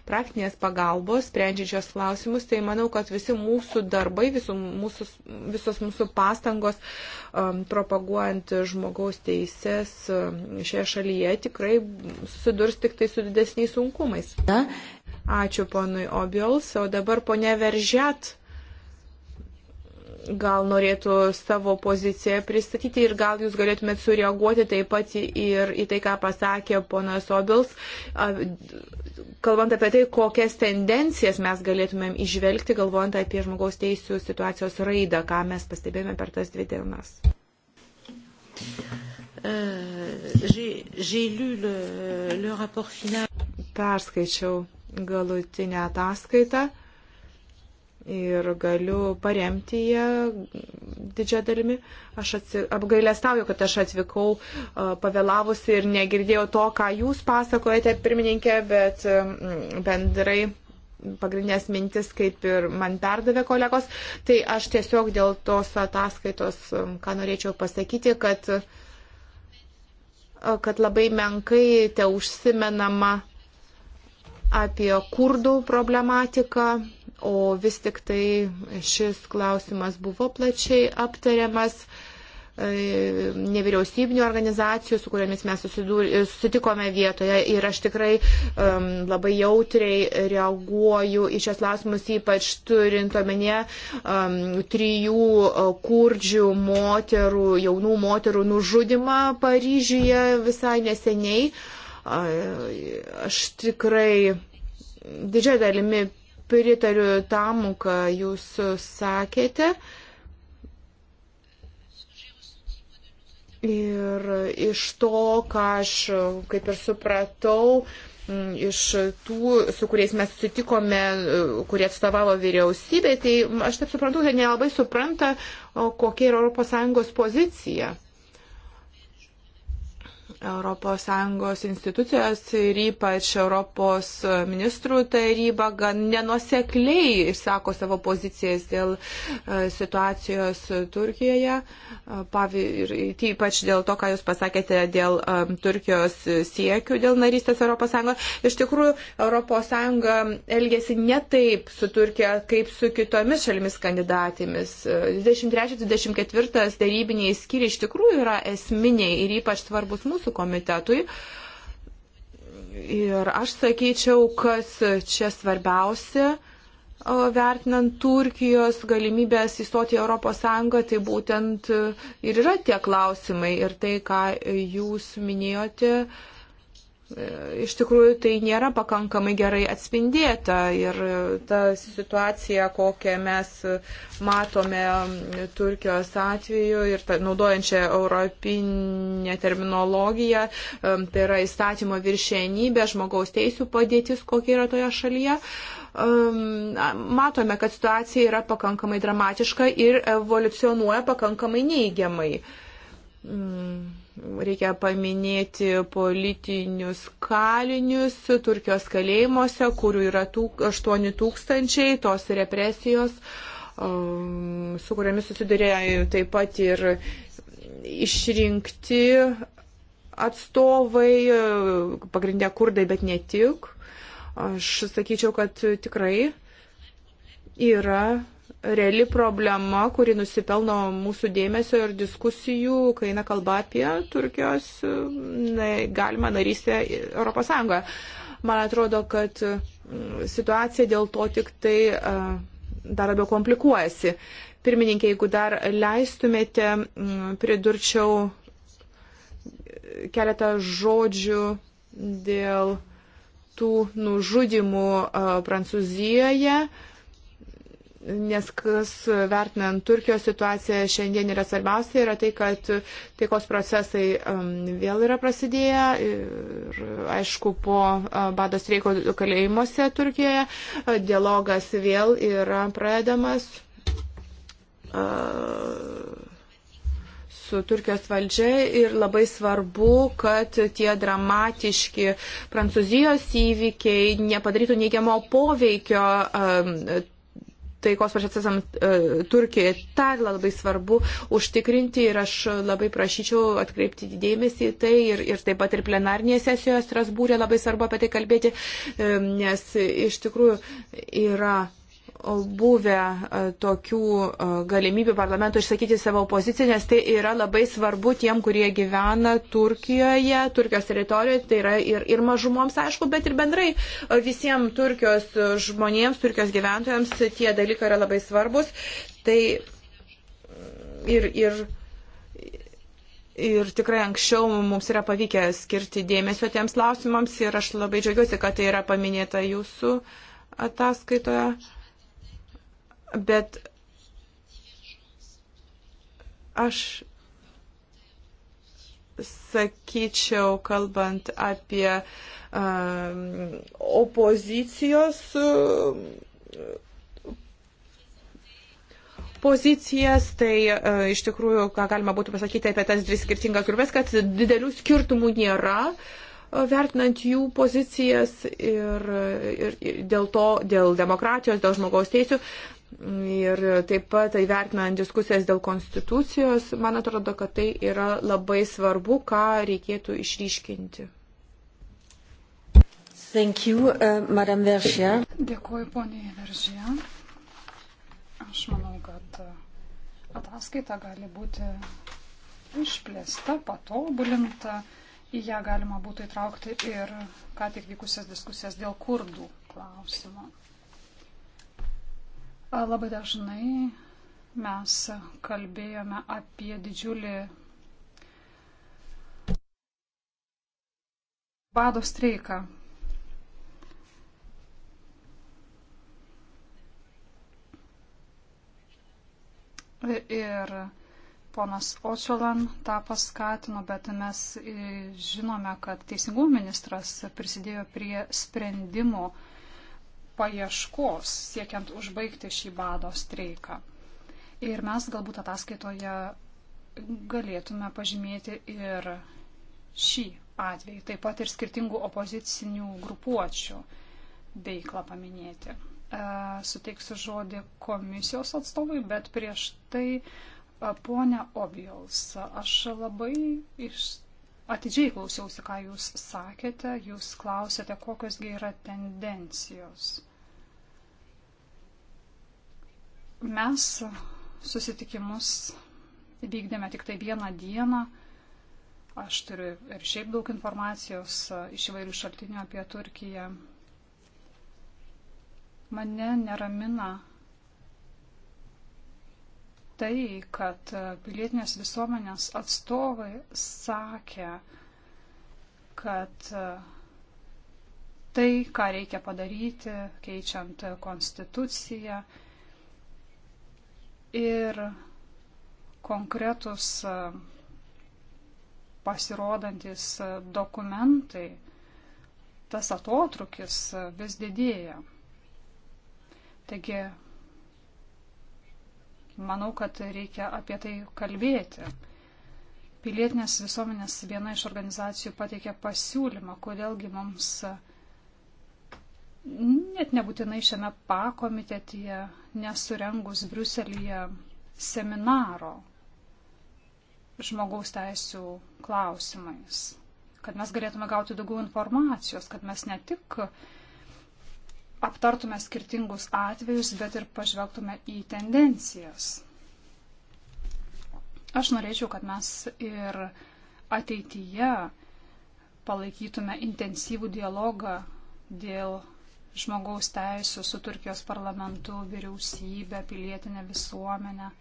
praktinės pagalbos, sprendžiančios klausimus, tai manau, kad visi mūsų darbai, visų, mūsų, visos mūsų pastangos um, propaguojant žmogaus teises um, šioje šalyje tikrai susidurs tik tai su didesniais sunkumais. Ačiū ponui Obiols, o dabar ponė Veržet gal norėtų savo poziciją pristatyti ir gal jūs galėtumėt sureaguoti taip pat ir į tai, ką pasakė ponas Obils, kalbant apie tai, kokias tendencijas mes galėtumėm išvelgti, galvojant apie žmogaus teisų situacijos raidą, ką mes pastebėjome per tas dvi dienas. Euh, Perskaičiau galutinę ataskaitą ir galiu paremti ją didžią dalimi. Aš atsi... apgailestauju, kad aš atvykau pavėlavusi ir negirdėjau to, ką jūs pasakojate, pirmininkė, bet bendrai pagrindinės mintis, kaip ir man perdavė kolegos. Tai aš tiesiog dėl tos ataskaitos, ką norėčiau pasakyti, kad, kad labai menkai te užsimenama apie kurdų problematiką, o vis tik tai šis klausimas buvo plačiai aptariamas e, nevyriausybinių organizacijų, su kuriamis mes susitikome vietoje ir aš tikrai um, labai jautriai reaguoju į šias klausimus, ypač turint omenyje um, trijų e, kurdžių moterų, jaunų moterų nužudimą Paryžiuje visai neseniai. Aš tikrai didžiai dalimi pritariu tam, ką jūs sakėte. Ir iš to, ką aš kaip ir supratau, iš tų, su kuriais mes susitikome, kurie atstovavo vyriausybė, tai aš taip suprantu, kad nelabai supranta, kokia yra ES pozicija. ES institucijos ir ypač Europos ministrų taryba gan nenusekliai išsako savo pozicijas dėl e, situacijos Turkijoje. E, ir ypač dėl to, ką Jūs pasakėte dėl e, Turkijos siekių dėl narystės ES. Iš tikrųjų, ES elgėsi ne taip su Turkija, kaip su kitomis šalimis kandidatėmis. 23-24 darybiniai skyriai iš tikrųjų yra esminiai ir ypač svarbus mūsų teisų komitetui. Ir aš sakyčiau, kas čia svarbiausia vertinant Turkijos galimybės įstoti į Europos Sąjungą, tai būtent ir yra tie klausimai ir tai, ką jūs minėjote, uh, iš tikrųjų tai nėra pakankamai gerai atspindėta ir ta situacija, kokią mes matome Turkijos atveju ir ta, naudojančią europinę terminologiją, tai yra įstatymo viršienybė, žmogaus teisų padėtis, kokia yra toje šalyje. Matome, kad situacija yra pakankamai dramatiška ir evoliucionuoja pakankamai neigiamai. Mm. Reikia paminėti politinius kalinius Turkijos kalėjimuose, kurių yra 8 tūkstančiai, tos represijos, um, su kuriamis susidurė taip pat ir išrinkti atstovai, pagrindė kurdai, bet ne tik. Aš sakyčiau, kad tikrai yra reali problema, kuri nusipelno mūsų dėmesio ir diskusijų, kai eina kalba apie Turkijos na, galimą narystę Europos Sąjungoje. Man atrodo, kad mm, situacija dėl to tik tai dar labiau komplikuojasi. Pirmininkė, jeigu dar leistumėte, mm, pridurčiau keletą žodžių dėl tų nužudimų Prancūzijoje. Uh, nes kas vertinant Turkijos situaciją šiandien yra svarbiausia, yra tai, kad taikos procesai um, vėl yra prasidėję ir aišku po bado streiko kalėjimuose Turkijoje dialogas vėl yra pradedamas su Turkijos valdžia ir labai svarbu, kad tie dramatiški Prancūzijos įvykiai nepadarytų neigiamo poveikio taikos procesams e, Turkijoje. Ta labai svarbu užtikrinti ir aš labai prašyčiau atkreipti dėmesį į tai ir, ir taip pat ir plenarnėje sesijoje Strasbūrė labai svarbu apie tai kalbėti, e, nes iš tikrųjų yra buvę e, tokių e, galimybių parlamento išsakyti savo poziciją, nes tai yra labai svarbu tiem, kurie gyvena Turkijoje, Turkijos teritorijoje, tai yra ir, ir mažumoms, aišku, bet ir bendrai e, visiems Turkijos žmonėms, Turkijos gyventojams tie dalykai yra labai svarbus. Tai ir, ir Ir tikrai anksčiau mums yra pavykę skirti dėmesio tiems klausimams ir aš labai džiaugiuosi, kad tai yra paminėta jūsų ataskaitoje bet aš sakyčiau, kalbant apie uh, opozicijos uh, pozicijas, tai uh, iš tikrųjų, ką galima būtų pasakyti apie tas dvi skirtingas grupės, kad didelių skirtumų nėra uh, vertinant jų pozicijas ir, ir, ir dėl to, dėl demokratijos, dėl žmogaus teisų, Ir taip pat įvertinant diskusijas dėl konstitucijos, man atrodo, kad tai yra labai svarbu, ką reikėtų išryškinti. Thank you, uh, Madam Veršia. Dėkuoju, poniai Veržia. Aš manau, kad uh, ataskaita gali būti išplėsta, patobulinta. Į ją galima būtų įtraukti ir ką tik vykusias diskusijas dėl kurdų klausimo. Labai dažnai mes kalbėjome apie didžiulį bado streiką. Ir ponas Očiolan tą paskatino, bet mes e, žinome, kad teisingumo ministras prisidėjo prie sprendimo, paieškos, siekiant užbaigti šį bado streiką. Ir mes galbūt ataskaitoje galėtume pažymėti ir šį atvejį, taip pat ir skirtingų opozicinių grupuočių veiklą paminėti. E, suteiksiu žodį komisijos atstovui, bet prieš tai e, ponia Obijals, aš labai iš atidžiai klausiausi, ką jūs sakėte, jūs klausėte, kokiosgi yra tendencijos. Mes susitikimus vykdėme tik tai vieną dieną. Aš turiu ir šiaip daug informacijos iš įvairių šaltinių apie Turkiją. Mane neramina tai, kad pilietinės visuomenės atstovai sakė, kad tai, ką reikia padaryti, keičiant konstituciją ir konkretus pasirodantis dokumentai, tas atotrukis vis didėja. Taigi Manau, kad reikia apie tai kalbėti. Pilietinės visuomenės viena iš organizacijų pateikė pasiūlymą, kodėlgi mums net nebūtinai šiame pakomitetyje nesurengus Briuselyje seminaro žmogaus teisų klausimais, kad mes galėtume gauti daugiau informacijos, kad mes ne tik uh, aptartume skirtingus atvejus, bet ir pažvelgtume į tendencijas. Aš norėčiau, kad mes ir ateityje palaikytume intensyvų dialogą dėl žmogaus teisų su Turkijos parlamentu, vyriausybė, pilietinė visuomenė.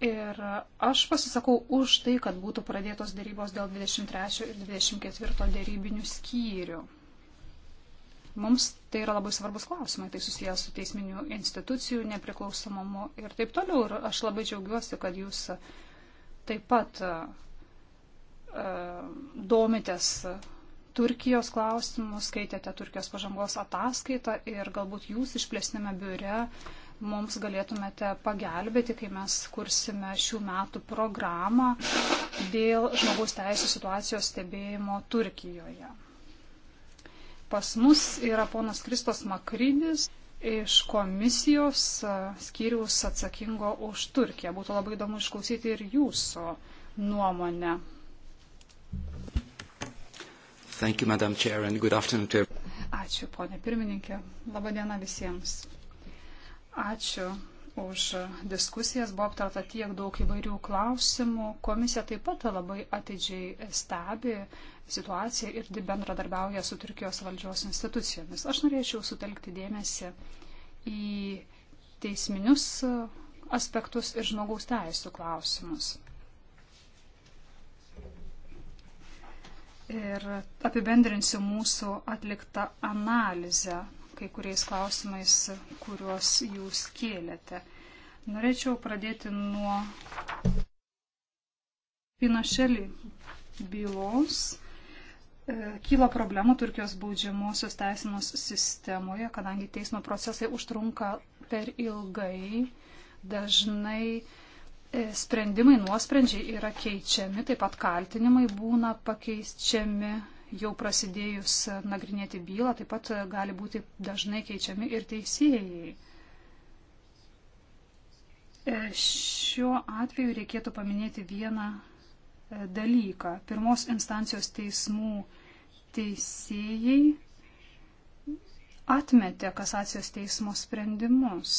Ir aš pasisakau už tai, kad būtų pradėtos dėrybos dėl 23 ir 24 dėrybinių skyrių. Mums tai yra labai svarbus klausimai, tai susijęs su teisminių institucijų nepriklausomumu ir taip toliau. Ir aš labai džiaugiuosi, kad jūs taip pat uh, domitės Turkijos klausimus, skaitėte Turkijos pažangos ataskaitą ir galbūt jūs išplėsnėme biure uh, mums galėtumėte pagelbėti, kai mes kursime šių metų programą dėl žmogaus teisų situacijos stebėjimo Turkijoje. Pas mus yra ponas Kristos Makrydis iš komisijos skyriaus atsakingo už Turkiją. Būtų labai įdomu išklausyti ir jūsų nuomonę. Thank you, Madam Chair, and good afternoon to everyone. Ačiū, ponė pirmininkė. Labadiena visiems. Ačiū už diskusijas. Buvo aptarta tiek daug įvairių klausimų. Komisija taip pat labai atidžiai stebi situaciją ir bendradarbiauja su Turkijos valdžios institucijomis. Aš norėčiau sutelkti dėmesį į teisminius aspektus ir žmogaus teisų klausimus. Ir apibendrinsiu mūsų atliktą analizę kai kuriais klausimais, kuriuos jūs kėlėte. Norėčiau pradėti nuo Pinašelį bylos. E, kyla problemų Turkijos baudžiamosios teisinos sistemoje, kadangi teismo procesai užtrunka per ilgai, dažnai e, sprendimai, nuosprendžiai yra keičiami, taip pat kaltinimai būna pakeičiami jau prasidėjus nagrinėti bylą, taip pat gali būti dažnai keičiami ir teisėjai. E, šiuo atveju reikėtų paminėti vieną e, dalyką. Pirmos instancijos teismų teisėjai atmetė kasacijos teismo sprendimus.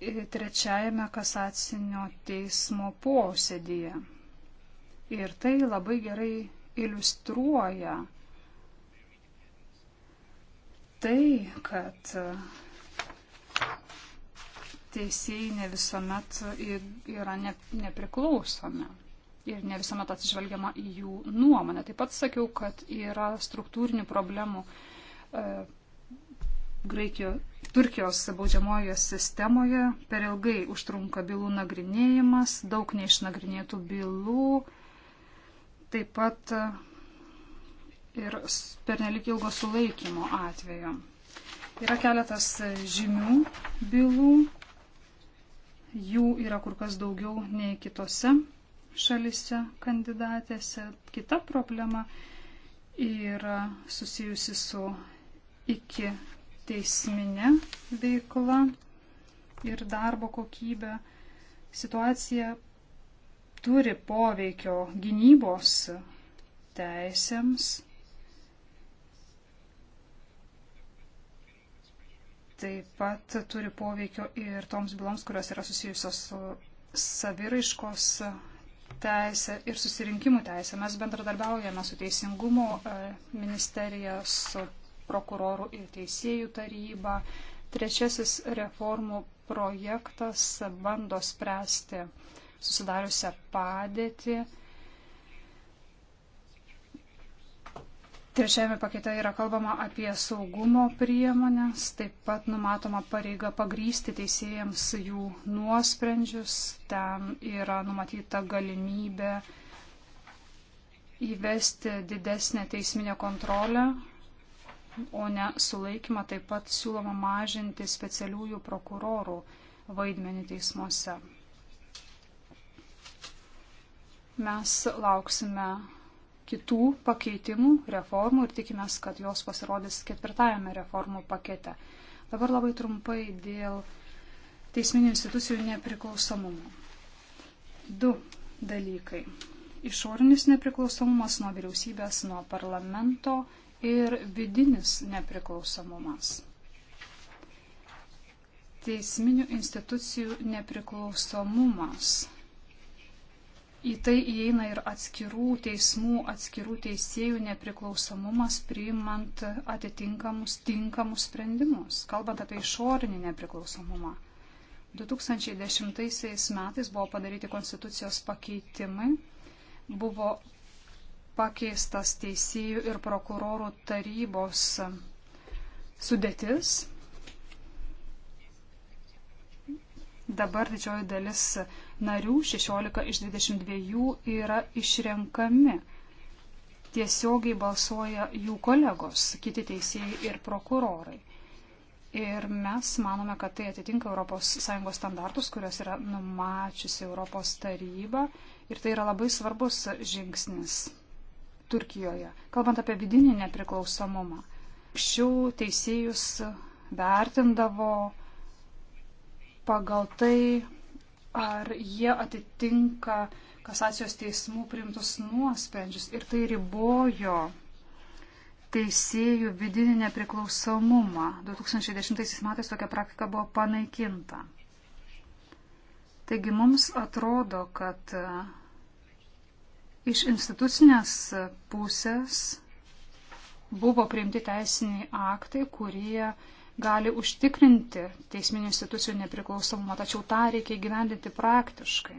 E, trečiajame kasacinio teismo posėdėje. Ir tai labai gerai iliustruoja tai, kad teisėjai ne visuomet yra nepriklausomi ir ne visuomet atsižvelgiama į jų nuomonę. Taip pat sakiau, kad yra struktūrinių problemų e, Graikijo, Turkijos baudžiamojoje sistemoje, per ilgai užtrunka bylų nagrinėjimas, daug neišnagrinėtų bylų, taip pat ir pernelik ilgo sulaikymo atveju. Yra keletas žymių bylų, jų yra kur kas daugiau nei kitose šalise kandidatėse. Kita problema yra susijusi su iki teisminė veikla ir darbo kokybė. Situacija turi poveikio gynybos teisėms. Taip pat turi poveikio ir toms byloms, kurios yra susijusios su saviraiškos teisė ir susirinkimų teisė. Mes bendradarbiaujame su Teisingumo e, ministerija, su prokurorų ir teisėjų taryba. Trečiasis reformų projektas bando spręsti uh, susidariusią padėtį. Trečiajame pakete yra kalbama apie saugumo priemonės, taip pat numatoma pareiga pagrysti teisėjams jų nuosprendžius, ten yra numatyta galimybė įvesti didesnę teisminę kontrolę, o ne sulaikymą taip pat siūloma mažinti specialiųjų prokurorų vaidmenį teismuose. Mes lauksime kitų pakeitimų, reformų ir tikimės, kad jos pasirodys ketvirtajame reformų pakete. Dabar labai trumpai dėl teisminių institucijų nepriklausomumo. Du dalykai. Išorinis nepriklausomumas nuo vyriausybės, nuo parlamento ir vidinis nepriklausomumas. Teisminių institucijų nepriklausomumas Į tai įeina ir atskirų teismų, atskirų teisėjų nepriklausomumas priimant atitinkamus tinkamus sprendimus, kalbant apie išorinį nepriklausomumą. 2010 metais buvo padaryti konstitucijos pakeitimai, buvo pakeistas teisėjų ir prokurorų tarybos sudėtis. Dabar didžioji dalis narių, 16 iš 22 yra išrenkami. Tiesiogiai balsuoja jų kolegos, kiti teisėjai ir prokurorai. Ir mes manome, kad tai atitinka ES standartus, kurios yra numačiusi Europos taryba. Ir tai yra labai svarbus žingsnis Turkijoje, kalbant apie vidinį nepriklausomumą. Anksčiau teisėjus vertindavo pagal tai, ar jie atitinka kasacijos teismų priimtus nuosprendžius. Ir tai ribojo teisėjų vidinį nepriklausomumą. 2010 metais tokia praktika buvo panaikinta. Taigi mums atrodo, kad iš institucinės pusės buvo priimti teisiniai aktai, kurie gali užtikrinti teisminių institucijų nepriklausomumą, tačiau tą reikia gyvendinti praktiškai.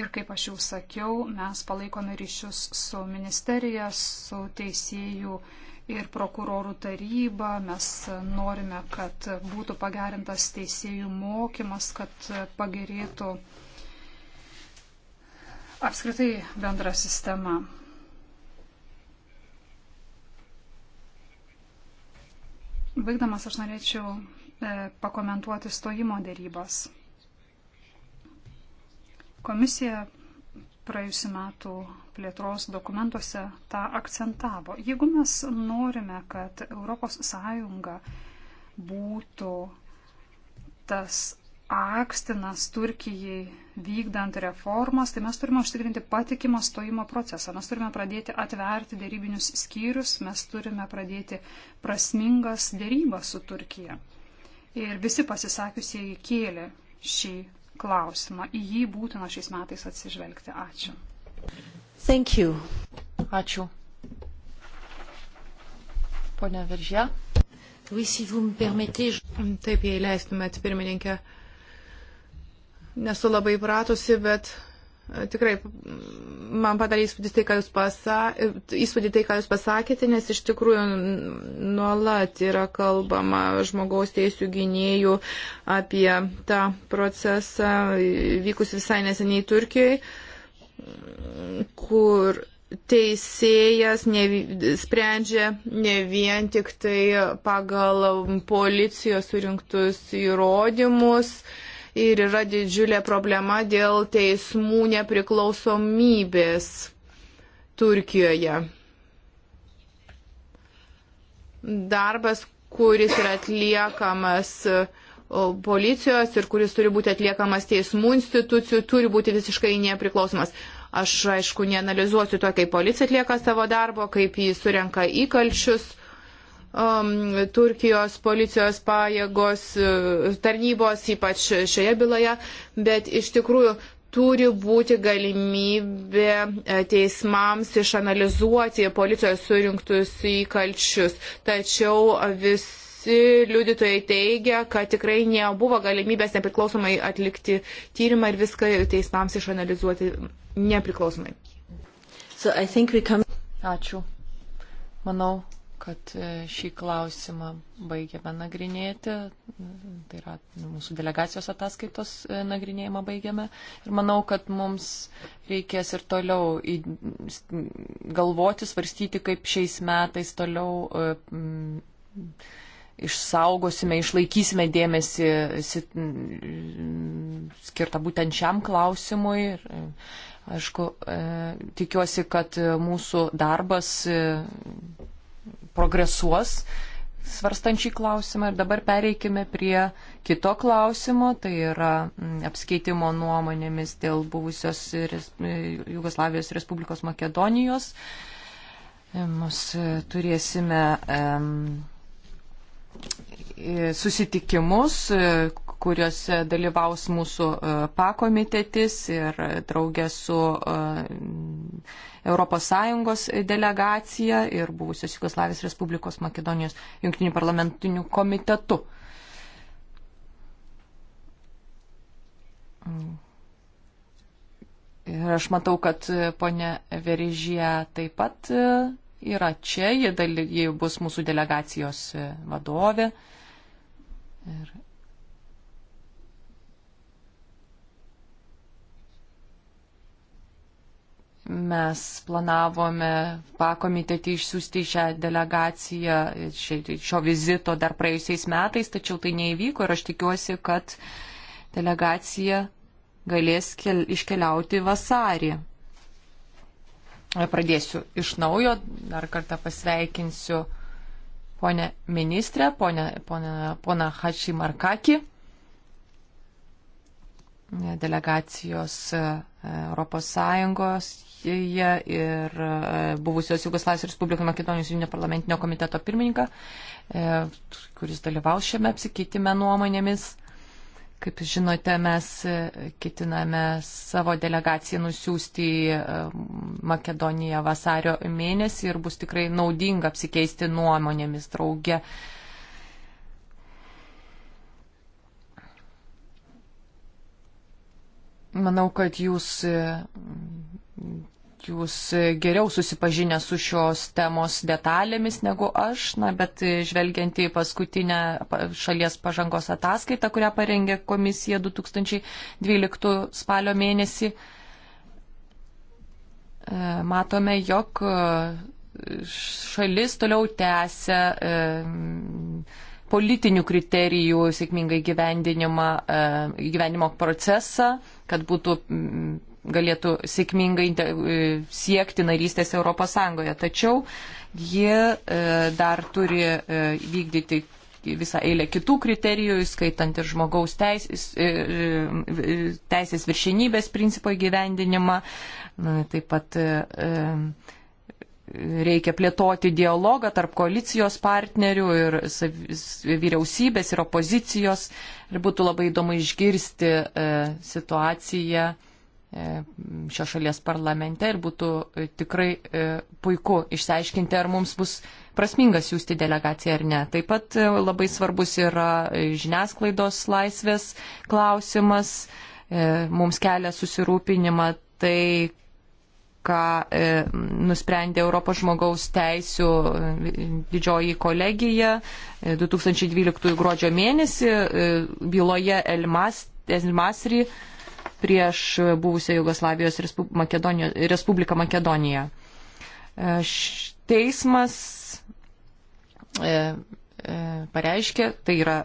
Ir kaip aš jau sakiau, mes palaikome ryšius su ministerija, su teisėjų ir prokurorų taryba. Mes norime, kad būtų pagerintas teisėjų mokymas, kad pagerėtų apskritai bendra sistema. Baigdamas aš norėčiau e, pakomentuoti stojimo dėrybas. Komisija praėjusiu metu plėtros dokumentuose tą akcentavo. Jeigu mes norime, kad ES būtų tas akstinas Turkijai vykdant reformas, tai mes turime užtikrinti patikimą stojimo procesą. Mes turime pradėti atverti dėrybinius skyrius, mes turime pradėti prasmingas dėrybas su Turkija. Ir visi pasisakiusieji kėlė šį klausimą. Į jį būtina šiais metais atsižvelgti. Ačiū. Thank you. Ačiū. Pone Viržė. Oui, si vous me permettez. Taip, jei leistumėt, pirmininkė. Uh, nesu labai pratusi, bet e, tikrai man padarė įspūdį tai, ką jūs, pasa, e, įspūdį tai, ką jūs pasakėte, nes iš tikrųjų nuolat yra kalbama žmogaus teisų gynėjų apie tą procesą e, vykus visai neseniai Turkijoje, kur teisėjas ne, sprendžia ne vien tik tai pagal policijos surinktus įrodymus, uh, ir yra didžiulė problema dėl teismų nepriklausomybės Turkijoje. Darbas, kuris yra atliekamas policijos ir kuris turi būti atliekamas teismų institucijų, turi būti visiškai nepriklausomas. Aš, aišku, neanalizuosiu to, kaip policija atlieka savo darbo, kaip jis surenka įkalčius um, Turkijos policijos pajėgos uh, tarnybos, ypač šioje byloje, bet iš tikrųjų turi būti galimybė uh, teismams išanalizuoti policijos surinktus įkalčius. Tačiau visi liudytojai teigia, kad tikrai nebuvo galimybės nepriklausomai atlikti tyrimą ir viską teismams išanalizuoti nepriklausomai. So come... Ačiū. Manau, kad e, šį klausimą baigėme nagrinėti, tai yra mūsų delegacijos ataskaitos e, nagrinėjimą baigėme. Ir manau, kad mums reikės ir toliau galvoti, svarstyti, kaip šiais metais toliau e, išsaugosime, išlaikysime dėmesį skirtą būtent šiam klausimui. Aišku, tikiuosi, kad mūsų darbas progresuos svarstant šį klausimą. Ir dabar pereikime prie kito klausimo, tai yra mm, apskaitimo nuomonėmis dėl buvusios Jugoslavijos Respublikos Makedonijos. Mes e, turėsime e, susitikimus, e, kuriuose dalyvaus mūsų e, pakomitetis ir draugė su ES delegacija ir buvusios Jugoslavijos Respublikos Makedonijos jungtinių parlamentinių komitetu. Ir aš matau, kad ponia Veryžė taip pat e, yra čia, ji, daly, ji bus mūsų delegacijos e, vadovė. Ir mes planavome pakomitetį išsiųsti šią delegaciją šio vizito dar praėjusiais metais, tačiau tai neįvyko ir aš tikiuosi, kad delegacija galės kel, iškeliauti vasarį. Pradėsiu iš naujo, dar kartą pasveikinsiu ponę ministrę, ponę, ponę, poną Hašį Markakį delegacijos ES Kroatiją ir e, buvusios Jugoslavijos Respublikų Makedonijos Junio parlamentinio komiteto pirmininką, e, kuris dalyvaus šiame apsikeitime nuomonėmis. Kaip žinote, mes e, ketiname savo delegaciją nusiųsti į Makedoniją vasario mėnesį ir bus tikrai naudinga apsikeisti nuomonėmis drauge. manau, kad jūs jūs geriau susipažinę su šios temos detalėmis negu aš, na, bet žvelgiant į paskutinę šalies pažangos ataskaitą, kurią parengė komisija 2012 spalio mėnesį, e, matome, jog e, šalis toliau tęsia e, politinių kriterijų sėkmingai gyvendinimo procesą, kad būtų galėtų sėkmingai e, siekti narystės Europos Sąjungoje. Tačiau jie e, dar turi e, vykdyti visą eilę kitų kriterijų, skaitant ir žmogaus teisės, teisės viršinybės principo įgyvendinimą. Taip pat reikia plėtoti dialogą tarp koalicijos partnerių ir vyriausybės ir opozicijos. Ir būtų labai įdomu išgirsti situaciją E, šios šalies parlamente ir būtų e, tikrai e, puiku išsiaiškinti, ar mums bus prasminga siūsti delegaciją ar ne. Taip pat labai svarbus yra žiniasklaidos laisvės klausimas. Mums kelia susirūpinimą tai, ką e, nusprendė Europos žmogaus teisų didžioji kolegija 2012 gruodžio mėnesį e, byloje Elmas, Elmasri. El prieš buvusią Jugoslavijos Respu Makedonijo, Respubliką Makedoniją. E, teismas e, e, pareiškė, tai yra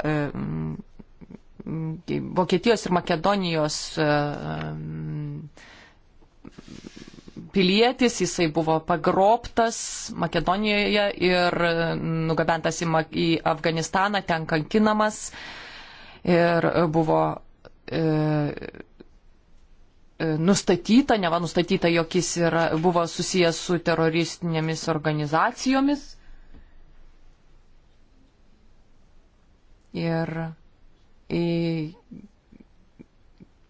Vokietijos ir Makedonijos pilietis, jisai buvo pagrobtas Makedonijoje ir nugabentas į, į Afganistaną, ten kankinamas ir buvo e, E, nustatyta, neva nustatyta, jog jis yra, buvo susijęs su teroristinėmis organizacijomis. Ir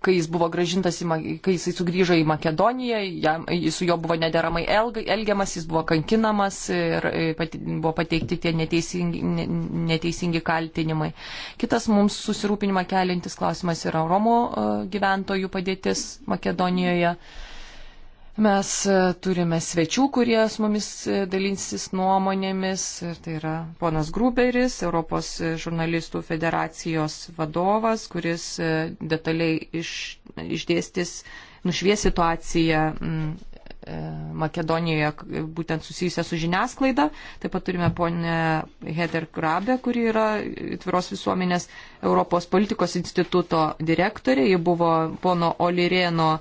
kai jis buvo gražintas, į, kai jisai sugrįžo į Makedoniją, jam, su juo buvo nederamai elgiamas, jis buvo kankinamas ir pati, buvo pateikti tie neteisingi, neteisingi kaltinimai. Kitas mums susirūpinimą keliantis klausimas yra Romų gyventojų padėtis Makedonijoje. Uh, Mes e, turime svečių, kurie su mumis e, dalinsis nuomonėmis. Tai yra ponas Gruberis, Europos e, žurnalistų federacijos vadovas, kuris detaliai iš, išdėstis, nušvies situaciją m, Makedonijoje, būtent susijusią su žiniasklaida. Taip pat turime ponę Heder Krabę, kuri yra Tviros visuomenės Europos politikos instituto direktorė. Ji buvo pono Olirėno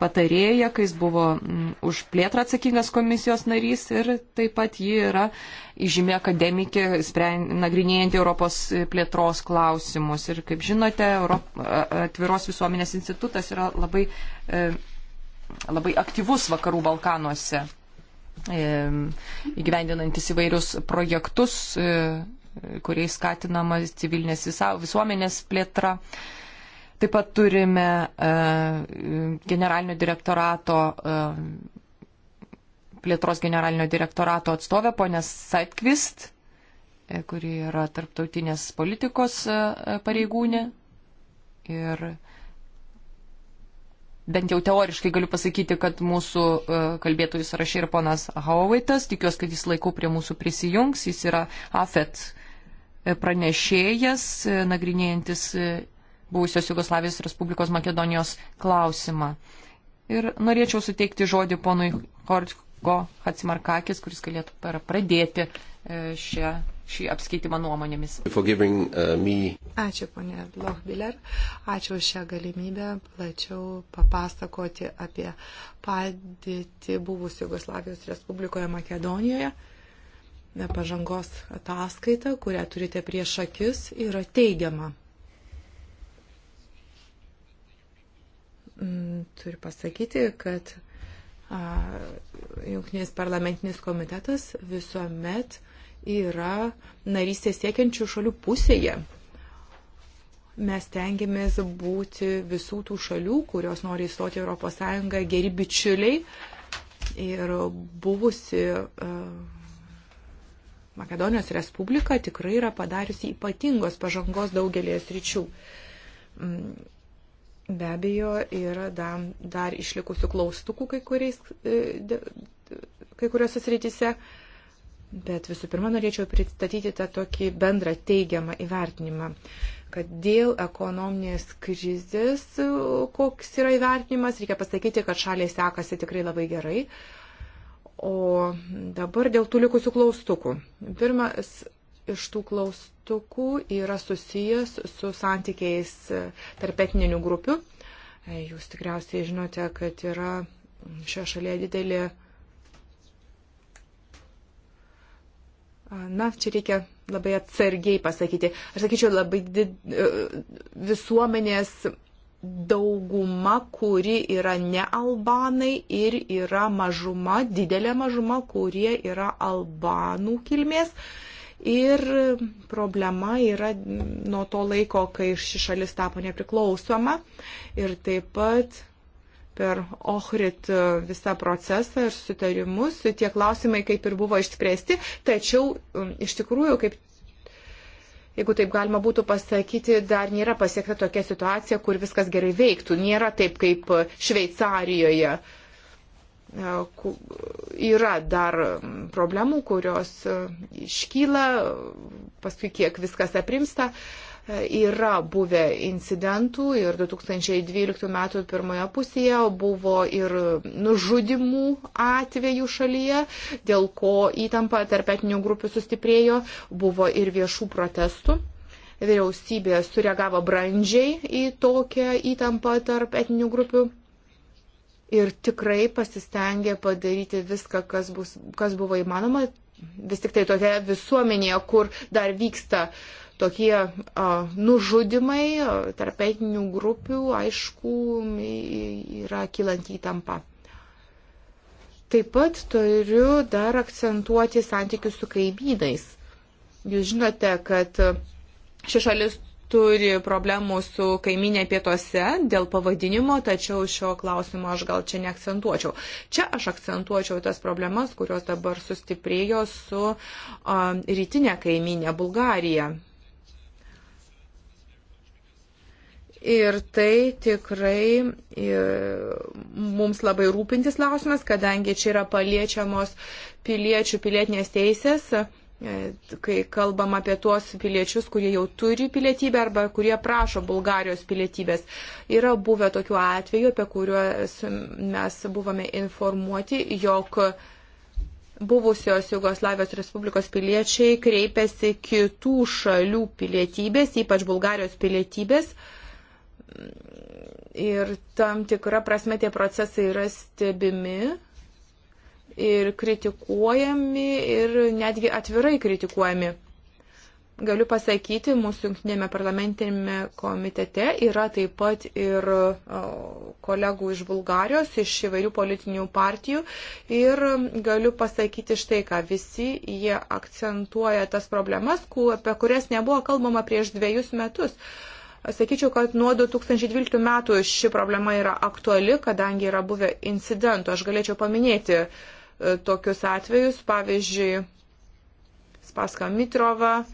patarėja, kai jis buvo mm, už plėtrą atsakingas komisijos narys ir taip pat ji yra įžymė akademikė, nagrinėjant Europos plėtros klausimus. Ir kaip žinote, Europ... atviros visuomenės institutas yra labai, e, labai aktyvus vakarų Balkanuose, e, įgyvendinantis įvairius projektus e, kuriais skatinama civilinės visuomenės plėtra. Uh, Taip pat turime e, generalinio direktorato, e, plėtros generalinio direktorato atstovę, ponę Saitkvist, e, kuri yra tarptautinės politikos pareigūnė. Ir bent jau teoriškai galiu pasakyti, kad mūsų kalbėtojų sąraše yra ponas Hauvitas, tikiuosi, kad jis laiku prie mūsų prisijungs, jis yra AFET pranešėjas, nagrinėjantis buvusios Jugoslavijos Respublikos Makedonijos klausimą. Ir norėčiau suteikti žodį ponui Hortko Hatsimarkakis, kuris galėtų pradėti e, šią šį apskaitimą nuomonėmis. Uh, Ačiū, ponė Lochbiller. Ačiū už šią galimybę plačiau papasakoti apie padėtį buvusių Jugoslavijos Respublikoje Makedonijoje. Pažangos ataskaita, kurią turite prieš akis, yra teigiama. Mm, turiu pasakyti, kad Junktinis parlamentinis komitetas visuomet yra narystės siekiančių šalių pusėje. Mes tengiamės būti visų tų šalių, kurios nori įstoti Europos Sąjungą, geri bičiuliai ir buvusi uh, Makedonijos Respublika tikrai yra padariusi ypatingos pažangos daugelėje sričių. Mm, Be abejo, yra dar, dar išlikusių klaustukų kai, kuriais, e, kai kuriuose srityse, bet visų pirma norėčiau pristatyti tą tokį bendrą teigiamą įvertinimą kad dėl ekonominės krizės, e, koks yra įvertinimas, reikia pasakyti, kad šaliai sekasi tikrai labai gerai. O dabar dėl tų likusių klaustukų. Pirmas iš tų klaustukų santukų yra susijęs su santykiais e, tarp etninių grupių. E, jūs tikriausiai žinote, kad yra šio šalyje didelė. Na, čia reikia labai atsargiai pasakyti. Aš sakyčiau, labai did, e, visuomenės dauguma, kuri yra ne albanai ir yra mažuma, didelė mažuma, kurie yra albanų kilmės. Uh, Ir problema yra nuo to laiko, kai ši šalis tapo nepriklausoma ir taip pat per Ohrit visą procesą ir sutarimus, tie klausimai kaip ir buvo išspręsti, tačiau um, iš tikrųjų, kaip, jeigu taip galima būtų pasakyti, dar nėra pasiekta tokia situacija, kur viskas gerai veiktų. Nėra taip kaip Šveicarijoje. Uh, yra dar problemų, kurios iškyla, paskui kiek viskas aprimsta. Yra buvę incidentų ir 2012 metų pirmoje pusėje buvo ir nužudimų atvejų šalyje, dėl ko įtampa tarp etinių grupių sustiprėjo, buvo ir viešų protestų vyriausybė sureagavo brandžiai į tokią įtampą tarp etinių grupių ir tikrai pasistengė padaryti viską, kas, bus, kas buvo įmanoma. Vis tik tai tokia visuomenėje, kur dar vyksta tokie a, nužudimai a, tarp etinių grupių, aišku, yra kilanti įtampa. Taip pat turiu dar akcentuoti santykius su kaimynais. Jūs žinote, kad ši šalis turi problemų su kaiminė pietose dėl pavadinimo, tačiau šio klausimo aš gal čia neakcentuočiau. Čia aš akcentuočiau tas problemas, kurios dabar sustiprėjo su um, rytinė kaiminė Bulgarija. Ir tai tikrai e, mums labai rūpintis klausimas, kadangi čia yra paliečiamos piliečių pilietinės teisės. E, kai kalbam apie tuos piliečius, kurie jau turi pilietybę arba kurie prašo Bulgarijos pilietybės. Yra buvę tokių atvejų, apie kuriuos mes buvome informuoti, jog buvusios Jugoslavijos Respublikos piliečiai kreipiasi kitų šalių pilietybės, ypač Bulgarijos pilietybės. Ir tam tikra prasme tie procesai yra stebimi ir kritikuojami ir netgi atvirai kritikuojami. Galiu pasakyti, mūsų jungtinėme parlamentinėme komitete yra taip pat ir kolegų iš Bulgarijos, iš įvairių politinių partijų ir galiu pasakyti štai ką, visi jie akcentuoja tas problemas, apie kurias nebuvo kalbama prieš dviejus metus. Sakyčiau, kad nuo 2012 metų ši problema yra aktuali, kadangi yra buvę incidentų. Aš galėčiau paminėti uh, tokius atvejus, pavyzdžiui, Spaska Mitrova,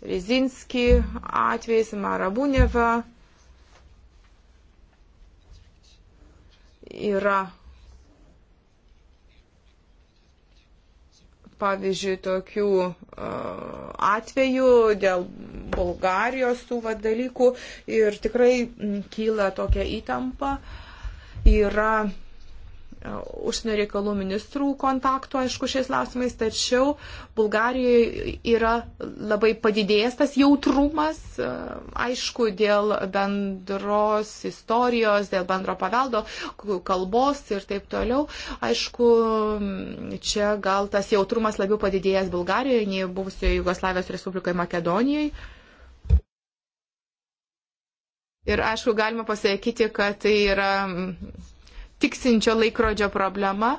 Rezinski atvejais, Marabuneva yra pavyzdžiui, tokių atvejų dėl Bulgarijos tų va, dalykų ir tikrai kyla tokia įtampa. Yra Uh, užsienio reikalų ministrų kontaktų, aišku, šiais klausimais, tačiau Bulgarijoje yra labai padidėjęs tas jautrumas, uh, aišku, dėl bendros istorijos, dėl bendro paveldo, kalbos ir taip toliau. Aišku, mm, čia gal tas jautrumas labiau padidėjęs Bulgarijoje nei buvusioje Jugoslavijos Respublikoje Makedonijoje. Ir aišku, galima pasakyti, kad tai yra mm, tiksinčio laikrodžio problema.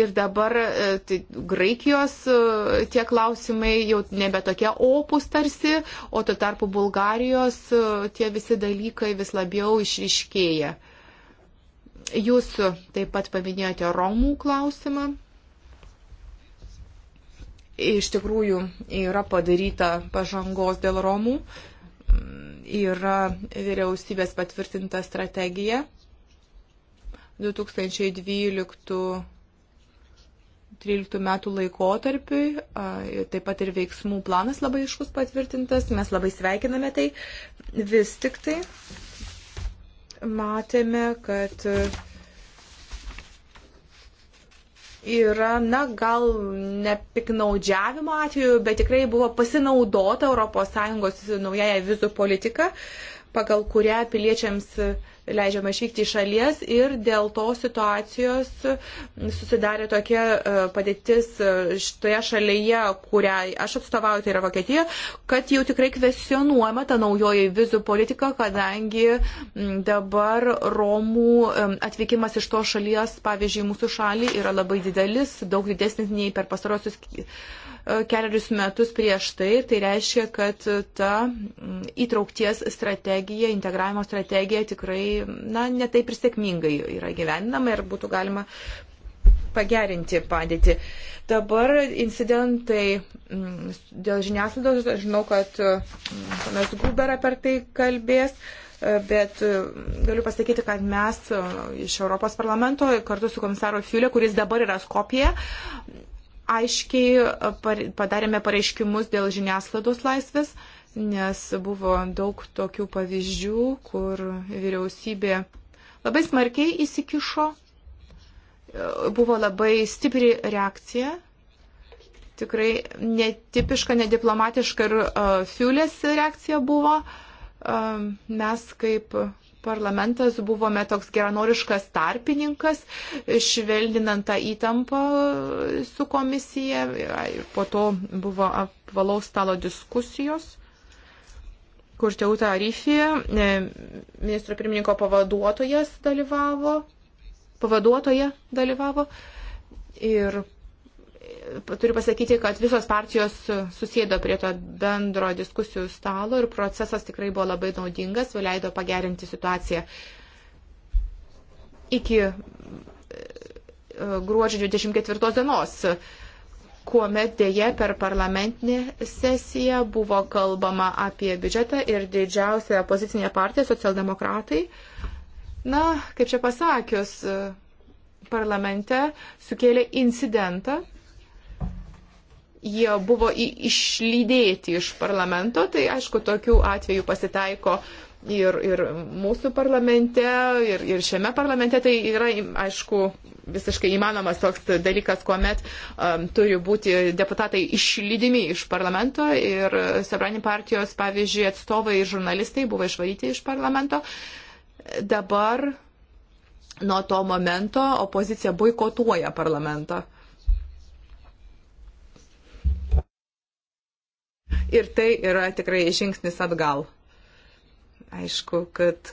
Ir dabar e, tai, Graikijos e, tie klausimai jau nebe tokie opus tarsi, o tuo tarpu Bulgarijos e, tie visi dalykai vis labiau išriškėja. Jūs taip pat paminėjote Romų klausimą. Iš tikrųjų yra padaryta pažangos dėl Romų, yra vyriausybės patvirtinta strategija 2012-2013 metų laikotarpiui. Taip pat ir veiksmų planas labai iškus patvirtintas. Mes labai sveikiname tai. Vis tik tai matėme, kad yra, na, gal nepiknaudžiavimo atveju, bet tikrai buvo pasinaudota ES naujaja vizų politika, pagal kurią piliečiams uh, leidžiama išvykti iš šalies ir dėl to situacijos susidarė tokia e, padėtis e, šitoje šalyje, kurią aš atstovauju, tai yra Vokietija, kad jau tikrai kvesionuojama ta naujoji vizų politika, kadangi dabar Romų e, atvykimas iš to šalies, pavyzdžiui, mūsų šalį yra labai didelis, daug didesnis nei per pastarosius keliarius metus prieš tai ir tai reiškia, kad ta mm, įtraukties strategija, integravimo strategija tikrai, na, netaip ir sėkmingai yra gyvendinama ir būtų galima pagerinti padėtį. Dabar incidentai mm, dėl žiniasklaidos, žinau, kad mm, panas Gubera per tai kalbės, e, bet e, galiu pasakyti, kad mes e, iš Europos parlamento kartu su komisaro Fiulė, kuris dabar yra Skopija, aiškiai padarėme pareiškimus dėl žiniasklaidos laisvės, nes buvo daug tokių pavyzdžių, kur vyriausybė labai smarkiai įsikišo, buvo labai stipri reakcija. Tikrai netipiška, nediplomatiška ir uh, Fiulės reakcija buvo. Uh, mes kaip parlamentas buvome toks geranoriškas tarpininkas, švelninant tą įtampą su komisija ir po to buvo apvalaus stalo diskusijos kur Teuta Arifi, e, ministro pirmininko pavaduotojas dalyvavo, pavaduotoja dalyvavo. Ir turiu pasakyti, kad visos partijos susėdo prie to bendro diskusijų stalo ir procesas tikrai buvo labai naudingas, leido pagerinti situaciją. Iki e, gruodžio 24 dienos, kuomet dėje per parlamentinę sesiją buvo kalbama apie biudžetą ir didžiausia opozicinė partija, socialdemokratai, na, kaip čia pasakius, e, parlamente sukėlė incidentą jie buvo išlydėti iš parlamento, tai aišku, tokių atvejų pasitaiko ir, ir mūsų parlamente, ir, ir šiame parlamente tai yra, aišku, visiškai įmanomas toks dalykas, kuomet um, turi būti deputatai išlydimi iš parlamento ir Sabrani partijos, pavyzdžiui, atstovai ir žurnalistai buvo išvaryti iš parlamento. Dabar nuo to momento opozicija boikotuoja parlamentą. ir tai yra tikrai žingsnis atgal. Aišku, kad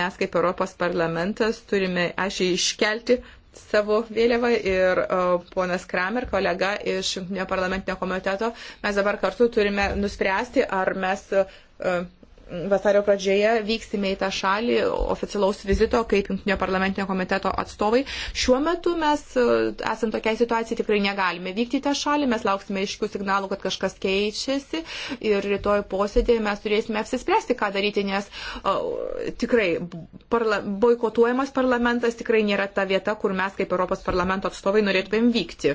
mes kaip Europos parlamentas turime, aš iškelti savo vėliavą ir uh, ponas Kramer, kolega iš Junktinio parlamentinio komiteto, mes dabar kartu turime nuspręsti, ar mes uh, vasario pradžioje vyksime į tą šalį oficialaus vizito kaip jungtinio parlamentinio komiteto atstovai. Šiuo metu mes, e, esant tokiai situacijai, tikrai negalime vykti į tą šalį, mes lauksime iškių signalų, kad kažkas keičiasi ir rytoj posėdėje mes turėsime apsispręsti, ką daryti, nes o, e, tikrai parla, boikotuojamas parlamentas tikrai nėra ta vieta, kur mes kaip Europos parlamento atstovai norėtumėm vykti.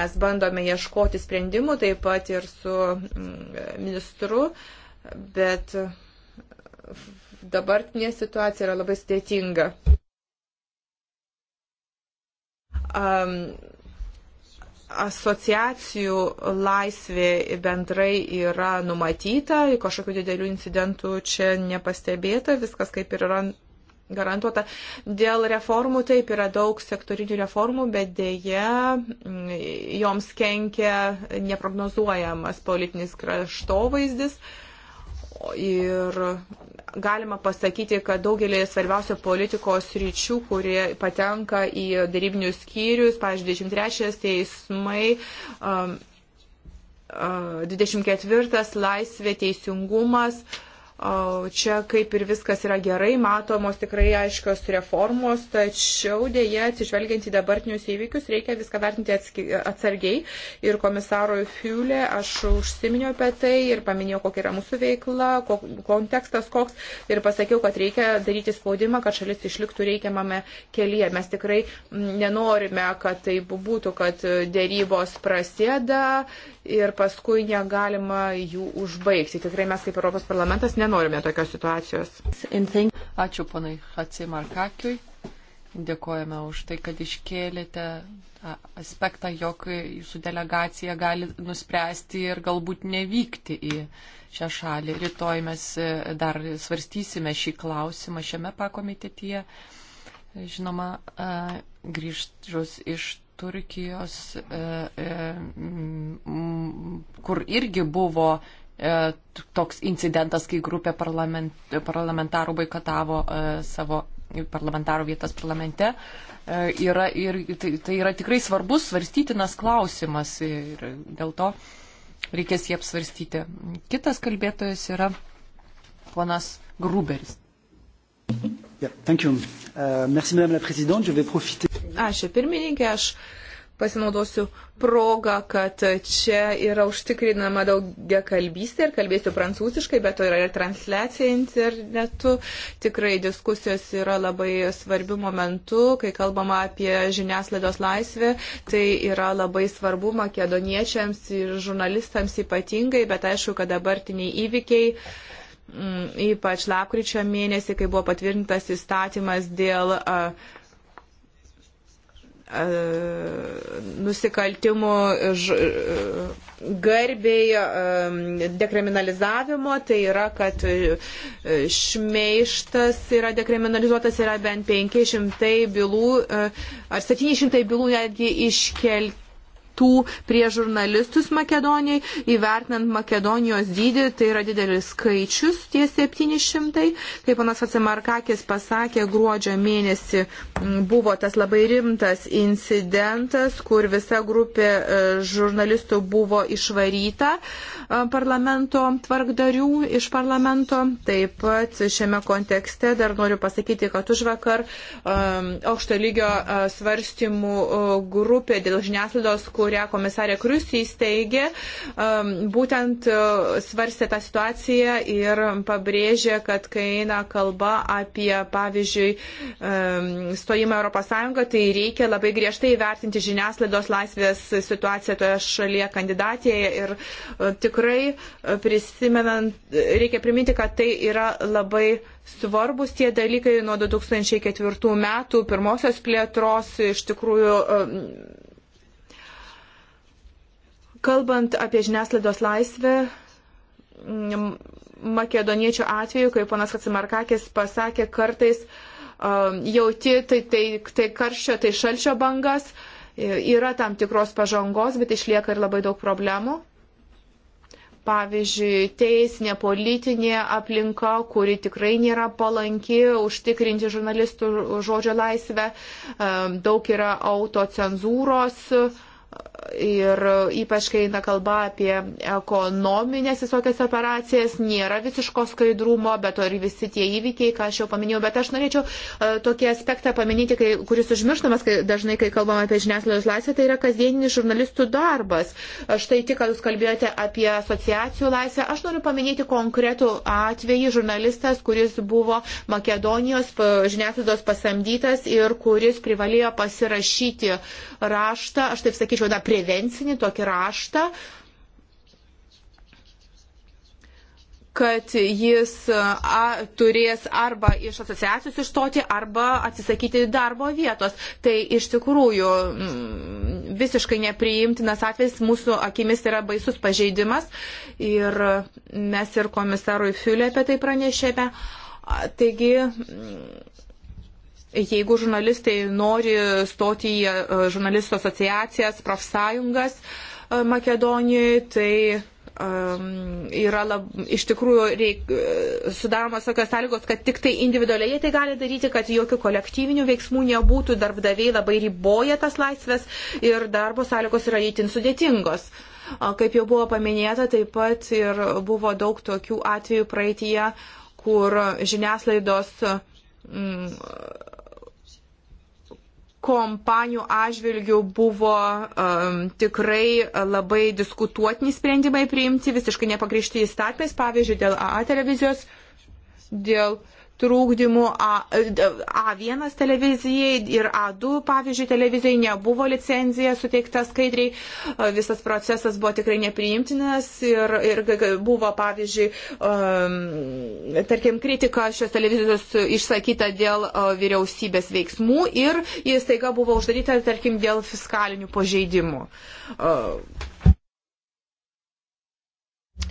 Mes bandome ieškoti sprendimų taip pat ir su mm, ministru. Uh, bet dabartinė situacija yra labai sudėtinga. Um, asociacijų laisvė bendrai yra numatyta, kažkokių didelių incidentų čia nepastebėta, viskas kaip ir yra garantuota. Dėl reformų taip yra daug sektorinių reformų, bet dėje joms kenkia neprognozuojamas politinis kraštovaizdis. Uh, Ir galima pasakyti, kad daugelį svarbiausių politikos ryčių, kurie patenka į darybinius skyrius, pavyzdžiui, 23 teismai, um, 24 uh, laisvė, teisingumas, uh, Čia kaip ir viskas yra gerai, matomos tikrai aiškios reformos, tačiau dėje atsižvelgiant į dabartinius įvykius reikia viską vertinti atsargiai. Ir komisarui Fiulė aš užsiminiau apie tai ir paminėjau, kokia yra mūsų veikla, kok, kontekstas koks ir pasakiau, kad reikia daryti spaudimą, kad šalis išliktų reikiamame kelyje. Mes tikrai nenorime, kad tai būtų, kad dėrybos prasėda ir paskui negalima jų užbaigti. Tikrai mes kaip Europos parlamentas nenorime tokios situacijos. Ačiū ponai Hatsimarkakiui. Dėkojame už tai, kad iškėlėte aspektą, jog jūsų delegacija gali nuspręsti ir galbūt nevykti į šią šalį. Rytoj mes e, dar svarstysime šį klausimą šiame pakomitetyje. Žinoma, grįžtus iš Turkijos, e, e, kur irgi buvo e, toks incidentas, kai grupė parlament, parlamentarų boikotavo savo parlamentarų vietas parlamente, yra ir tai, tai yra tikrai svarbus svarstytinas klausimas ir dėl to reikės jį apsvarstyti. Kitas kalbėtojas yra ponas Gruberis. Yeah, thank you. Uh, merci, Madame la Présidente. Je vais profiter. Ačiū pirmininkė, aš pasinaudosiu progą, kad čia yra užtikrinama daugia kalbystė ir kalbėsiu prancūziškai, bet to yra ir transliacija internetu. Tikrai diskusijos yra labai svarbių momentų, kai kalbama apie žiniaslaidos laisvę. Tai yra labai svarbu makedoniečiams ir žurnalistams ypatingai, bet aišku, kad dabartiniai įvykiai. Uh, Mm, ypač lapkričio mėnesį, kai buvo patvirtintas įstatymas dėl a, a, nusikaltimų ž, garbiai a, dekriminalizavimo, tai yra, kad e, šmeištas yra dekriminalizuotas, yra bent 500 bylų e, ar 700 bylų netgi iškelti smurtų prie žurnalistus Makedonijai, įvertinant Makedonijos dydį, tai yra didelis skaičius, tie 700. Kaip panas Atsimarkakis pasakė, gruodžio mėnesį buvo tas labai rimtas incidentas, kur visa grupė e, žurnalistų buvo išvaryta e, parlamento tvarkdarių iš parlamento. Taip pat šiame kontekste dar noriu pasakyti, kad už vakar e, aukšto lygio svarstymų grupė dėl žiniasklaidos, kurią komisarė Krius įsteigė, um, būtent uh, svarstė tą situaciją ir pabrėžė, kad kai eina kalba apie, pavyzdžiui, um, stojimą ES, tai reikia labai griežtai įvertinti žiniasklaidos laisvės situaciją toje šalyje kandidatėje ir uh, tikrai uh, prisimenant, reikia priminti, kad tai yra labai svarbus tie dalykai nuo 2004 metų pirmosios plėtros iš tikrųjų um, Kalbant apie žiniasklaidos laisvę, makedoniečių atveju, kai ponas Hatsimarkakis pasakė kartais, um, jauti tai, tai, tai karščio, tai šalčio bangas, yra tam tikros pažangos, bet išlieka ir labai daug problemų. Pavyzdžiui, teisinė politinė aplinka, kuri tikrai nėra palanki užtikrinti žurnalistų žodžio laisvę, um, daug yra autocenzūros, cenzūros ir ypač kai eina kalba apie ekonominės visokias operacijas, nėra visiško skaidrumo, bet to ir visi tie įvykiai, ką aš jau paminėjau. Bet aš norėčiau uh, tokį aspektą paminėti, kai, kuris užmirštamas kai, dažnai, kai kalbame apie žiniasklaidos laisvę, tai yra kasdieninis žurnalistų darbas. E, štai tik, kad jūs kalbėjote apie asociacijų laisvę, aš noriu paminėti konkretų atvejį žurnalistas, kuris buvo Makedonijos e, žiniasklaidos pasamdytas ir kuris privalėjo pasirašyti raštą, aš taip sakyčiau, na, prie prevencinį tokį raštą, kad jis a, turės arba iš asociacijos išstoti, arba atsisakyti darbo vietos. Tai iš tikrųjų m, mm, visiškai nepriimtinas atvejs, mūsų akimis yra baisus pažeidimas ir mes ir komisarui Fiulė apie tai pranešėme. Taigi. M, mm, Jeigu žurnalistai nori stoti į e, žurnalistų asociacijas, profsąjungas e, Makedonijoje, tai um, yra lab, iš tikrųjų reik, sudaromas tokios sąlygos, kad tik tai individualiai tai gali daryti, kad jokių kolektyvinių veiksmų nebūtų, darbdaviai labai riboja tas laisvės ir darbo sąlygos yra įtin sudėtingos. Kaip jau buvo paminėta, taip pat ir buvo daug tokių atvejų praeitie, kur žiniaslaidos mm, kompanijų atžvilgių buvo um, tikrai labai diskutuotini sprendimai priimti, visiškai nepagrišti įstatymais, pavyzdžiui, dėl AA televizijos, dėl uh, trūkdymų A1 televizijai ir A2, pavyzdžiui, televizijai nebuvo licenzija suteikta skaidriai, visas procesas buvo tikrai nepriimtinas ir, ir buvo, pavyzdžiui, um, tarkim, kritika šios televizijos išsakyta dėl vyriausybės veiksmų ir jis taiga buvo uždaryta, tarkim, dėl fiskalinių pažeidimų. Uh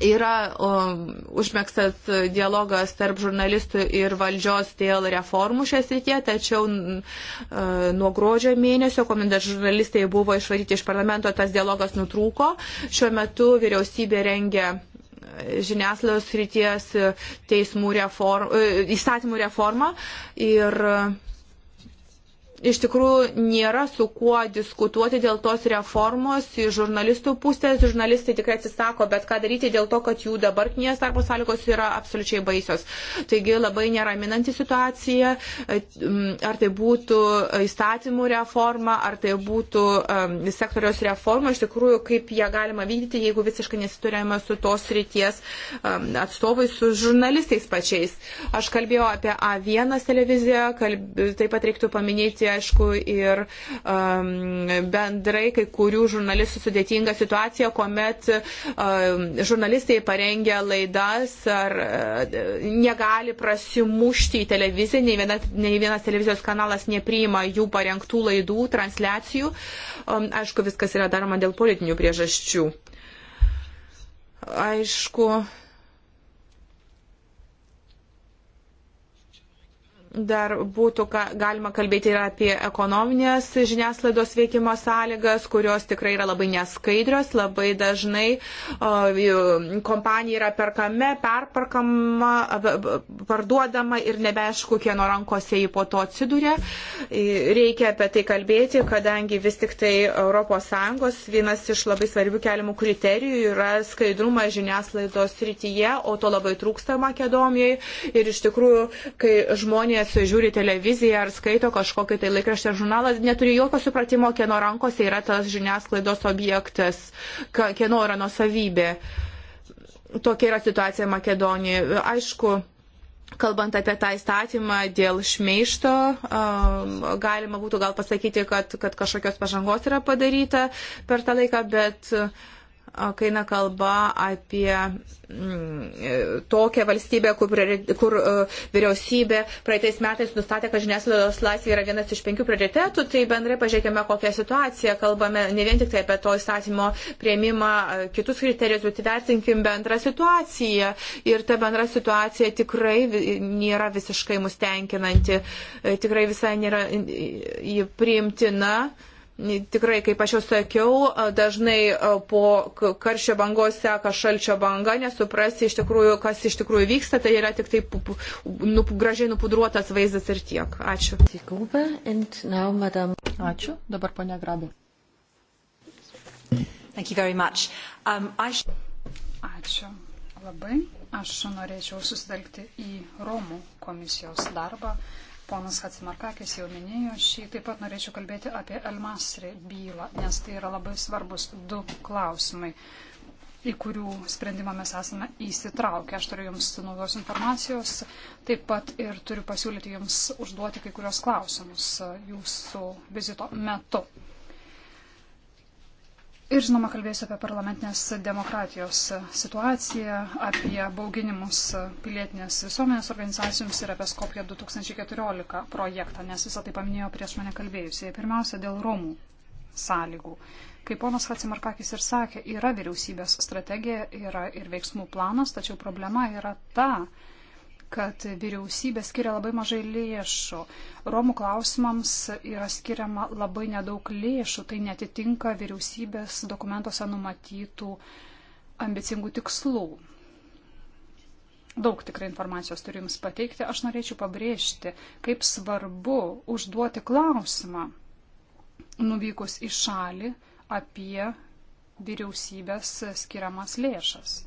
yra um, užmėgstas dialogas tarp žurnalistų ir valdžios dėl reformų šią srityje, tačiau uh, nuo gruodžio mėnesio, kuomet žurnalistai buvo išvaryti iš parlamento, tas dialogas nutrūko. Šiuo metu vyriausybė rengia žiniaslaidos srities teismų reform, e, įstatymų reformą ir uh, iš tikrųjų nėra su kuo diskutuoti dėl tos reformos iš žurnalistų pusės. Žurnalistai tikrai atsisako, bet ką daryti dėl to, kad jų dabartinės darbo sąlygos yra absoliučiai baisios. Taigi labai neraminanti situacija, ar tai būtų įstatymų reforma, ar tai būtų um, sektoriaus reforma, iš tikrųjų, kaip ją galima vykdyti, jeigu visiškai nesiturėjome su tos ryties um, atstovai, su žurnalistais pačiais. Aš kalbėjau apie A1 televiziją, kalb... taip pat reiktų paminėti aišku, ir um, bendrai kai kurių žurnalistų sudėtinga situacija, kuomet um, žurnalistai parengia laidas ar uh, negali prasimušti į televiziją, nei, viena, nei vienas televizijos kanalas nepriima jų parengtų laidų, transliacijų. Um, aišku, viskas yra daroma dėl politinių priežasčių. Aišku, Dar būtų ka, galima kalbėti ir apie ekonominės žiniasklaidos veikimo sąlygas, kurios tikrai yra labai neskaidrios, labai dažnai o, kompanija yra perkame, perparkama, parduodama ir nebeaišku, kieno rankose jį po to atsiduria. Reikia apie tai kalbėti, kadangi vis tik tai ES vienas iš labai svarbių keliamų kriterijų yra skaidrumas žiniasklaidos srityje, o to labai trūksta Makedonijai. Ir iš tikrųjų, kai žmonės kas žiūri televiziją ar skaito kažkokį tai laikraštį ar žurnalą, neturi jokio supratimo, kieno rankose yra tas žiniasklaidos objektas, kieno yra nusavybė. Tokia yra situacija Makedonijoje. Aišku, Kalbant apie tą įstatymą dėl šmeišto, um, galima būtų gal pasakyti, kad, kad kažkokios pažangos yra padaryta per tą laiką, bet uh, kai eina kalba apie mm, tokią valstybę, kur, kur e, vyriausybė praeitais metais nustatė, kad žiniasklaidos laisvė yra vienas iš penkių prioritetų, tai bendrai pažiūrėkime, kokią situaciją kalbame, ne vien tik tai apie to įstatymo prieimimą, e, kitus kriterijus, bet įvertinkim bendrą situaciją. Ir ta bendra situacija tikrai nėra visiškai mus tenkinanti, e, tikrai visai nėra priimtina. Tikrai, kaip aš jau sakiau, dažnai po karščio bangos seka šalčio banga, nesuprasi iš tikrųjų, kas iš tikrųjų vyksta, tai yra tik taip nu, gražiai nupudruotas vaizdas ir tiek. Ačiū. Ačiū. Dabar ponia Grabi. Um, I... Ačiū labai. Aš norėčiau susitelkti į Romų komisijos darbą. Uh, Ponas Hatsimarkakis jau minėjo šį, taip pat norėčiau kalbėti apie Elmasri bylą, nes tai yra labai svarbus du klausimai, į kurių sprendimą mes esame įsitraukę. Aš turiu Jums naujos informacijos, taip pat ir turiu pasiūlyti Jums užduoti kai kurios klausimus e, Jūsų vizito metu. Ir žinoma, kalbėsiu apie parlamentinės demokratijos situaciją, apie bauginimus pilietinės visuomenės organizacijoms ir apie Skopje 2014 projektą, nes visą tai paminėjo prieš mane kalbėjusiai. Pirmiausia, dėl Romų sąlygų. Kaip ponas Hatsimarkakis ir sakė, yra vyriausybės strategija, yra ir veiksmų planas, tačiau problema yra ta, kad vyriausybė skiria labai mažai lėšų. Romų klausimams yra skiriama labai nedaug lėšų, tai netitinka vyriausybės dokumentuose numatytų ambicingų tikslų. Daug tikrai informacijos turiu Jums pateikti. Aš norėčiau pabrėžti, kaip svarbu užduoti klausimą nuvykus į šalį apie vyriausybės skiriamas lėšas.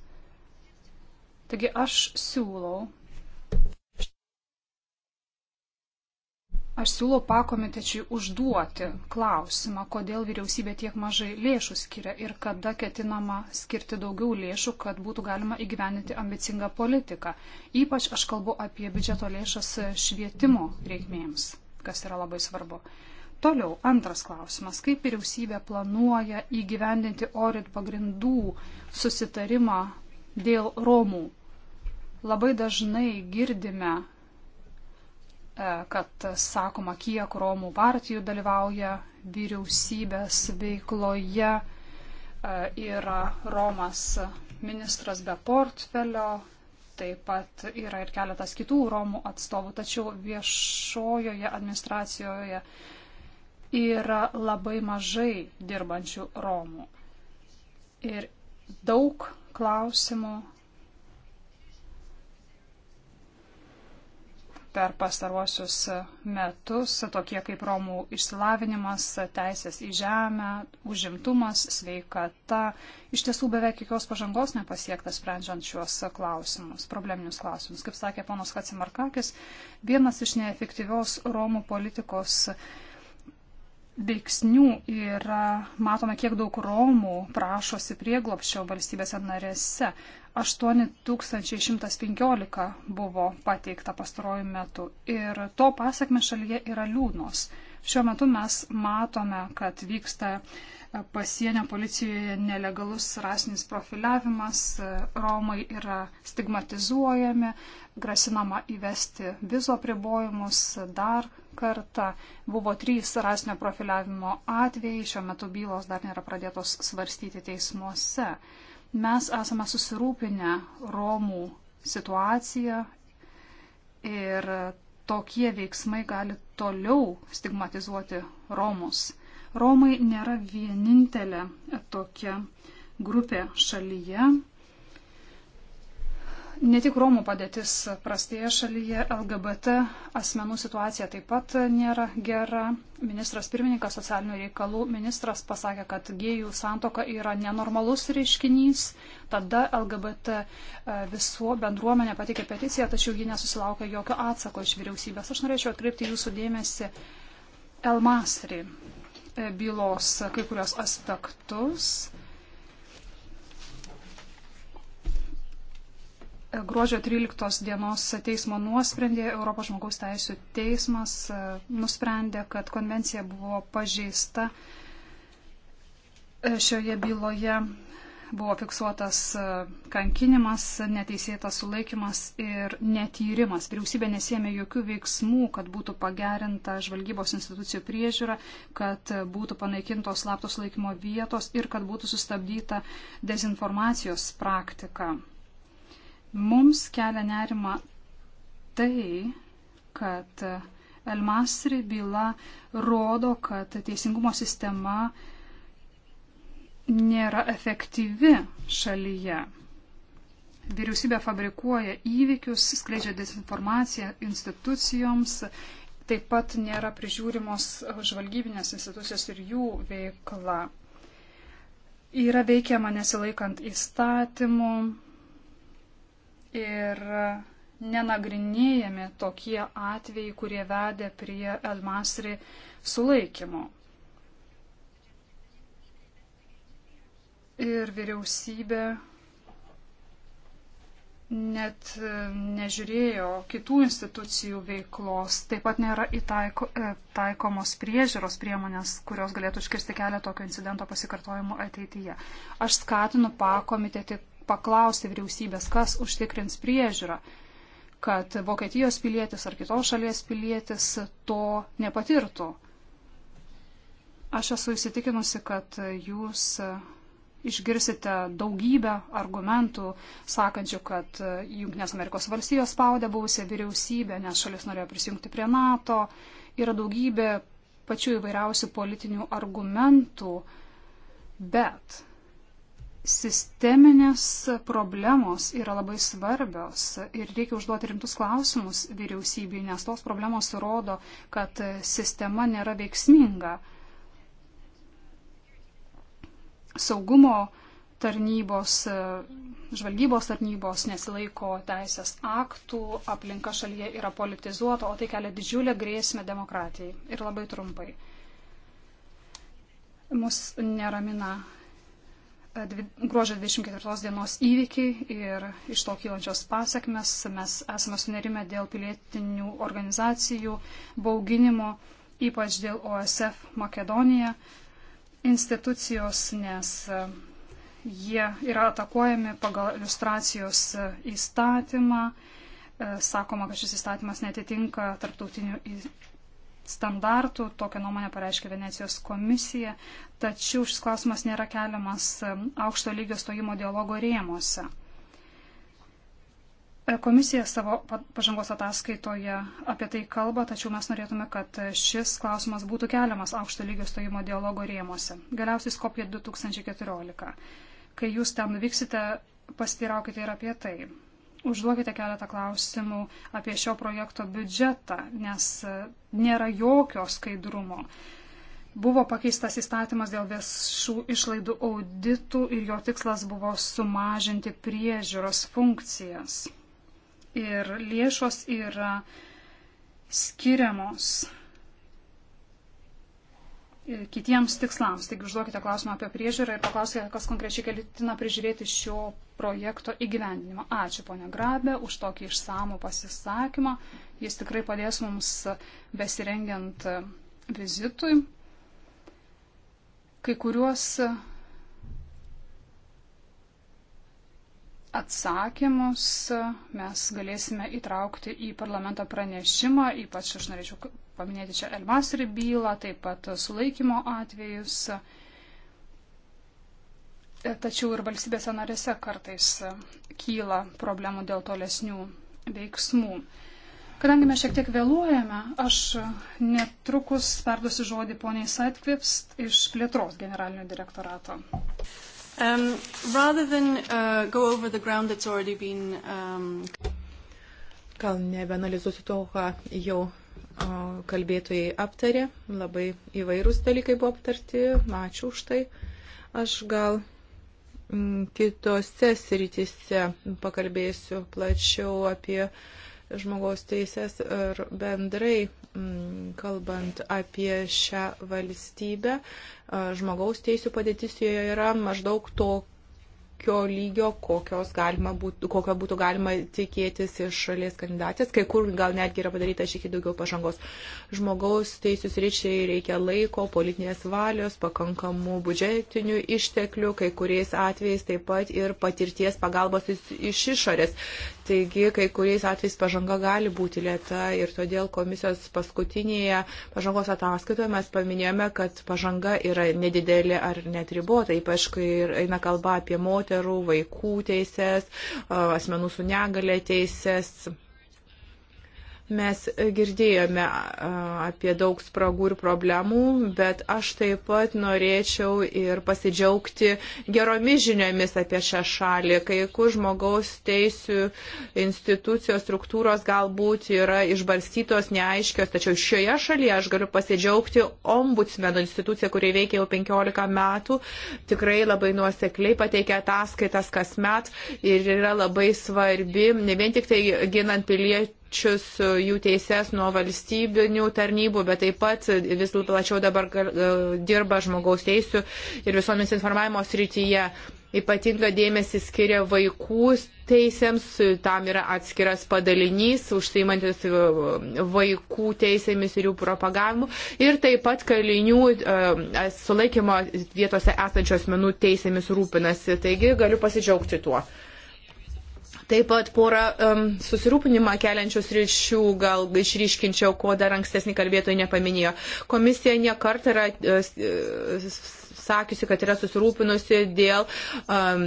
Taigi aš siūlau Aš siūlau pakomitečiui užduoti klausimą, kodėl vyriausybė tiek mažai lėšų skiria ir kada ketinama skirti daugiau lėšų, kad būtų galima įgyveninti ambicingą politiką. Ypač aš kalbu apie biudžeto lėšas švietimo reikmėms, kas yra labai svarbu. Toliau, antras klausimas. Kaip vyriausybė planuoja įgyvendinti orit pagrindų susitarimą dėl Romų? Labai dažnai girdime E, kad sakoma, kiek Romų partijų dalyvauja vyriausybės veikloje. E, yra Romas ministras be portfelio, taip pat yra ir keletas kitų Romų atstovų, tačiau viešojoje administracijoje yra labai mažai dirbančių Romų. Ir daug klausimų per pastaruosius metus, tokie kaip Romų išsilavinimas, teisės į žemę, užimtumas, sveikata. Iš tiesų beveik jokios pažangos nepasiektas sprendžiant šiuos klausimus, probleminius klausimus. Kaip sakė ponas Hatsimarkakis, vienas iš neefektyvios Romų politikos veiksnių yra, matome, kiek daug Romų prašosi prieglopščio valstybėse narėse. 8115 buvo pateikta pastaruoju metu ir to pasakme šalyje yra liūdnos. Šiuo metu mes matome, kad vyksta pasienio policijoje nelegalus rasinis profiliavimas, Romai yra stigmatizuojami, grasinama įvesti vizo pribojimus dar kartą. Buvo trys rasinio profiliavimo atvejai, šiuo metu bylos dar nėra pradėtos svarstyti teismuose. Mes esame susirūpinę Romų situaciją ir tokie veiksmai gali toliau stigmatizuoti Romus. Romai nėra vienintelė tokia grupė šalyje. Ne tik Romų padėtis prastėja šalyje, LGBT asmenų situacija taip pat nėra gera. Ministras pirmininkas socialinių reikalų ministras pasakė, kad gėjų santoka yra nenormalus reiškinys. Tada LGBT e, visuo bendruomenė patikė peticiją, tačiau ji nesusilaukė jokio atsako iš vyriausybės. Aš norėčiau atkreipti jūsų dėmesį Elmasri e, bylos kai kurios aspektus gruodžio 13 dienos teismo nuosprendį Europos žmogaus teisų teismas e, nusprendė, kad konvencija buvo pažeista. E, šioje byloje buvo fiksuotas e, kankinimas, neteisėtas sulaikimas ir netyrimas. Vyriausybė nesėmė jokių veiksmų, kad būtų pagerinta žvalgybos institucijų priežiūra, kad būtų panaikintos slaptos laikymo vietos ir kad būtų sustabdyta dezinformacijos praktika Mums kelia nerima tai, kad Elmasri byla rodo, kad teisingumo sistema nėra efektyvi šalyje. Vyriausybė fabrikuoja įvykius, skleidžia dezinformaciją institucijoms, taip pat nėra prižiūrimos žvalgybinės institucijos ir jų veikla. Yra veikiama nesilaikant įstatymų, ir nenagrinėjami tokie atvejai, kurie vedė prie Elmasri sulaikymo. Ir vyriausybė net e, nežiūrėjo kitų institucijų veiklos, taip pat nėra įtaiko, e, taikomos priežiūros priemonės, kurios galėtų iškirsti kelią tokio incidento pasikartojimo ateityje. Aš skatinu pakomitetį paklausti vyriausybės, kas užtikrins priežiūrą, kad Vokietijos pilietis ar kitos šalies pilietis to nepatirtų. Aš esu įsitikinusi, kad jūs išgirsite daugybę argumentų, sakančių, kad Junktinės Amerikos valstijos spaudė buvusią vyriausybę, nes šalis norėjo prisijungti prie NATO. Yra daugybė pačių įvairiausių politinių argumentų, bet sisteminės problemos yra labai svarbios ir reikia užduoti rimtus klausimus vyriausybei, nes tos problemos rodo, kad sistema nėra veiksminga. Saugumo tarnybos, žvalgybos tarnybos nesilaiko teisės aktų, aplinka šalyje yra politizuota, o tai kelia didžiulę grėsmę demokratijai. Ir labai trumpai. Mus neramina gruožio 24 dienos įvykiai ir iš to kylančios pasiekmes. Mes esame sunerime dėl pilietinių organizacijų bauginimo, ypač dėl OSF Makedonija institucijos, nes e, jie yra atakuojami pagal iliustracijos e, įstatymą. E, sakoma, kad šis įstatymas netitinka tarptautinių standartų, tokią nuomonę pareiškė Venecijos komisija, tačiau šis klausimas nėra keliamas aukšto lygio stojimo dialogo rėmose. E, komisija savo pažangos ataskaitoje apie tai kalba, tačiau mes norėtume, kad šis klausimas būtų keliamas aukšto lygio stojimo dialogo rėmose. Galiausiai Skopje 2014. Kai jūs ten vyksite, pasitiraukite ir apie tai užduokite keletą klausimų apie šio projekto biudžetą, nes e, nėra jokio skaidrumo. Buvo pakeistas įstatymas dėl viešų išlaidų auditų ir jo tikslas buvo sumažinti priežiūros funkcijas. Ir lėšos yra skiriamos kitiems tikslams. Taigi užduokite klausimą apie priežiūrą ir paklauskite, kas konkrečiai ketina prižiūrėti šio projekto įgyvendinimą. Ačiū, ponia Grabė, už tokį išsamų pasisakymą. Jis tikrai padės mums besirengiant vizitui. Kai kuriuos atsakymus mes galėsime įtraukti į parlamento pranešimą, ypač aš norėčiau paminėti čia Elmasri bylą, taip pat sulaikymo atvejus. Tačiau ir valstybėse narėse kartais kyla problemų dėl tolesnių veiksmų. Kadangi mes šiek tiek vėluojame, aš netrukus perduosiu žodį poniai Saitkvips iš plėtros generalinio direktorato. Um, than, uh, been, um... Gal nebeanalizuosiu to, ką jau kalbėtojai aptarė, labai įvairūs dalykai buvo aptarti, ačiū už tai. Aš gal kitose sritise pakalbėsiu plačiau apie žmogaus teisės ir bendrai kalbant apie šią valstybę, žmogaus teisų padėtis joje yra maždaug to, tokio lygio, būtų, kokio būtų galima tikėtis iš šalies kandidatės. Kai kur gal netgi yra padaryta šiek tiek daugiau pažangos. Žmogaus teisės ryčiai reikia laiko, politinės valios, pakankamų budžetinių išteklių, kai kuriais atvejais taip pat ir patirties pagalbos iš išorės. Taigi, kai kuriais atvejais pažanga gali būti lėta ir todėl komisijos paskutinėje pažangos ataskaitoje mes paminėjome, kad pažanga yra nedidelė ar net ribota, ypač kai eina kalba apie moterį moterų, vaikų teises, asmenų su negale teises. Mes girdėjome apie daug spragų ir problemų, bet aš taip pat norėčiau ir pasidžiaugti geromis žiniomis apie šią šalį. Kai kur žmogaus teisų institucijos struktūros galbūt yra išbarstytos, neaiškios, tačiau šioje šalyje aš galiu pasidžiaugti ombudsmeno instituciją, kuri veikia jau 15 metų, tikrai labai nuosekliai pateikia ataskaitas kasmet ir yra labai svarbi ne vien tik tai ginant piliečių pačius e, jų teises nuo valstybinių tarnybų, bet taip pat vis plačiau dabar e, dirba žmogaus teisų ir visuomenės informavimo srityje. Ypatinga dėmesį skiria vaikų teisėms, tam yra atskiras padalinys, užsiimantis e, vaikų teisėmis ir jų propagavimu, ir taip pat kalinių sulaikymo vietose esančios menų teisėmis rūpinasi. Taigi galiu pasidžiaugti tuo. Taip pat porą um, susirūpinimą keliančius ryšių gal išryškinčiau, ko dar ankstesnį kalbėtojai nepaminėjo. Komisija niekart yra uh, sakiusi, kad yra susirūpinusi dėl um,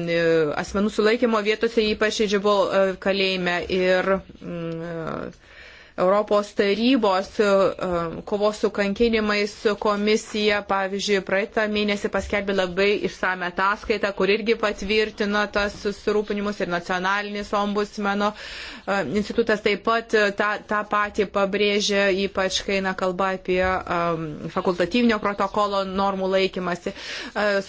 asmenų sulaikymo vietose, ypač Džibol uh, kalėjime. Ir, um, uh, Europos tarybos e, e, kovos su kankinimais komisija, pavyzdžiui, praeitą mėnesį paskelbė labai išsame ataskaitą, kur irgi patvirtino tas susirūpinimus ir nacionalinis ombudsmeno e, institutas taip pat tą, tą patį pabrėžė, ypač kai eina kalba apie fakultatyvinio protokolo normų laikymasi.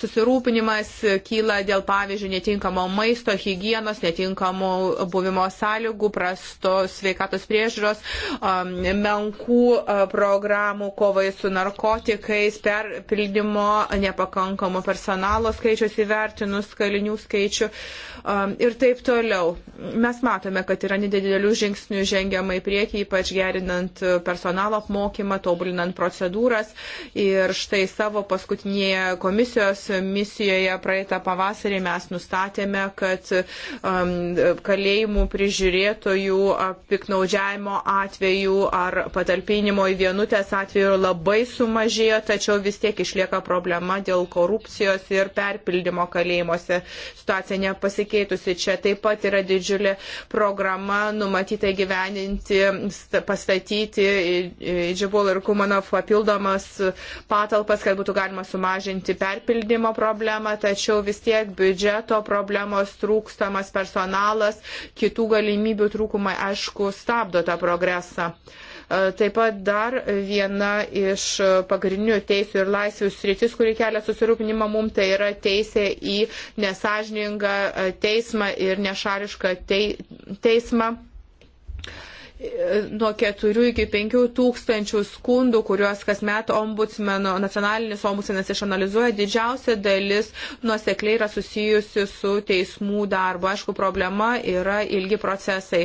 Susirūpinimas kyla dėl, pavyzdžiui, netinkamo maisto, hygienos, netinkamo buvimo sąlygų, prastos sveikatos priežiūros Um, menkų uh, programų kovai su narkotikais, perpildymo nepakankamo personalo skaičius įvertinus, kalinių skaičių um, ir taip toliau. Mes matome, kad yra nedidelių žingsnių žengiama į priekį, ypač gerinant personalo apmokymą, tobulinant procedūras. Ir štai savo paskutinėje komisijos misijoje praeitą pavasarį mes nustatėme, kad um, kalėjimų prižiūrėtojų uh, piknaudžiavimo atveju atvejų ar patalpinimo į vienutės atvejų labai sumažėjo, tačiau vis tiek išlieka problema dėl korupcijos ir perpildymo kalėjimuose. Situacija nepasikeitusi. Čia taip pat yra didžiulė programa numatyta gyveninti, pastatyti Džibul ir Kumanov papildomas patalpas, kad būtų galima sumažinti perpildymo problemą, tačiau vis tiek biudžeto problemos trūkstamas personalas, kitų galimybių trūkumai, aišku, stabdo tą progresą procesą. E, taip pat dar viena iš pagrindinių teisų ir laisvių sritis, kuri kelia susirūpinimą mums, tai yra teisė į nesažiningą e, teismą ir nešarišką teismą e, nuo 4 iki 5 tūkstančių skundų, kuriuos kasmet ombudsmeno, nacionalinis ombudsmenas išanalizuoja, didžiausia dalis nuosekliai yra susijusi su teismų darbu. Aišku, problema yra ilgi procesai.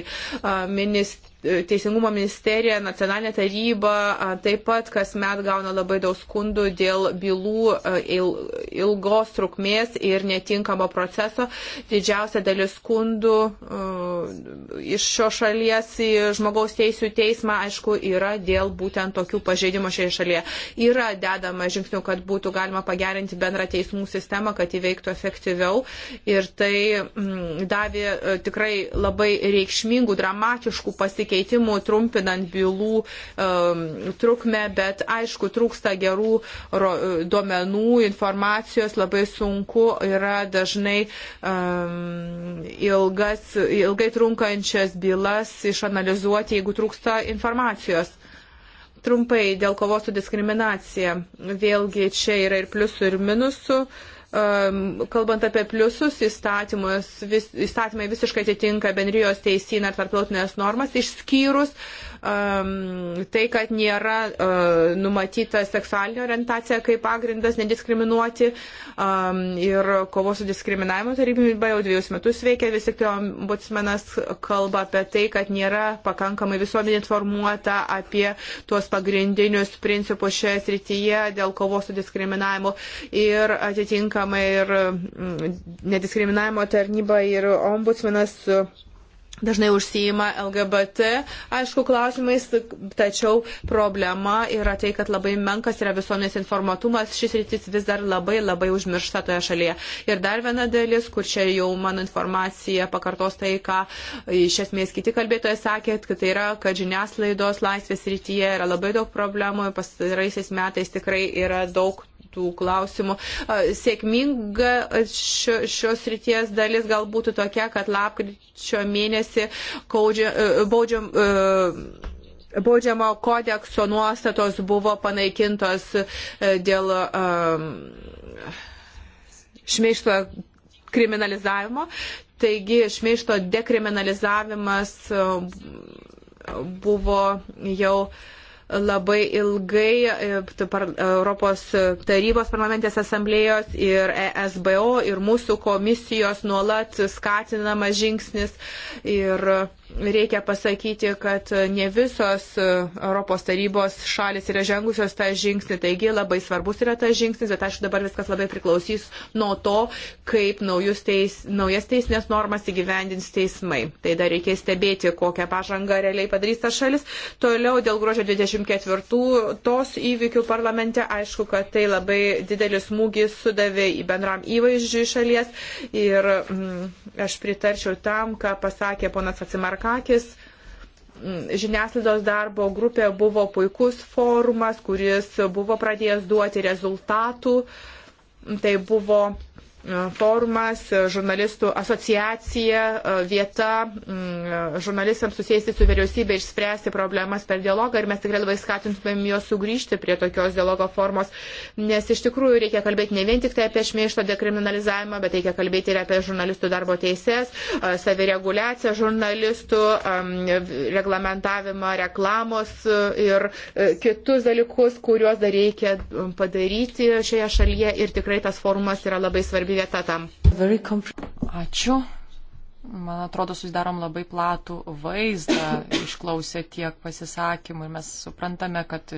Ministrė E, Teisingumo ministerija, nacionalinė taryba taip pat kasmet gauna labai daug skundų dėl bylų e, ilgos trukmės ir netinkamo proceso. Didžiausia dalis skundų e, iš šio šalies į žmogaus teisų teismą, aišku, yra dėl būtent tokių pažeidimų šioje šalyje. Yra dedama žingsnių, kad būtų galima pagerinti bendrą teismų sistemą, kad įveiktų efektyviau. Ir tai davė tikrai labai reikšmingų, dramatiškų pasikeitimų pasikeitimų, trumpinant bylų um, trukmę, bet aišku, trūksta gerų ro, duomenų, informacijos, labai sunku yra dažnai um, ilgas, ilgai trunkančias bylas išanalizuoti, jeigu trūksta informacijos. Trumpai dėl kovos su diskriminacija. Vėlgi čia yra ir pliusų, ir minusų. Uh, Ehm, kalbant apie pliusus, įstatymas, vis, įstatymai visiškai atitinka bendrijos teisyną ir tarptautinės normas, išskyrus uh, tai, kad nėra numatyta seksualinė orientacija kaip pagrindas nediskriminuoti ir kovos su diskriminavimu taryba jau dviejus metus veikia, vis tik tai ombudsmenas kalba apie tai, kad nėra pakankamai visuomenė informuota apie tuos pagrindinius principus šioje srityje dėl kovos su diskriminavimu ir atitinkamai ir nediskriminavimo tarnyba ir ombudsmenas dažnai užsijima LGBT, aišku, klausimais, tačiau problema yra tai, kad labai menkas yra visuomenės informatumas, šis rytis vis dar labai labai užmiršta toje šalyje. Ir dar viena dalis, kur čia jau mano informacija pakartos tai, ką iš esmės kiti kalbėtojai sakė, kad tai yra, kad žiniaslaidos laisvės rytyje yra labai daug problemų, pastaraisiais metais tikrai yra daug tų klausimų. Sėkminga šio, šios ryties dalis gal būtų tokia, kad lapkričio mėnesį kaudžia, e, baudžiam. E, baudžiamo kodekso nuostatos buvo panaikintos e, dėl um, šmeišto kriminalizavimo. Taigi šmeišto dekriminalizavimas buvo jau uh, labai ilgai e, Europos tarybos parlamentės asamblėjos ir ESBO ir mūsų komisijos nuolat skatinamas žingsnis. Ir reikia pasakyti, kad ne visos e, Europos tarybos šalis yra žengusios tą žingsnį, taigi labai svarbus yra tas žingsnis, bet aišku dabar viskas labai priklausys nuo to, kaip teis, naujas teisinės normas įgyvendins teismai. Tai dar reikės stebėti, kokią pažangą realiai padarys ta šalis. Toliau dėl gruodžio 20. 24 tos įvykių parlamente. Aišku, kad tai labai didelis smūgis sudavė į bendram įvaizdžiui šalies ir mm, aš pritarčiau tam, ką pasakė ponas Atsimarkakis mm, žiniasklaidos darbo grupė buvo puikus forumas, kuris buvo pradėjęs duoti rezultatų. Tai buvo E, forumas, e, žurnalistų asociacija, e, vieta mm, žurnalistams susėsti su vyriausybė, išspręsti problemas per dialogą ir mes tikrai labai skatintumėm juos sugrįžti prie tokios dialogo formos, nes iš tikrųjų reikia kalbėti ne vien tik tai apie šmeišto dekriminalizavimą, bet reikia kalbėti ir apie žurnalistų darbo teises, savireguliaciją žurnalistų, reglamentavimą reklamos ir kitus dalykus, kuriuos dar reikia padaryti šioje šalyje ir tikrai tas forumas yra labai svarbi svarbi vieta tam. Ačiū. Man atrodo, susidarom labai platų vaizdą, išklausę tiek pasisakymų ir mes suprantame, kad,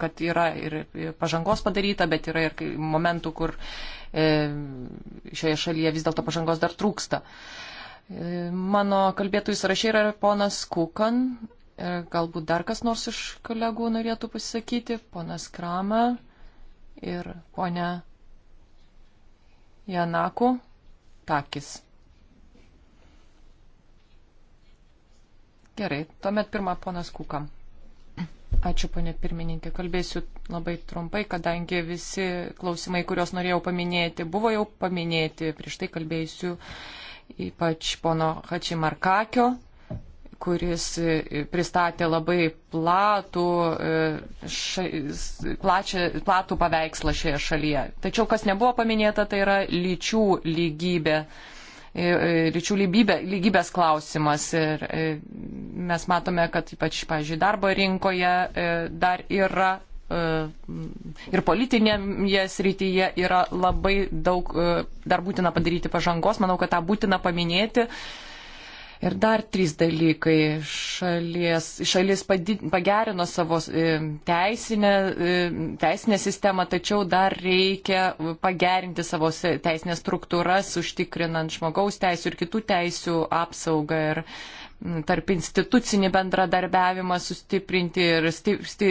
kad yra ir pažangos padaryta, bet yra ir momentų, kur e, šioje šalyje vis dėlto pažangos dar trūksta. E, mano kalbėtojų sąrašė yra ponas Kukan, e, galbūt dar kas nors iš kolegų norėtų pasisakyti, ponas Krama ir ponia Janaku Takis. Gerai, tuomet pirmą ponas Kukam. Ačiū, ponė pirmininkė. Kalbėsiu labai trumpai, kadangi visi klausimai, kuriuos norėjau paminėti, buvo jau paminėti prieš tai kalbėjusiu ypač pono Hačimarkakio kuris e, pristatė labai platų, e, ša, plačią, platų paveikslą šioje šalyje. Tačiau kas nebuvo paminėta, tai yra lyčių lygybė, e, lyčių lygybė, lygybės klausimas. Ir mes matome, kad ypač, pažiūrėjau, darbo rinkoje dar yra ir politinėje srityje yra labai daug dar būtina padaryti pažangos. Manau, kad tą būtina paminėti. Ir dar trys dalykai. Šalies, šalis padid, pagerino savo e, teisinę, e, teisinę sistemą, tačiau dar reikia pagerinti savo teisinės struktūras, užtikrinant žmogaus teisų ir kitų teisų apsaugą ir tarp institucinį bendradarbiavimą sustiprinti ir sti, sti,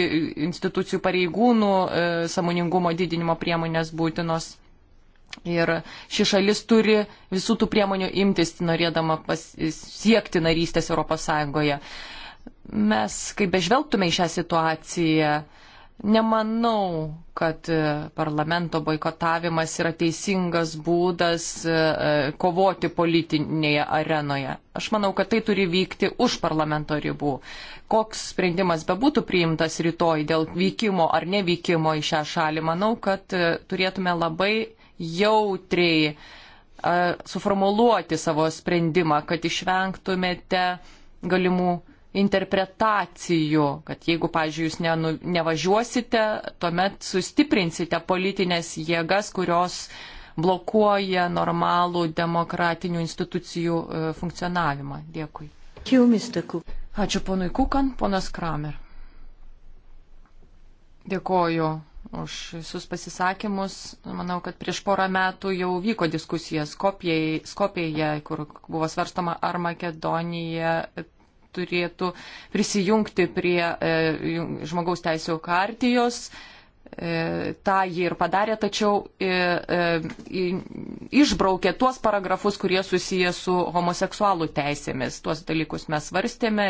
institucijų pareigūnų e, samoningumo didinimo priemonės būtinos. Ir ši šalis turi visų tų priemonių imtis, norėdama pasiekti narystės ES. Mes, kaip bežvelgtume į šią situaciją, nemanau, kad e, parlamento boikotavimas yra teisingas būdas e, e, kovoti politinėje arenoje. Aš manau, kad tai turi vykti už parlamento ribų. Koks sprendimas bebūtų priimtas rytoj dėl vykimo ar nevykimo į šią šalį, manau, kad turėtume labai jautriai suformuluoti savo sprendimą, kad išvengtumėte galimų interpretacijų, kad jeigu, pažiūrėjau, jūs ne, nevažiuosite, tuomet sustiprinsite politinės jėgas, kurios blokuoja normalų demokratinių institucijų e, funkcionavimą. Dėkui. Ačiū ponui Kukan, ponas Kramer. Dėkoju už visus pasisakymus. Manau, kad prieš porą metų jau vyko diskusija Skopijoje, kur buvo svarstama, ar Makedonija turėtų prisijungti prie e, žmogaus teisėjų kartijos. E, E, tą jį ir padarė, tačiau e, e, išbraukė tuos paragrafus, kurie susiję su homoseksualų teisėmis. Tuos dalykus mes svarstėme,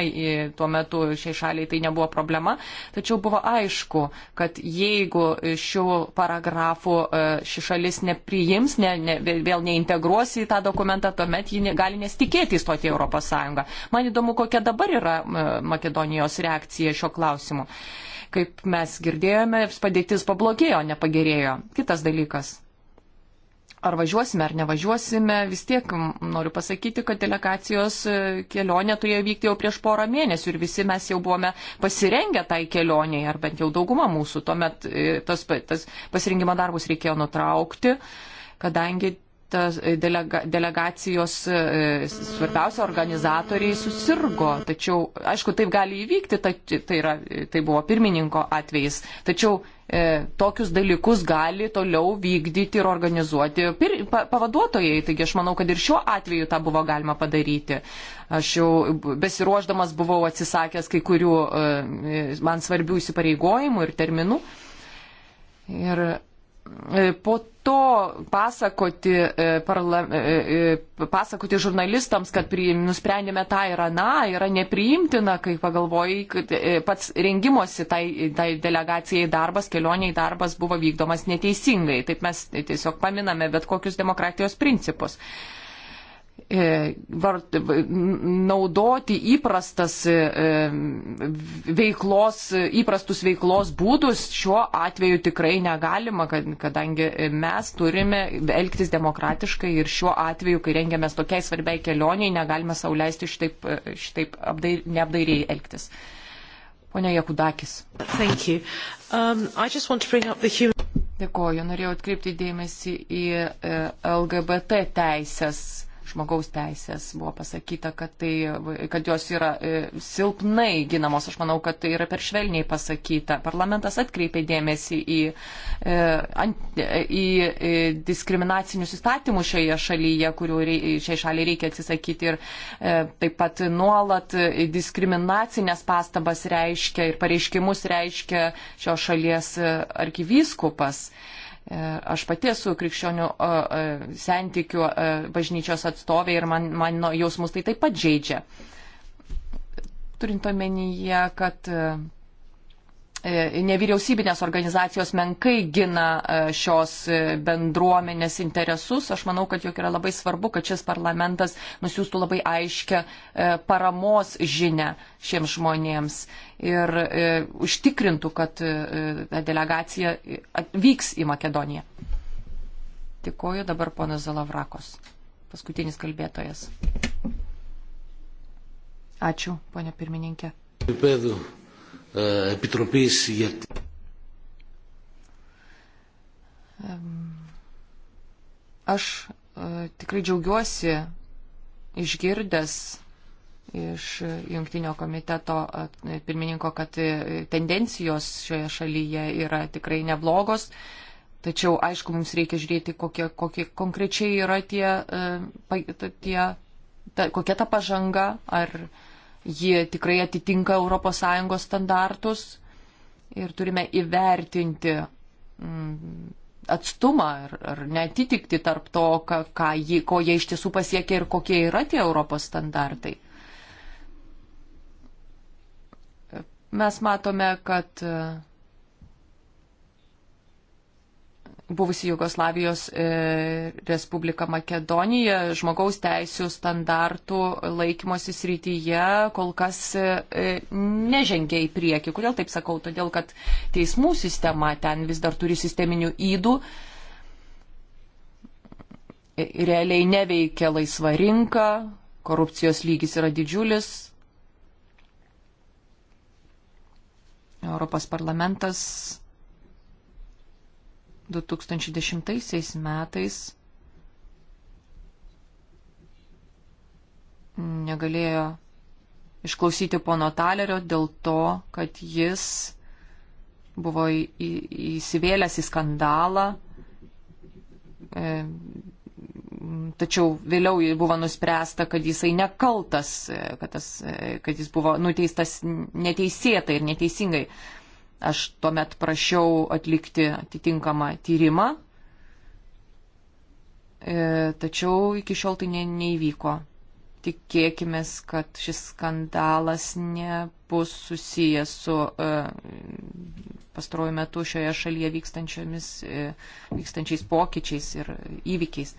tuo metu šiai šaliai tai nebuvo problema, tačiau buvo aišku, kad jeigu šių paragrafų ši šalis nepriims, ne, ne, vėl neintegruos į tą dokumentą, tuomet ji gali nesitikėti įstoti į ES. Man įdomu, kokia dabar yra Makedonijos reakcija šio klausimu. Uh, Kaip mes girdėjome, padėtis pablogėjo, nepagerėjo. Kitas dalykas. Ar važiuosime, ar nevažiuosime, vis tiek noriu pasakyti, kad delegacijos e, kelionė turėjo vykti jau prieš porą mėnesių ir visi mes jau buvome pasirengę tai kelioniai, ar bent jau dauguma mūsų. Tuomet e, tas, tas pasirinkimo darbus reikėjo nutraukti, kadangi ta e, delega, delegacijos e, svarbiausia organizatoriai susirgo. Tačiau, aišku, taip gali įvykti, ta, tai, yra, tai buvo pirmininko atvejis. Tačiau e, tokius dalykus gali toliau vykdyti ir organizuoti pir, pa, pavaduotojai. Taigi aš manau, kad ir šiuo atveju tą buvo galima padaryti. Aš jau besiruoždamas buvau atsisakęs kai kurių e, man svarbių įsipareigojimų ir terminų. Ir E, po to pasakoti, e, parla, e, pasakoti žurnalistams, kad pri, nusprendėme tą ir aną, yra nepriimtina, kai pagalvojai, kad pats rengimosi tai, tai delegacijai darbas, kelioniai darbas buvo vykdomas neteisingai. Taip mes tiesiog paminame bet kokius demokratijos principus. Uh, E, vart, naudoti įprastas e, veiklos, įprastus veiklos būdus šiuo atveju tikrai negalima, kad, kadangi mes turime elgtis demokratiškai ir šiuo atveju, kai rengiamės tokiai svarbiai kelioniai, negalime sauliaisti šitaip, šitaip apdair, neapdairiai elgtis. Pone Jakudakis. Um, human... Dėkoju, norėjau atkreipti dėmesį į e, LGBT teisės žmogaus teisės. Buvo pasakyta, kad, tai, kad jos yra e, silpnai ginamos. Aš manau, kad tai yra per švelniai pasakyta. Parlamentas atkreipė dėmesį į, e, e, į diskriminacinius įstatymus šioje šalyje, kurių šiai šaliai reikia atsisakyti. Ir taip pat nuolat diskriminacinės pastabas reiškia ir pareiškimus reiškia šios šalies arkivyskupas. Uh, E, aš pati esu krikščionių e, sentikių e, bažnyčios atstovė ir man, mano jausmus tai taip pat žaidžia. Turint omenyje, kad E, nevyriausybinės organizacijos menkai gina e, šios e, bendruomenės interesus. Aš manau, kad juk yra labai svarbu, kad šis parlamentas nusiųstų labai aiškę paramos žinę šiems žmonėms ir užtikrintų, kad delegacija vyks į Makedoniją. Tikoju dabar ponas Zalavrakos, paskutinis kalbėtojas. Ačiū, ponia pirmininkė. Pėdų. Επιτροπής για... Aš tikrai džiaugiuosi išgirdęs iš jungtinio komiteto e, pirmininko, kad e, tendencijos šioje šalyje yra tikrai neblogos. Tačiau, aišku, mums reikia žiūrėti, kokie, kokie konkrečiai yra tie, e, tie ta, kokia ta pažanga, ar uh, ji tikrai atitinka ES standartus ir turime įvertinti mm, atstumą ar, ar netitikti tarp to, ką, ką jį, ko jie iš tiesų pasiekia ir kokie yra tie Europos standartai. Mes matome, kad buvusi Jugoslavijos e, Respublika Makedonija žmogaus teisų standartų laikymosi srityje kol kas e, e nežengia į priekį. Kodėl taip sakau? Todėl, kad teismų sistema ten vis dar turi sisteminių įdų. E, realiai neveikia laisva rinka, korupcijos lygis yra didžiulis. Europos parlamentas 2010 metais negalėjo išklausyti pono Talerio dėl to, kad jis buvo į, į, įsivėlęs į skandalą, e, tačiau vėliau buvo nuspręsta, kad jisai nekaltas, e, kad, tas, e, kad jis buvo nuteistas neteisėtai ir neteisingai. Aš tuomet prašiau atlikti atitinkamą tyrimą, e, tačiau iki šiol tai ne, neįvyko. Tikėkime, kad šis skandalas nebus susijęs su e, pastaruoju metu šioje šalyje e, vykstančiais pokyčiais ir įvykiais.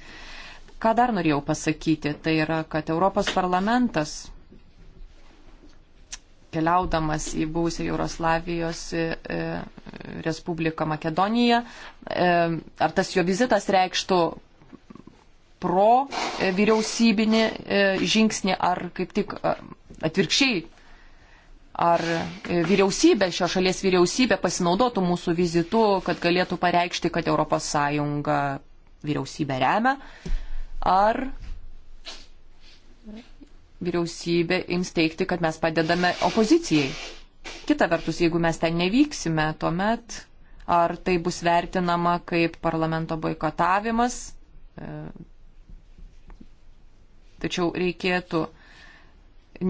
Ką dar norėjau pasakyti, tai yra, kad Europos parlamentas keliaudamas į buvusią Jugoslavijos e, Respubliką Makedoniją, e, ar tas jo vizitas reikštų pro e, vyriausybinį žingsnį, ar kaip tik atvirkščiai, ar vyriausybė, šio šalies vyriausybė pasinaudotų mūsų vizitu, kad galėtų pareikšti, kad ES vyriausybę remia, ar vyriausybė ims teikti, kad mes padedame opozicijai. Kita vertus, jeigu mes ten nevyksime, tuomet ar tai bus vertinama kaip parlamento boikotavimas. E, tačiau reikėtų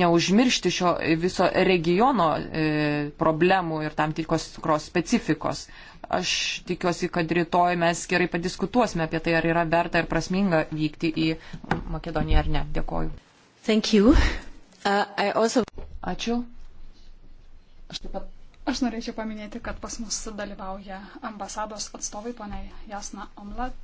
neužmiršti šio viso regiono e, problemų ir tam tikros specifikos. Aš tikiuosi, kad rytoj mes gerai padiskutuosime apie tai, ar yra verta ir prasminga vykti į Makedoniją ar ne. Dėkoju. Thank you. Uh, I also... Ačiū. Aš taip pat. Aš norėčiau paminėti, kad pas mus dalyvauja ambasados atstovai, ponia Jasna Omlat,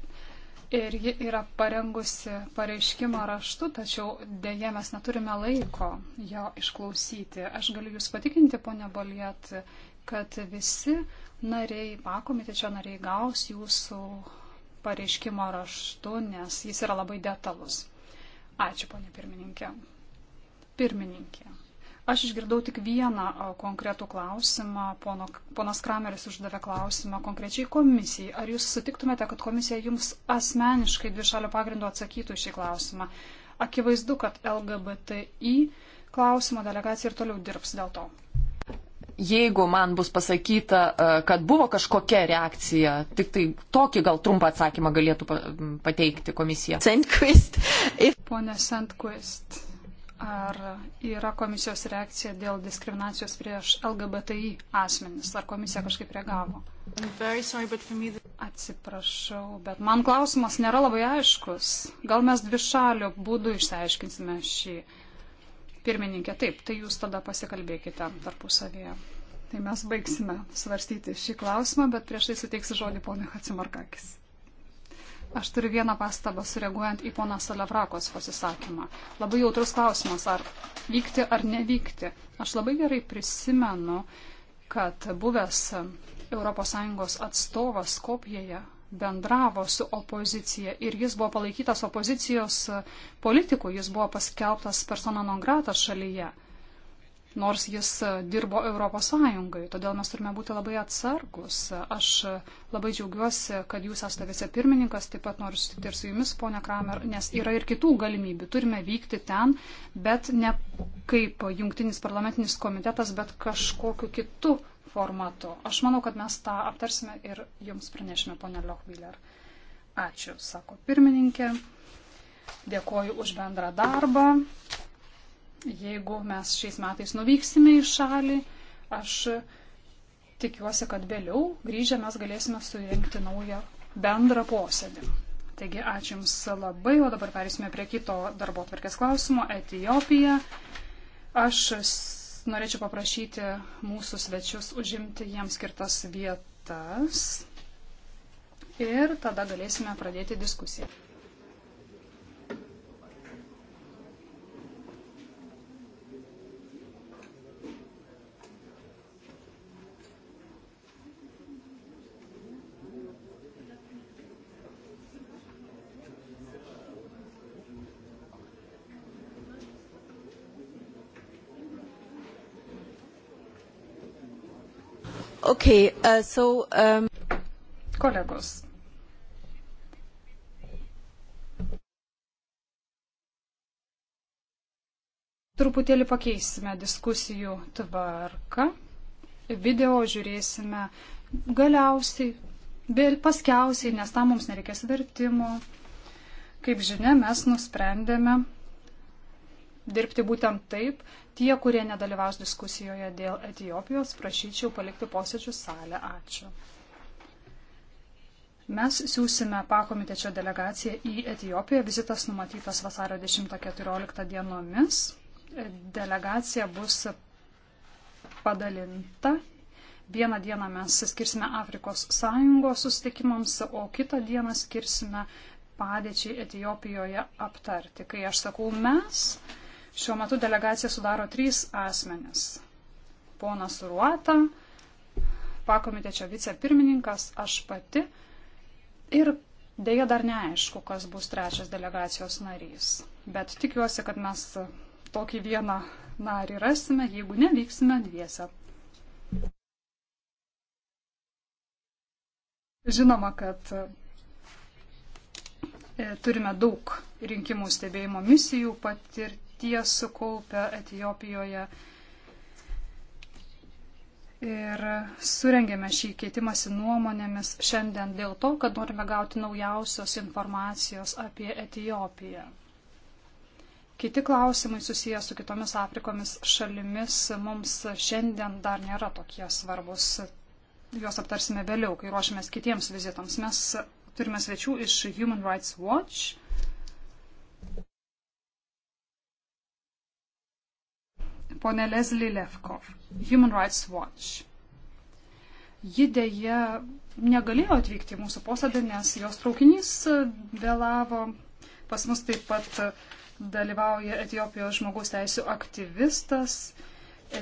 ir ji yra parengusi pareiškimo raštu, tačiau dėje mes neturime laiko jo išklausyti. Aš galiu Jūs patikinti, ponia Boliet, kad visi nariai, pakomitečio nariai gaus Jūsų pareiškimo raštu, nes jis yra labai detalus. Ačiū, ponė pirmininkė. Pirmininkė. Aš išgirdau tik vieną konkretų klausimą. Pono, ponas Krameris uždavė klausimą konkrečiai komisijai. Ar jūs sutiktumėte, kad komisija jums asmeniškai dvišalio pagrindu atsakytų šį klausimą? Akivaizdu, kad LGBTI klausimo delegacija ir toliau dirbs dėl to jeigu man bus pasakyta, e, kad buvo kažkokia reakcija, tik tai tokį gal trumpą atsakymą galėtų pateikti komisija. Sandquist. If... Pone Sandquist, ar yra komisijos reakcija dėl diskriminacijos prieš LGBTI asmenis? Ar komisija kažkaip reagavo? Sorry, me... Atsiprašau, bet man klausimas nėra labai aiškus. Gal mes dvi šalių būdų išsiaiškinsime šį klausimą? Pirmininkė, taip, tai jūs tada pasikalbėkite tarpusavėje. Tai mes baigsime svarstyti šį klausimą, bet prieš tai suteiksiu žodį ponui Hatsimarkakis. Aš turiu vieną pastabą sureaguojant į poną Salevrakos pasisakymą. Labai jautrus klausimas, ar vykti ar nevykti. Aš labai gerai prisimenu, kad buvęs ES atstovas Kopijoje bendravo su opozicija ir jis buvo palaikytas opozicijos politikų, jis buvo paskelbtas persona non grata šalyje, nors jis dirbo Europos Sąjungai. Todėl mes turime būti labai atsargus. Aš labai džiaugiuosi, kad jūs esate vicepirmininkas, taip pat noriu sutikti ir su jumis, ponia Kramer, nes yra ir kitų galimybių. Turime vykti ten, bet ne kaip jungtinis parlamentinis komitetas, bet kažkokiu kitu formatu. Aš manau, kad mes tą aptarsime ir jums pranešime, ponė Lochviller. Ačiū, sako pirmininkė. Dėkoju už bendrą darbą. Jeigu mes šiais metais nuvyksime į šalį, aš tikiuosi, kad vėliau grįžę mes galėsime surinkti naują bendrą posėdį. Taigi, ačiū Jums labai, o dabar perėsime prie kito darbo tvarkės klausimo - Etijopija. Aš Norėčiau paprašyti mūsų svečius užimti jiems skirtas vietas ir tada galėsime pradėti diskusiją. Okay, uh, so, um... Kolegos. Truputėlį pakeisime diskusijų tvarką. Video žiūrėsime galiausiai, paskiausiai, nes tam mums nereikės vertimo. Kaip žinia, mes nusprendėme dirbti būtent taip. Tie, kurie nedalyvaus diskusijoje dėl Etijopijos, prašyčiau palikti posėdžių salę. Ačiū. Mes siūsime pakomitečio delegaciją į Etijopiją. Vizitas numatytas vasario 10-14 dienomis. Delegacija bus padalinta. Vieną dieną mes skirsime Afrikos sąjungos susitikimams, o kitą dieną skirsime padėčiai Etijopijoje aptarti. Kai aš sakau mes, Šiuo metu delegaciją sudaro trys asmenys. Ponas Ruota, pakomitečio vicepirmininkas, aš pati ir dėja dar neaišku, kas bus trečias delegacijos narys. Bet tikiuosi, kad mes tokį vieną narį rasime, jeigu nevyksime dviese. Žinoma, kad e, turime daug rinkimų stebėjimo misijų patirti patirties sukaupę Etijopijoje. Ir surengėme šį keitimąsi nuomonėmis šiandien dėl to, kad norime gauti naujausios informacijos apie Etijopiją. Kiti klausimai susijęs su kitomis Afrikomis šalimis mums šiandien dar nėra tokie svarbus. Juos aptarsime vėliau, kai ruošiamės kitiems vizitams. Mes turime svečių iš Human Rights Watch ponė Leslie Lefkov, Human Rights Watch. Ji dėja negalėjo atvykti į mūsų posėdį, nes jos traukinys e, vėlavo. Pas mus taip pat e, dalyvauja Etijopijos žmogaus teisų aktyvistas,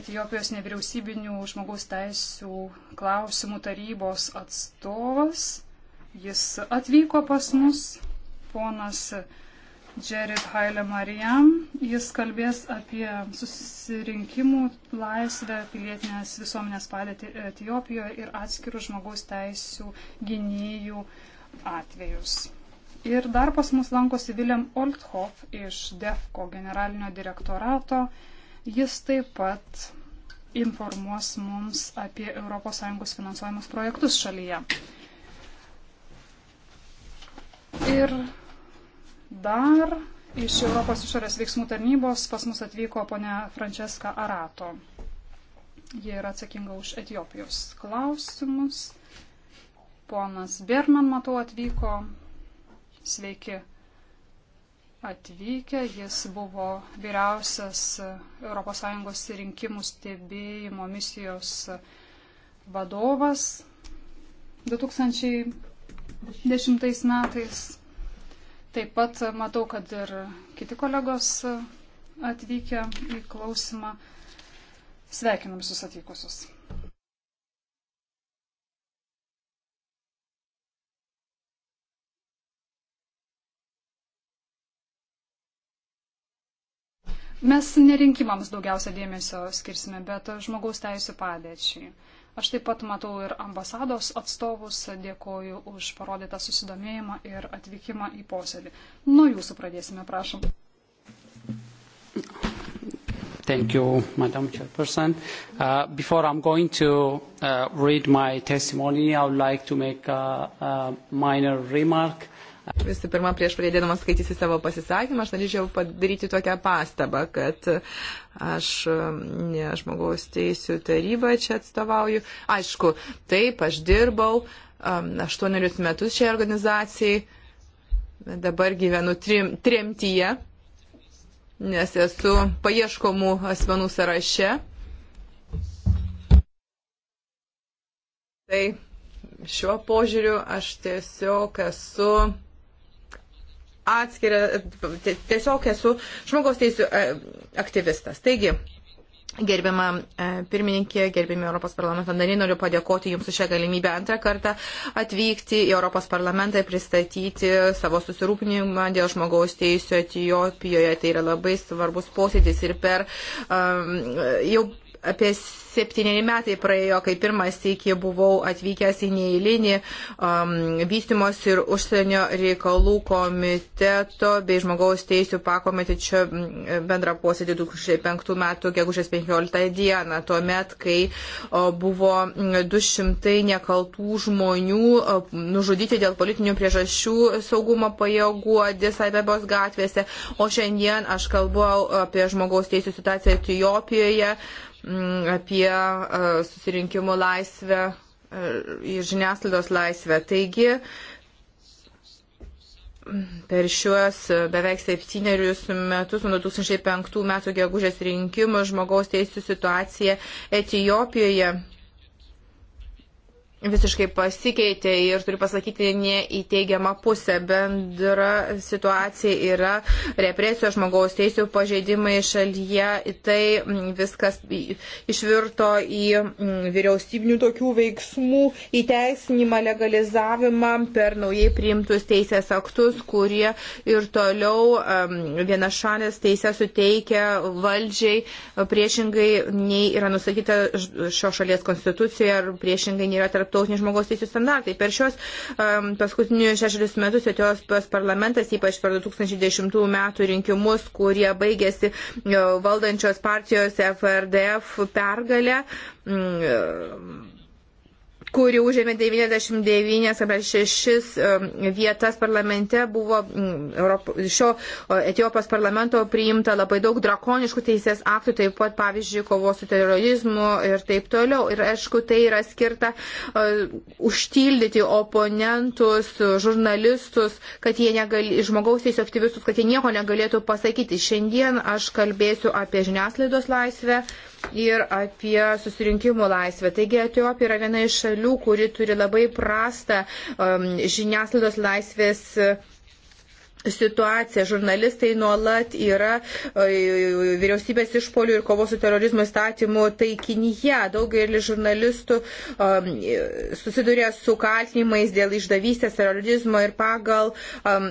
Etijopijos nevyriausybinių žmogaus teisų klausimų tarybos atstovas. Jis atvyko pas mus, ponas Džerid Haile Marijam. Jis kalbės apie susirinkimų laisvę, pilietinės visuomenės padėtį Etijopijoje ir atskirų žmogaus teisų gynėjų atvejus. Ir dar pas mus lankosi William Oldhoff iš DEFCO generalinio direktorato. Jis taip pat informuos mums apie ES finansuojamus projektus šalyje. Ir Dar iš Europos išorės veiksmų tarnybos pas mus atvyko ponia Franceska Arato. Jie yra atsakinga už Etijopijos klausimus. Ponas Berman, matau, atvyko. Sveiki atvykę. Jis buvo vyriausias ES rinkimų stebėjimo misijos vadovas 2010 metais. Taip pat matau, kad ir kiti kolegos atvykę į klausimą. Sveikinam visus atvykusius. Mes nerinkimams daugiausia dėmesio skirsime, bet žmogaus teisų padėčiai. Aš taip pat matau ir ambasados atstovus, dėkoju už parodytą susidomėjimą ir atvykimą į posėdį. Nuo jūsų pradėsime, prašom. Thank you, Madam Chairperson. Uh, before I'm going to uh, read my testimony, I would like to make a, a minor remark. Visų pirma, prieš pradėdamas skaityti savo pasisakymą, aš norėčiau padaryti tokią pastabą, kad aš um, ne žmogaus teisų tarybą čia atstovauju. Aišku, taip, aš dirbau um, aštuonerius metus šiai organizacijai, dabar gyvenu trim, tremtyje, nes esu paieškomų asmenų sąraše. Tai šiuo požiūriu aš tiesiog esu atskirą, tiesiog esu žmogaus teisų e, aktyvistas. Taigi, Gerbiama e, pirmininkė, gerbiami Europos parlamento nariai, noriu padėkoti Jums už šią galimybę antrą kartą atvykti į Europos parlamentą ir pristatyti savo susirūpinimą dėl žmogaus teisų Etijopijoje. Tai yra labai svarbus posėdis ir per um, jau apie septyneri metai praėjo, kai pirmas iki buvau atvykęs į neįlinį um, vystimos ir užsienio reikalų komiteto bei žmogaus teisų pakomitečio bendrą posėdį 2005 metų gegužės 15 dieną, tuomet, kai o, buvo 200 nekaltų žmonių o, nužudyti dėl politinių priežasčių saugumo pajėgų Adisabebos gatvėse, o šiandien aš kalbu apie žmogaus teisų situaciją Etijopijoje. Mm, apie e, susirinkimų laisvę ir e, žiniasklaidos laisvę. Taigi, per šiuos beveik septynerius metus, nuo 2005 metų gegužės rinkimų, žmogaus teisų situacija Etijopijoje visiškai pasikeitė ir turiu pasakyti ne į teigiamą pusę. Bendra situacija yra represijos, žmogaus teisų pažeidimai šalyje. Tai mm, viskas išvirto į mm, vyriausybinių tokių veiksmų įteisinimą, legalizavimą per naujai priimtus teisės aktus, kurie ir toliau mm, vienašalės teisę suteikia valdžiai priešingai nei yra nusakyta šios šalies konstitucijoje ar priešingai nėra tarp tarptautiniai žmogaus teisų standartai. Per šios um, paskutinius šešerius metus Etiopijos parlamentas, ypač per 2010 metų rinkimus, kurie baigėsi e, valdančios partijos FRDF pergalę, um, kuri užėmė 99,6 um, vietas parlamente, buvo mm, šio Etiopijos parlamento priimta labai daug drakoniškų teisės aktų, taip pat, pavyzdžiui, kovos su terorizmu ir taip toliau. Ir aišku, tai yra skirta uh, užtildyti oponentus, žurnalistus, kad jie negali, žmogaus teisų aktyvistus, kad jie nieko negalėtų pasakyti. Šiandien aš kalbėsiu apie žiniasklaidos laisvę. Uh, ir apie susirinkimų laisvę. Taigi Etiopija yra viena iš šalių, kuri turi labai prastą um, žiniasklaidos laisvės situacija. Žurnalistai nuolat yra e, vyriausybės išpolių ir kovos su terorizmu įstatymų taikinyje. Daugelis žurnalistų um, susiduria su kaltinimais dėl išdavystės terorizmo ir pagal um,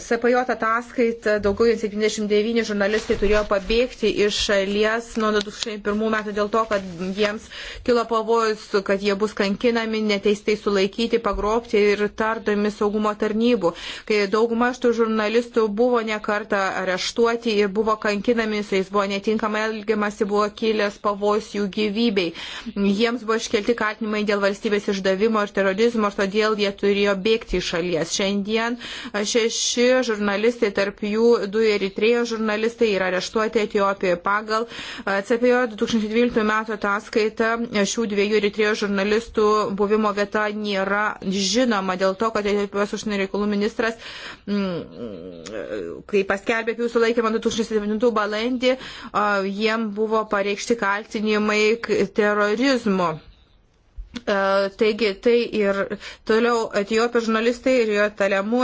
SPJ ataskaitą daugiau nei 79 žurnalistai turėjo pabėgti iš šalies nuo 2001 metų dėl to, kad jiems kilo pavojus, kad jie bus kankinami, neteistai sulaikyti, pagrobti ir tardomi saugumo tarnybų. Kai dauguma šitų žurnalistų buvo nekarta areštuoti ir buvo kankinami, jais buvo netinkamai elgiamasi, buvo kilęs pavojus jų gyvybei. Jiems buvo iškelti kaltinimai dėl valstybės išdavimo ir terorizmo, ir todėl jie turėjo bėgti iš šalies. Šiandien šeši žurnalistai, tarp jų du eritrėjo žurnalistai, yra areštuoti Etijopijoje pagal CPO 2012 metų ataskaitą. Šių dviejų eritrėjo žurnalistų buvimo vieta nėra žinoma dėl to, kad Etiopijos užsienio reikalų ministras m, mm, kai paskelbė apie jų sulaikymą 2007 balandį, jiem buvo pareikšti kaltinimai terorizmu. Taigi tai ir toliau Etijopijos žurnalistai ir jo taliamų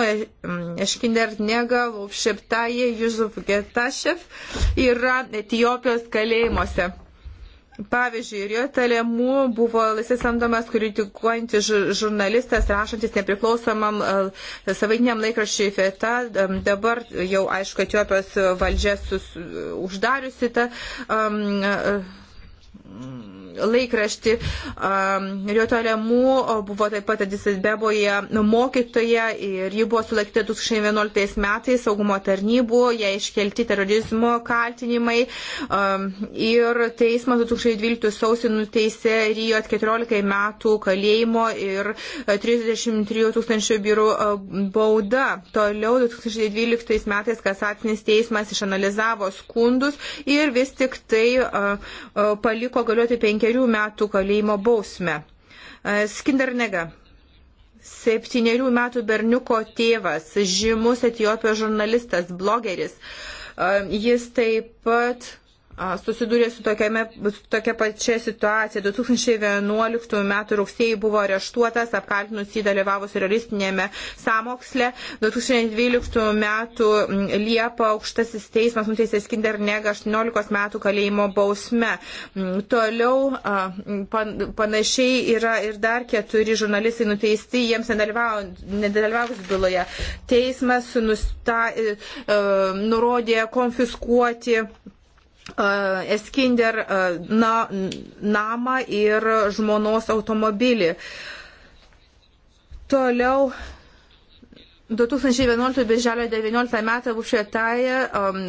Eškinder Nega, Šeptaje, Jusuf Getašev yra Etijopijos kalėjimuose. Pavyzdžiui, ir jo telemu buvo laisvai samdomas kritikuojantis žurnalistas, rašantis nepriklausomam e, savaitiniam laikraščiai Feta. Dabar jau, aišku, Etiopijos valdžia sus, uždariusi tą. Um, um, laikraštį. Rioto Remu buvo taip pat Adisas Beboje mokytoja ir ji buvo sulaikyta 2011 metais saugumo tarnybų, jai iškelti terorizmo kaltinimai ir teismas 2012 sausį nuteisė Rijot 14 metų kalėjimo ir 33 tūkstančių biurų bauda. Toliau 2012 metais kasacinis teismas išanalizavo skundus ir vis tik tai paliko galioti 5 penkerių metų kalėjimo bausmę. E, Skindernega, septyniarių metų berniuko tėvas, žymus Etijopijos žurnalistas, blogeris. E, jis taip pat susidūrė su, tokiame, su tokia pačia situacija. 2011 m. rugsėjai buvo areštuotas, apkaltinus jį dalyvavus realistinėme samoksle. 2012 m. Liepa aukštasis teismas nuteisė Skindernegą 18 metų kalėjimo bausme. Toliau panašiai yra ir dar keturi žurnalistai nuteisti, jiems nedalyvavus byloje. Teismas nusta, e, e, nurodė konfiskuoti Eskinder na, namą ir žmonos automobilį. Toliau 2011 birželio 19 metą Bušėtaje um,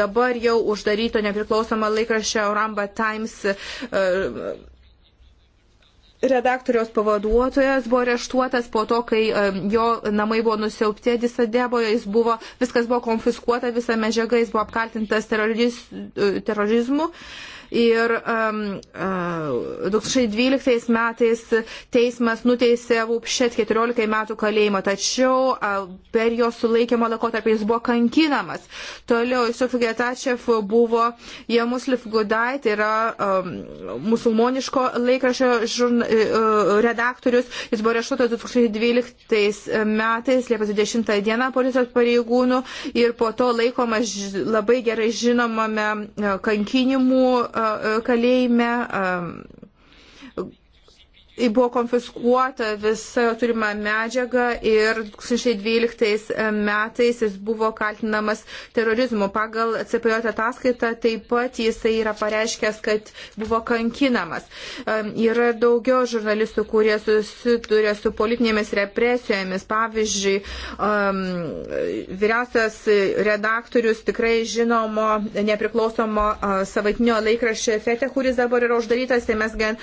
dabar jau uždaryto nepriklausomą laikraščio Ramba Times uh, redaktoriaus pavaduotojas buvo areštuotas po to, kai e, jo namai buvo nusiaupti Adisabeboje, jis buvo, viskas buvo konfiskuota, visa medžiaga, jis buvo apkaltintas teroriz, e, terorizmu. Uh, Ir um, uh, 2012 metais teismas nuteisė Vupšet 14 metų kalėjimo, tačiau uh, per jo sulaikymo laikotarpį jis buvo kankinamas. Toliau Isuf Getačev buvo Jamuslif Gudait, tai yra um, musulmoniško laikrašio žurn, uh, redaktorius. Jis buvo areštuotas 2012 metais, Liepos 20 dieną policijos pareigūnų ir po to laikomas labai gerai žinomame e, kankinimų kalėjime buvo konfiskuota visa turima medžiaga ir 2012 e, metais jis buvo kaltinamas terorizmu. Pagal CPJ ataskaitą taip pat jisai yra pareiškęs, kad buvo kankinamas. E, yra daugiau žurnalistų, kurie susiduria su politinėmis represijomis. Pavyzdžiui, e, vyriausias redaktorius tikrai žinomo nepriklausomo savaitinio laikraščio Fete, kuris dabar yra uždarytas, tai mes gan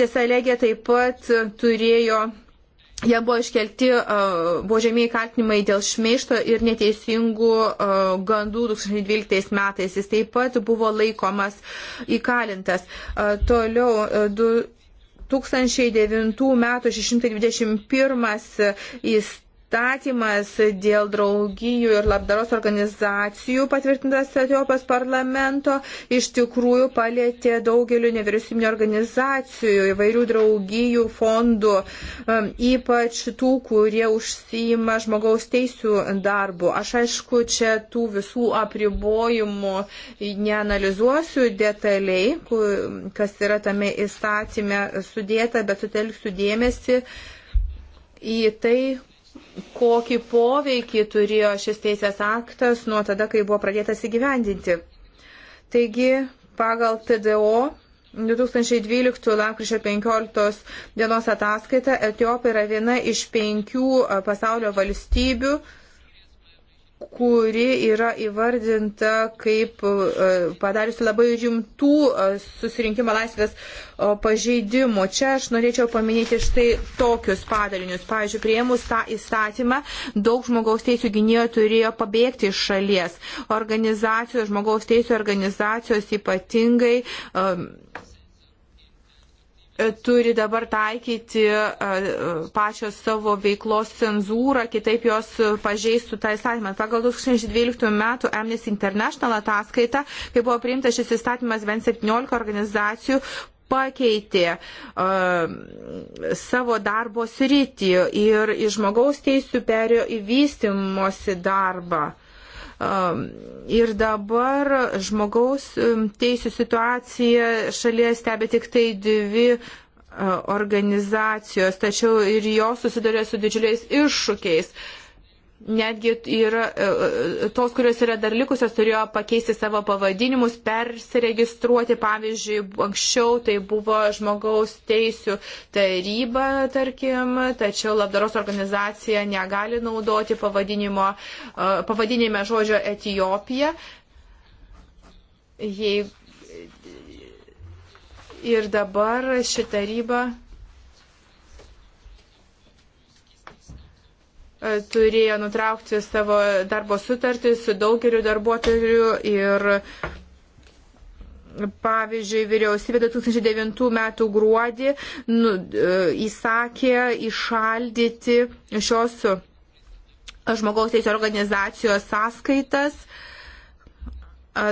Desalegė taip pat turėjo jie buvo iškelti uh, baudžiamieji kaltinimai dėl šmeišto ir neteisingų uh, gandų 2012 metais. Jis taip pat buvo laikomas įkalintas. Uh, toliau uh, du, 2009 m. 621 įstatymas įstatymas dėl draugijų ir labdaros organizacijų patvirtintas Etiopijos parlamento iš tikrųjų palėtė daugeliu nevyriausybinio organizacijų, įvairių draugijų, fondų, um, ypač tų, kurie užsijima žmogaus teisų darbu. Aš aišku, čia tų visų apribojimų neanalizuosiu detaliai, kas yra tame įstatyme sudėta, bet sutelksiu dėmesį į tai, kokį poveikį turėjo šis teisės aktas nuo tada, kai buvo pradėtas įgyvendinti. Taigi, pagal TDO 2012 lakryčio 15 dienos ataskaita Etiopija yra viena iš penkių pasaulio valstybių, kuri yra įvardinta kaip e, padariusi labai žimtų e, susirinkimo laisvės e, pažeidimų. Čia aš norėčiau paminėti štai tokius padarinius. Pavyzdžiui, prieimus tą įstatymą, daug žmogaus teisų gynėjo turėjo pabėgti iš šalies. Organizacijos, žmogaus teisų organizacijos ypatingai um, turi dabar taikyti e, pačios savo veiklos cenzūrą, kitaip jos pažeistų tą įstatymą. Pagal 2012 metų Amnesty International ataskaitą, kai buvo priimta šis įstatymas, bent 17 organizacijų pakeitė uh, savo darbo sritį ir iš žmogaus teisų perėjo į vystimosi darbą. Uh, Ir dabar žmogaus teisų situacija šalyje stebi tik tai dvi e, organizacijos, tačiau ir jos susiduria su didžiuliais iššūkiais netgi yra, e, e, tos, kurios yra dar likusios, turėjo pakeisti savo pavadinimus, persiregistruoti, pavyzdžiui, anksčiau tai buvo žmogaus teisų taryba, tarkim, tačiau labdaros organizacija negali naudoti e, pavadinime žodžio Etijopija. Jei, ir dabar ši taryba E, turėjo nutraukti savo darbo sutartį su daugeliu darbuotojų ir Pavyzdžiui, vyriausybė 2009 m. gruodį nu, e, įsakė įšaldyti šios žmogaus teisų organizacijos sąskaitas uh,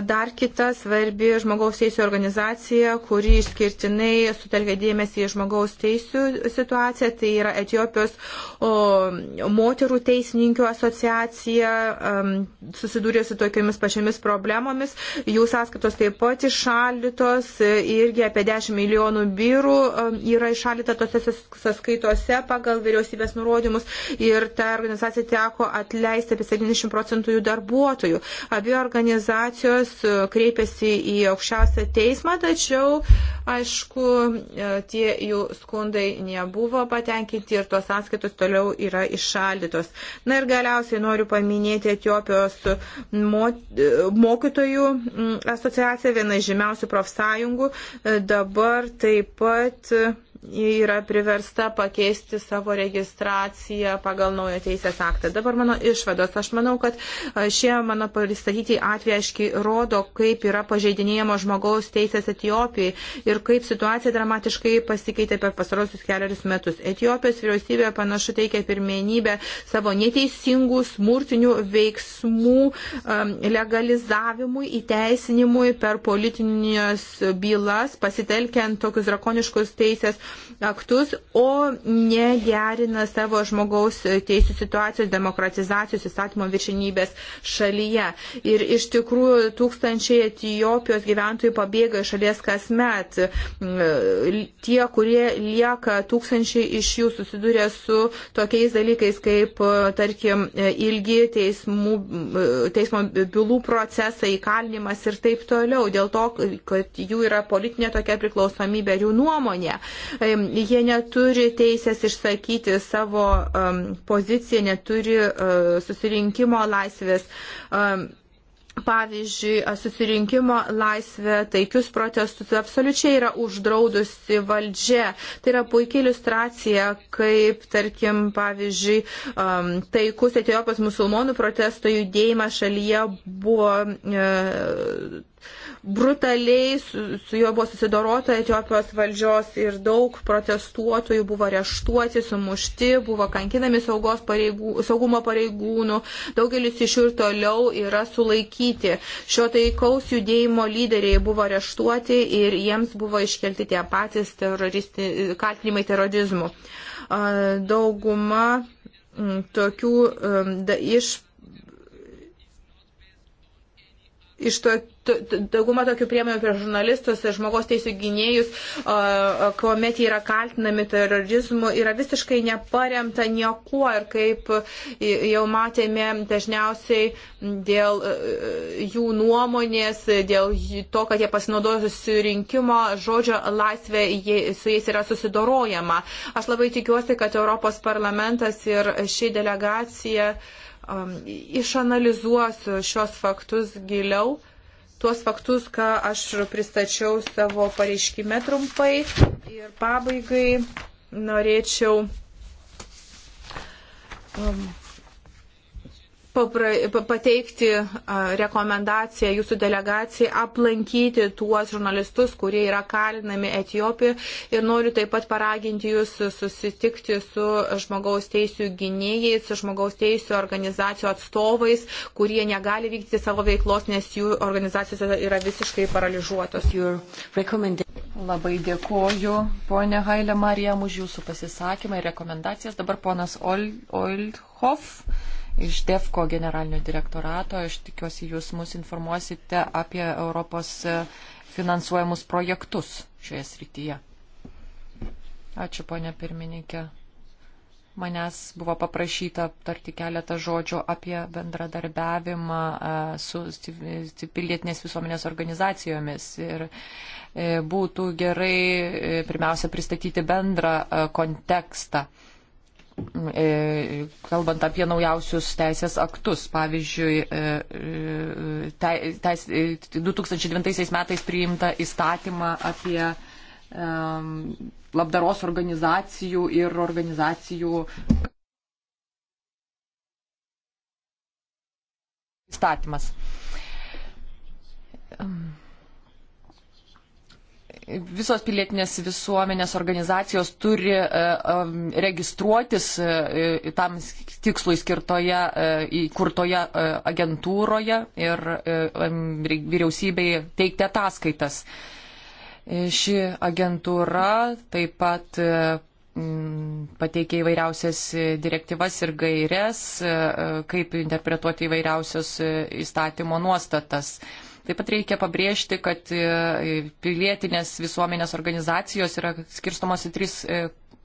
Dar kita svarbi žmogaus teisų organizacija, kuri išskirtinai sutelkia dėmesį į žmogaus teisų situaciją, tai yra Etijopijos o, moterų teisininkų asociacija, um, susidūrė su tokiamis pačiamis problemomis. Jų sąskaitos taip pat iššaldytos, e, irgi apie 10 milijonų birų um, yra iššaldyta tose sąskaitose pagal vyriausybės nurodymus ir ta organizacija teko atleisti apie 70 procentų jų darbuotojų. Abi organizacijos kurios e, kreipiasi į aukščiausią teismą, tačiau, aišku, e, tie jų skundai nebuvo patenkinti ir tos sąskaitos toliau yra iššaldytos. Na ir galiausiai noriu paminėti Etiopijos mo e, mokytojų asociaciją, viena žymiausių profsąjungų. Dabar taip pat yra priversta pakeisti savo registraciją pagal naują teisės aktą. Dabar mano išvados. Aš manau, kad e, šie mano pristatyti atvejai aiškiai rodo, kaip yra pažeidinėjama žmogaus teisės Etijopijai ir kaip situacija dramatiškai pasikeitė per pasarosius keliarius metus. Etijopijos vyriausybė panašu teikia pirmenybę savo neteisingų smurtinių veiksmų um, legalizavimui, įteisinimui per politinės bylas, pasitelkiant tokius drakoniškus teisės aktus, o negerina savo žmogaus teisų situacijos, demokratizacijos įstatymo viršinybės šalyje. Ir iš tikrųjų tūkstančiai Etijopijos gyventojų pabėga iš šalies kasmet. Mm, tie, kurie lieka, tūkstančiai iš jų susiduria su tokiais dalykais, kaip, tarkim, ilgi teismų, teismo bylų procesai, įkalinimas ir taip toliau. Dėl to, kad jų yra politinė tokia priklausomybė ir jų nuomonė jie neturi teisės išsakyti savo um, poziciją, neturi uh, susirinkimo laisvės. Um, pavyzdžiui, susirinkimo laisvę, taikius protestus absoliučiai yra uždraudusi valdžia. Tai yra puikiai iliustracija, kaip, tarkim, pavyzdžiui, um, taikus Etijopijos musulmonų protesto judėjimas šalyje buvo. E, brutaliai su, su juo buvo susidorota Etiopijos valdžios ir daug protestuotojų buvo reštuoti, sumušti, buvo kankinami pareigų, saugumo pareigūnų, daugelis iš jų ir toliau yra sulaikyti. Šio taikaus judėjimo lyderiai buvo reštuoti ir jiems buvo iškelti tie patys kaltinimai terorizmu. Dauguma tokių iš iš to, to, dauguma tokių priemonių prieš žurnalistus ir žmogaus teisų gynėjus, kuomet jie yra kaltinami terorizmu, yra visiškai neparemta niekuo ir kaip jau matėme dažniausiai dėl jų nuomonės, dėl to, kad jie pasinaudojo susirinkimo žodžio laisvę, jie, su jais yra susidorojama. Aš labai tikiuosi, kad Europos parlamentas ir ši delegacija uh, um, išanalizuosiu šios faktus giliau, tuos faktus, ką aš pristačiau savo pareiškime trumpai ir pabaigai norėčiau. Um, pateikti rekomendaciją jūsų delegacijai aplankyti tuos žurnalistus, kurie yra kalinami Etijopijoje ir noriu taip pat paraginti jūs susitikti su žmogaus teisų gynėjais, žmogaus teisų organizacijų atstovais, kurie negali vykti savo veiklos, nes jų organizacijos yra visiškai paralyžiuotos. Labai dėkoju, ponė Hailė Marijam, už jūsų pasisakymą ir rekomendacijas. Dabar ponas Oldhoff. Old iš DEFCO generalinio direktorato. Aš tikiuosi, jūs mus informuosite apie Europos e, finansuojamus projektus šioje srityje. Ačiū, ponė pirmininkė. Manęs buvo paprašyta tarti keletą žodžių apie bendradarbiavimą e, su pilietinės visuomenės organizacijomis. Ir e, būtų gerai pirmiausia pristatyti bendrą kontekstą E, kalbant apie naujausius teisės aktus. Pavyzdžiui, e, e, teis, 2009 metais priimta įstatymą apie labdaros organizacijų ir organizacijų įstatymas. Um visos pilietinės visuomenės organizacijos turi e, registruotis e, tam tikslui skirtoje e, įkurtoje agentūroje ir vyriausybei teikti ataskaitas. Ši agentūra taip pat pateikė įvairiausias direktyvas ir gairias, kaip interpretuoti įvairiausias įstatymo nuostatas. Taip pat reikia pabrėžti, kad e, pilietinės visuomenės organizacijos yra skirstomos į tris e,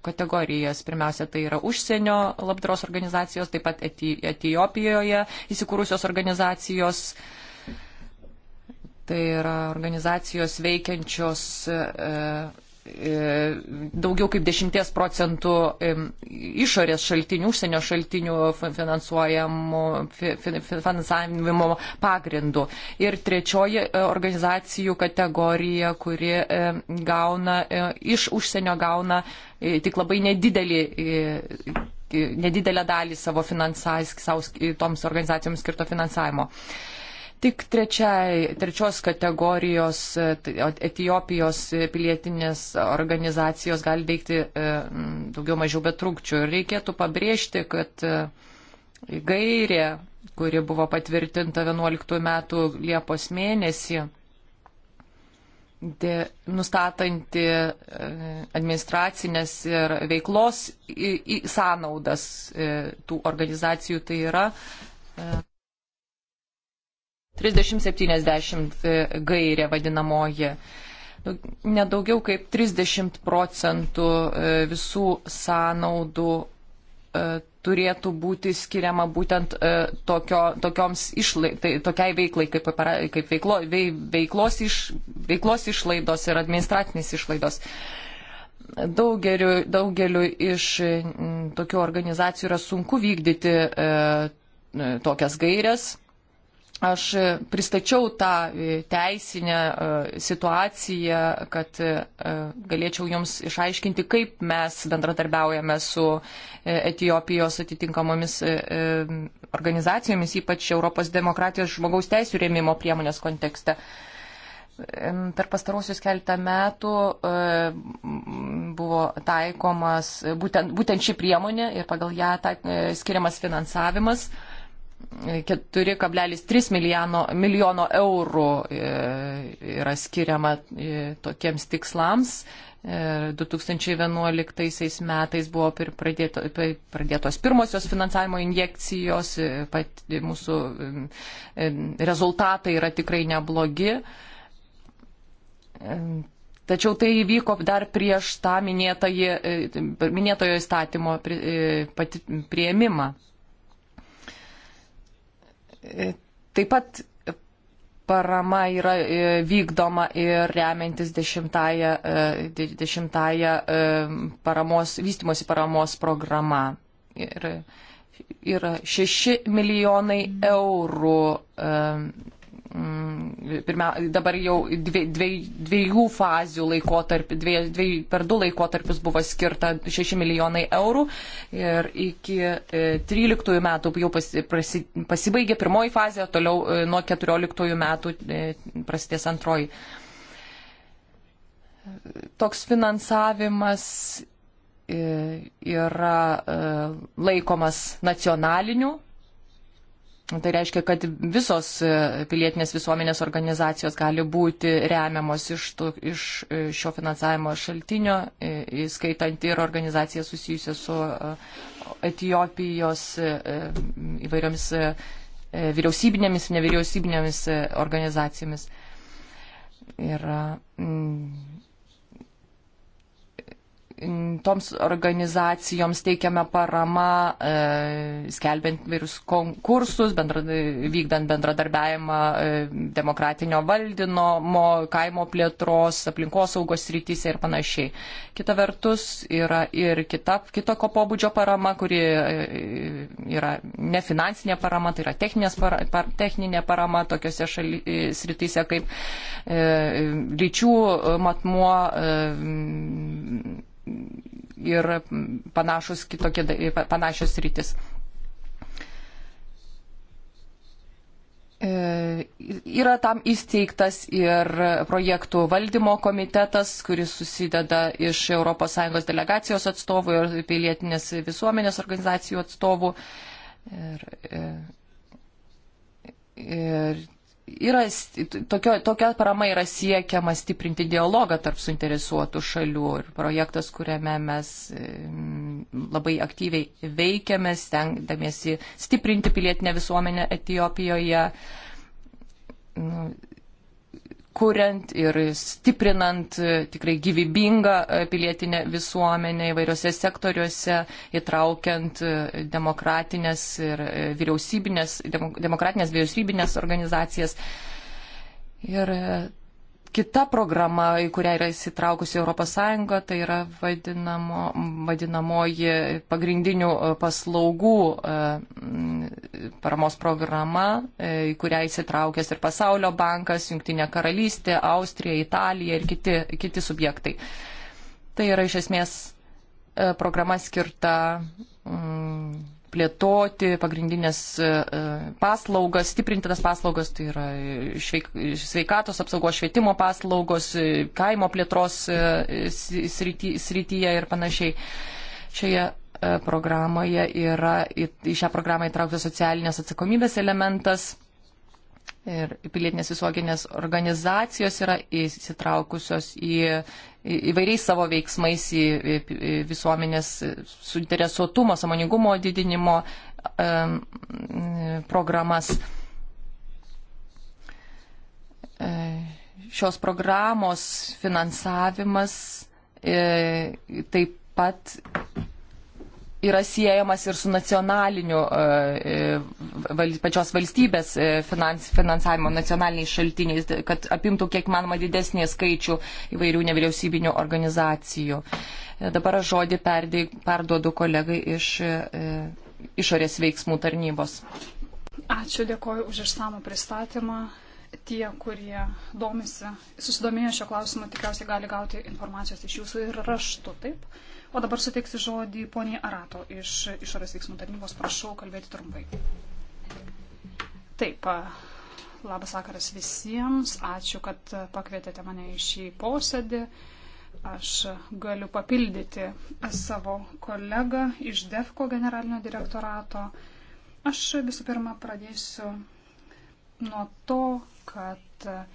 kategorijas. Pirmiausia, tai yra užsienio labdaros organizacijos, taip pat Etijopijoje įsikūrusios organizacijos. Tai yra organizacijos veikiančios. E, E, daugiau kaip 10 procentų e, išorės šaltinių, užsienio šaltinių finansavimo pagrindų. Ir trečioji e, organizacijų kategorija, kuri gauna, iš užsienio gauna tik labai nedidelį nedidelę dalį savo, savo toms organizacijoms skirto finansavimo. Uh, Tik trečiai, trečios kategorijos e, Etijopijos pilietinės organizacijos gali veikti e, daugiau mažiau be trūkčių. Ir reikėtų pabrėžti, kad e, gairė, kuri buvo patvirtinta 11 metų Liepos mėnesį, de, nustatanti administracinės ir veiklos į, į sąnaudas tų organizacijų, tai yra 3070 e, gairė vadinamoji. Nu, nedaugiau kaip 30 procentų e, visų sąnaudų e, turėtų būti skiriama būtent tokio, tokioms išlai, tai, tokiai veiklai, kaip, kaip veiklo, veiklos, iš, veiklos išlaidos ir administratinės išlaidos. Daugeliu, daugeliu iš tokių organizacijų yra sunku vykdyti e, tokias gairias, aš pristačiau tą e, teisinę e, situaciją, kad e, galėčiau jums išaiškinti, kaip mes bendradarbiaujame su Etijopijos atitinkamomis organizacijomis, ypač Europos demokratijos žmogaus teisų rėmimo priemonės kontekste. Per pastarosius keletą metų buvo taikomas būtent, būtent ši priemonė ir pagal ją ta, skiriamas finansavimas 4,3 milijono, milijono eurų e, yra skiriama e, tokiems tikslams. 2011 e, metais buvo pradėto, pradėtos pirmosios finansavimo injekcijos, pat mūsų rezultatai yra tikrai neblogi. Tačiau tai įvyko dar prieš tą minėtojo įstatymo prieimimą. Prie E, taip pat parama yra e, vykdoma ir remiantis dešimtąją, e, dešimtąją paramos, vystimosi paramos programa. Ir yra 6 milijonai eurų Mm, pirmia, dabar jau dvie, dvie, dviejų fazių laikotarpį, dvie, dvie, per du laikotarpius buvo skirta 6 milijonai eurų ir iki 13 e, metų jau pasi, prasi, pasibaigė pirmoji fazė, toliau e, nuo 14 metų e, prasidės antroji. Toks finansavimas yra laikomas nacionaliniu Tai reiškia, kad visos e, pilietinės visuomenės organizacijos gali būti remiamos iš, to, iš e, šio finansavimo šaltinio, e, įskaitant ir organizaciją susijusią su Etijopijos įvairiomis vyriausybinėmis, nevyriausybinėmis organizacijomis. Ir Mm, toms organizacijoms teikiame paramą, e, skelbiant vairius konkursus, bendra, vykdant bendradarbiavimą e, demokratinio valdymo, kaimo plėtros, aplinkosaugos rytise ir panašiai. Kita vertus yra ir kita, kito ko pobūdžio parama, kuri e, yra nefinansinė parama, tai yra para, par, techninė parama tokiuose šali, e, srityse kaip e, lyčių matmuo. E, ir panašus kitokie, panašios rytis. E, yra tam įsteigtas ir projektų valdymo komitetas, kuris susideda iš ES delegacijos atstovų ir pilietinės visuomenės organizacijų atstovų. Ir, e, ir yra, tokio, tokia parama yra siekiama stiprinti dialogą tarp suinteresuotų šalių ir projektas, kuriame mes labai aktyviai veikiame, stengdamiesi stiprinti pilietinę visuomenę Etijopijoje. Nu, kuriant ir stiprinant e, tikrai gyvybingą e, pilietinę visuomenę įvairiose sektoriuose, įtraukiant e, demokratinės ir vyriausybinės, demokratinės vyriausybinės organizacijas. Ir kita programa, į kurią yra įsitraukusi ES, tai yra vadinamo, vadinamoji pagrindinių e, paslaugų e, paramos programa, e, į kurią įsitraukęs ir Pasaulio bankas, Junktinė karalystė, Austrija, Italija ir kiti, kiti subjektai. Tai yra iš esmės programa skirta. Mm, plėtoti pagrindinės e, e, paslaugas, stiprinti tas paslaugas, tai yra sveikatos apsaugos, švietimo paslaugos, e, kaimo plėtros srityje ir panašiai. Šioje programoje yra į šią programą įtrauktas socialinės atsakomybės elementas ir pilietinės visuomenės organizacijos yra įsitraukusios į įvairiais savo veiksmais į visuomenės suinteresuotumo, samoningumo didinimo programas. E, šios programos finansavimas e, taip pat yra siejamas ir su nacionaliniu e, e, val, pačios valstybės e, finans, finansavimo nacionaliniais šaltiniais, kad apimtų kiek manoma didesnį skaičių įvairių nevyriausybinių organizacijų. Dabar žodį perdė, perduodu kolegai iš išorės veiksmų tarnybos. Ačiū, dėkoju už išsamų pristatymą. Tie, kurie domisi, susidomėjo šio klausimo, tikriausiai gali gauti informacijos iš jūsų ir raštu, taip? O dabar suteiksiu žodį poniai Arato iš išorės veiksmų tarnybos. Prašau kalbėti trumpai. Taip, labas vakaras visiems. Ačiū, kad pakvietėte mane į šį posėdį. Aš galiu papildyti savo kolegą iš DEFCO generalinio direktorato. Aš visų pirma pradėsiu nuo to, kad uh,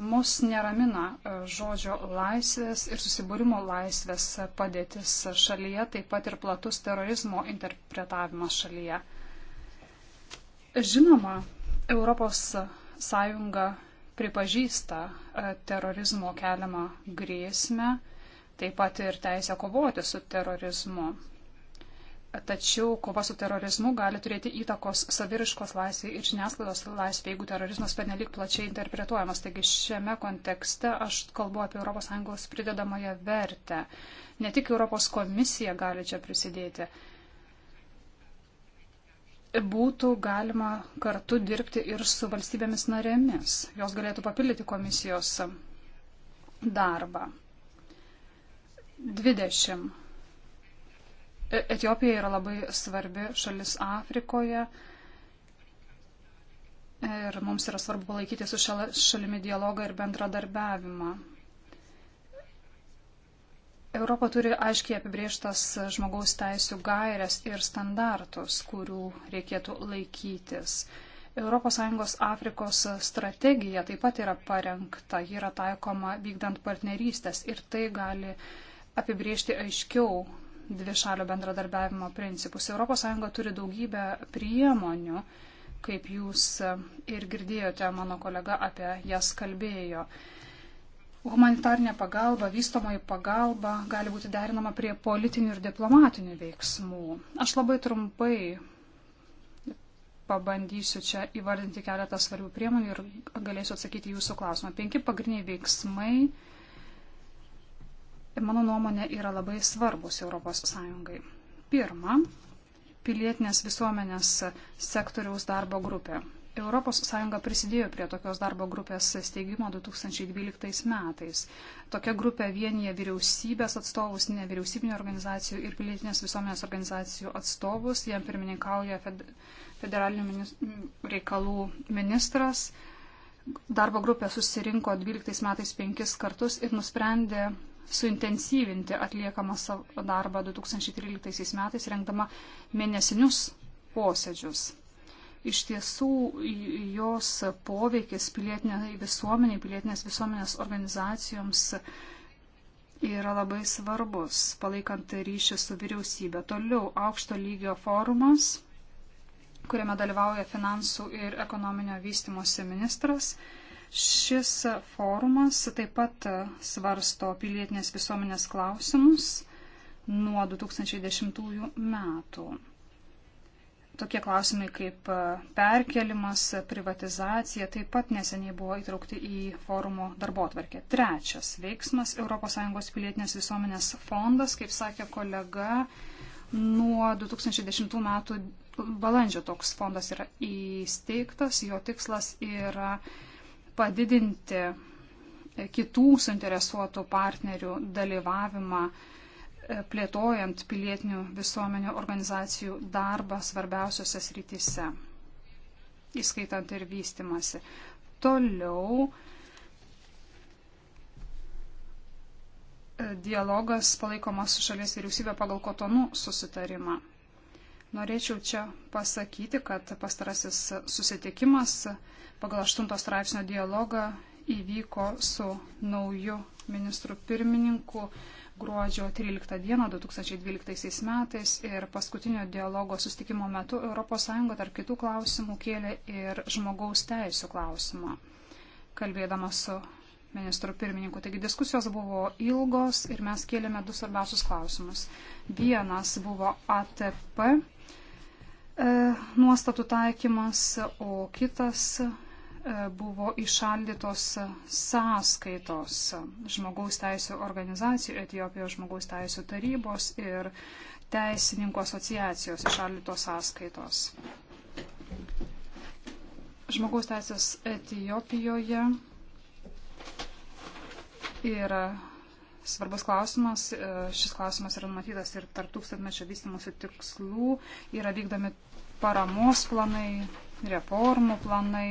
Mus neramina e, žodžio laisvės ir susibūrimo laisvės padėtis šalyje, taip pat ir platus terorizmo interpretavimas šalyje. Žinoma, Europos Sąjunga pripažįsta e, terorizmo keliamą grėsmę, taip pat ir teisę kovoti su terorizmu. Tačiau kova su terorizmu gali turėti įtakos saviriškos laisvė ir žiniasklaidos laisvė, jeigu terorizmas pernelik plačiai interpretuojamas. Taigi šiame kontekste aš kalbu apie ES pridedamąją vertę. Ne tik Europos komisija gali čia prisidėti. Būtų galima kartu dirbti ir su valstybėmis narėmis. Jos galėtų papildyti komisijos darbą. 20 Etijopija yra labai svarbi šalis Afrikoje. Ir mums yra svarbu palaikyti su šalimi dialogą ir bendradarbiavimą. Europa turi aiškiai apibrieštas žmogaus teisų gairias ir standartus, kurių reikėtų laikytis. ES Afrikos strategija taip pat yra parengta, ji yra taikoma vykdant partnerystės ir tai gali apibriežti aiškiau dvišalio bendradarbiavimo principus. ES turi daugybę priemonių, kaip jūs ir girdėjote, mano kolega apie jas kalbėjo. Humanitarinė pagalba, vystomoji pagalba gali būti derinama prie politinių ir diplomatinių veiksmų. Aš labai trumpai pabandysiu čia įvardinti keletą svarbių priemonių ir galėsiu atsakyti jūsų klausimą. Penki pagrindiniai veiksmai mano nuomonė, yra labai svarbus ES. Pirma, pilietinės visuomenės sektoriaus darbo grupė. ES prisidėjo prie tokios darbo grupės steigimo 2012 metais. Tokia grupė vienyje vyriausybės atstovus, nevyriausybinio organizacijų ir pilietinės visuomenės organizacijų atstovus. Jam pirmininkauja federalinių reikalų ministras. Darbo grupė susirinko 12 metais penkis kartus ir nusprendė suintensyvinti atliekamą darbą 2013 metais, rengdama mėnesinius posėdžius. Iš tiesų, jos poveikis pilietiniai visuomeniai, pilietinės visuomenės organizacijoms yra labai svarbus, palaikant ryšį su vyriausybė. Toliau aukšto lygio forumas, kuriame dalyvauja finansų ir ekonominio vystimosi ministras Šis forumas taip pat svarsto pilietinės visuomenės klausimus nuo 2010 metų. Tokie klausimai kaip perkelimas, privatizacija taip pat neseniai buvo įtraukti į forumo darbo atvarkę. Trečias veiksmas - ES pilietinės visuomenės fondas, kaip sakė kolega, nuo 2010 metų balandžio toks fondas yra įsteigtas, jo tikslas yra padidinti kitų suinteresuotų partnerių dalyvavimą e, plėtojant pilietinių visuomenių organizacijų darbą svarbiausiose srityse, įskaitant ir vystimasi. Toliau e, dialogas palaikomas su šalies vyriausybė pagal kotonų susitarimą. Norėčiau čia pasakyti, kad pastarasis susitikimas pagal 8 straipsnio dialogą įvyko su nauju ministru pirmininku gruodžio 13 dieną 2012 metais ir paskutinio dialogo sustikimo metu ES tarp kitų klausimų kėlė ir žmogaus teisų klausimą. Kalbėdama su ministru pirmininku. Taigi diskusijos buvo ilgos ir mes kėlėme du svarbiausius klausimus. Vienas buvo ATP e, nuostatų taikymas, o kitas E, buvo išaldytos sąskaitos žmogaus teisų organizacijų, Etijopijos žmogaus teisų tarybos ir teisininkų asociacijos išaldytos sąskaitos. Žmogaus teisės Etijopijoje yra svarbus klausimas. E, šis klausimas yra numatytas ir tarp tūkstantmečio vystimusių tikslų. Yra vykdomi paramos planai, reformų planai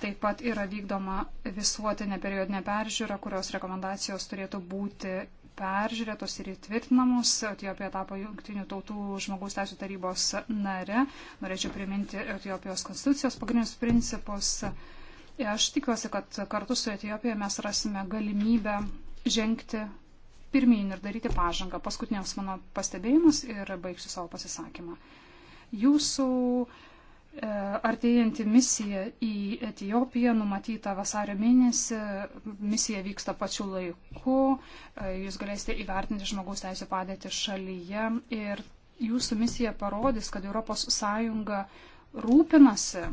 Taip pat yra vykdoma visuotinė periodinė peržiūra, kurios rekomendacijos turėtų būti peržiūrėtos ir įtvirtinamos. Etiopija tapo Junktinių tautų žmogaus teisų tarybos nare. Norėčiau priminti Etiopijos konstitucijos pagrindinius principus. Aš tikiuosi, kad kartu su Etiopija mes rasime galimybę žengti pirmyn ir daryti pažangą. Paskutiniams mano pastebėjimas ir baigsiu savo pasisakymą. Jūsų uh, E, artėjanti misija į Etijopiją numatyta vasario mėnesį. Misija vyksta pačiu laiku. E, jūs galėsite įvertinti žmogaus teisų padėtį šalyje. Ir jūsų misija parodys, kad ES rūpinasi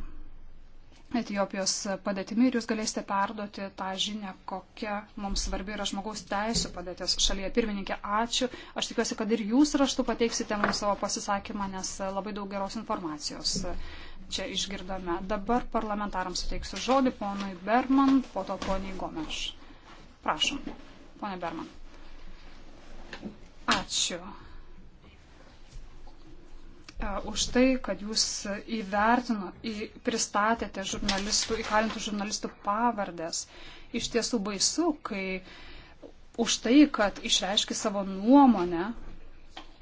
Etijopijos padėtimi ir jūs galėsite perduoti tą žinę, kokia mums svarbi yra žmogaus teisų padėtis šalyje. Pirmininkė, ačiū. Aš tikiuosi, kad ir jūs raštu pateiksite mums savo pasisakymą, nes labai daug geros informacijos. Mhm čia išgirdome. Dabar parlamentarams suteiksiu žodį ponui Berman, po to poniai Gomeš. Prašom, ponė Berman. Ačiū e, už tai, kad jūs įvertino, į, pristatėte žurnalistų, įkalintų žurnalistų pavardės. Iš tiesų baisu, kai už tai, kad išreiški savo nuomonę,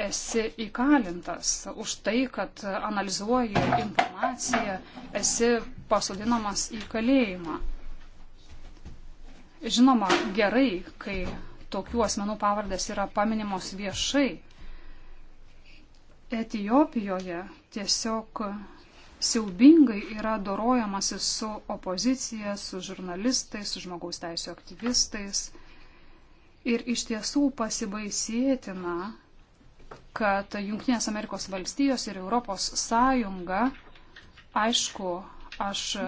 esi įkalintas už tai, kad analizuoji informaciją, esi pasodinamas į kalėjimą. Žinoma, gerai, kai tokių asmenų pavardės yra paminimos viešai. Etijopijoje tiesiog siaubingai yra dorojamasi su opozicija, su žurnalistais, su žmogaus teisų aktyvistais. Ir iš tiesų pasibaisėtina, kad Junktinės Amerikos valstijos ir Europos Sąjunga, aišku, aš e,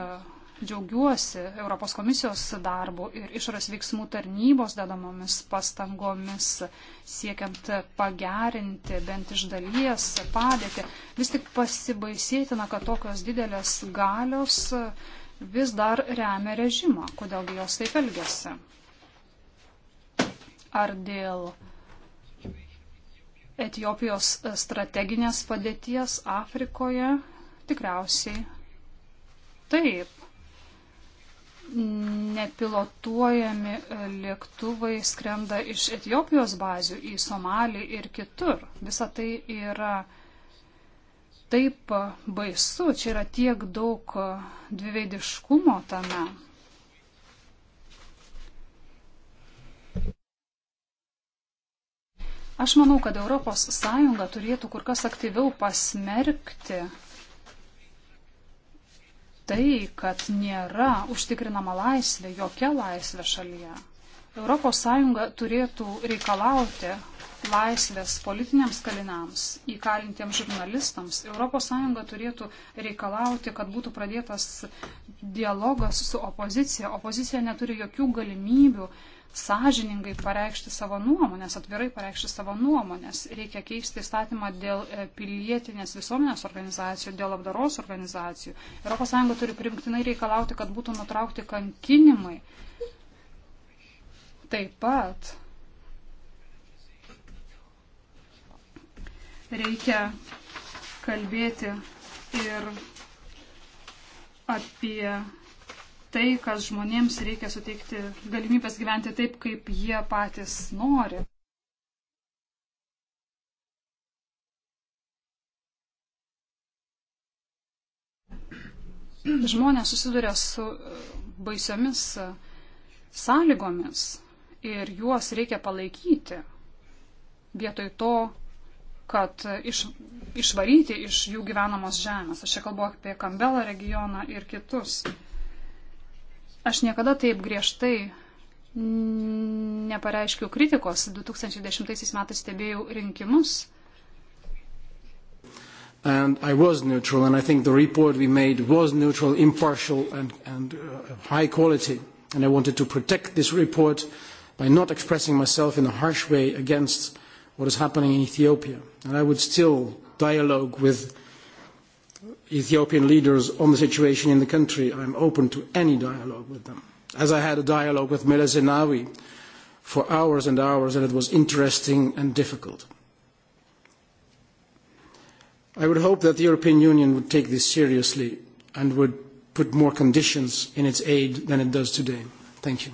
džiaugiuosi Europos komisijos darbu ir išras veiksmų tarnybos dedamomis pastangomis siekiant pagerinti bent iš dalies padėtį. Vis tik pasibaisėtina, kad tokios didelės galios e, vis dar remia režimą. Kodėlgi jos taip elgesi? Ar dėl Etijopijos strateginės padėties Afrikoje? Tikriausiai taip. Nepilotuojami lėktuvai skrenda iš Etijopijos bazių į Somalį ir kitur. Visa tai yra taip baisu, čia yra tiek daug dviveidiškumo tame. Aš manau, kad ES turėtų kur kas aktyviau pasmerkti tai, kad nėra užtikrinama laisvė, jokia laisvė šalyje. ES turėtų reikalauti laisvės politiniams kaliniams, įkalintiems žurnalistams. ES turėtų reikalauti, kad būtų pradėtas dialogas su opozicija. Opozicija neturi jokių galimybių uh, sąžiningai pareikšti savo nuomonės, atvirai pareikšti savo nuomonės. Reikia keisti įstatymą dėl e, pilietinės visuomenės organizacijų, dėl apdaros organizacijų. ES turi primtinai reikalauti, kad būtų nutraukti kankinimai. Taip pat reikia kalbėti ir apie tai, kas žmonėms reikia suteikti galimybės gyventi taip, kaip jie patys nori. Žmonės susiduria su baisiomis sąlygomis ir juos reikia palaikyti. Vietoj to, kad iš, išvaryti iš jų gyvenamos žemės. Aš čia kalbu apie Kambelą regioną ir kitus. Aš niekada taip griežtai nepareiškiau kritikos. 2010 metais stebėjau rinkimus. And I was neutral, and I think the report we made was neutral, impartial, and, and uh, high quality. And I wanted to protect this report by not expressing myself in a harsh way against what is happening in Ethiopia. And I would still dialogue with uh, Ethiopian leaders on the situation in the country. I'm open to any dialogue with them. As I had a dialogue with Mele Zenawi for hours and hours, and it was interesting and difficult. I would hope that the European Union would take this seriously and would put more conditions in its aid than it does today. Thank you.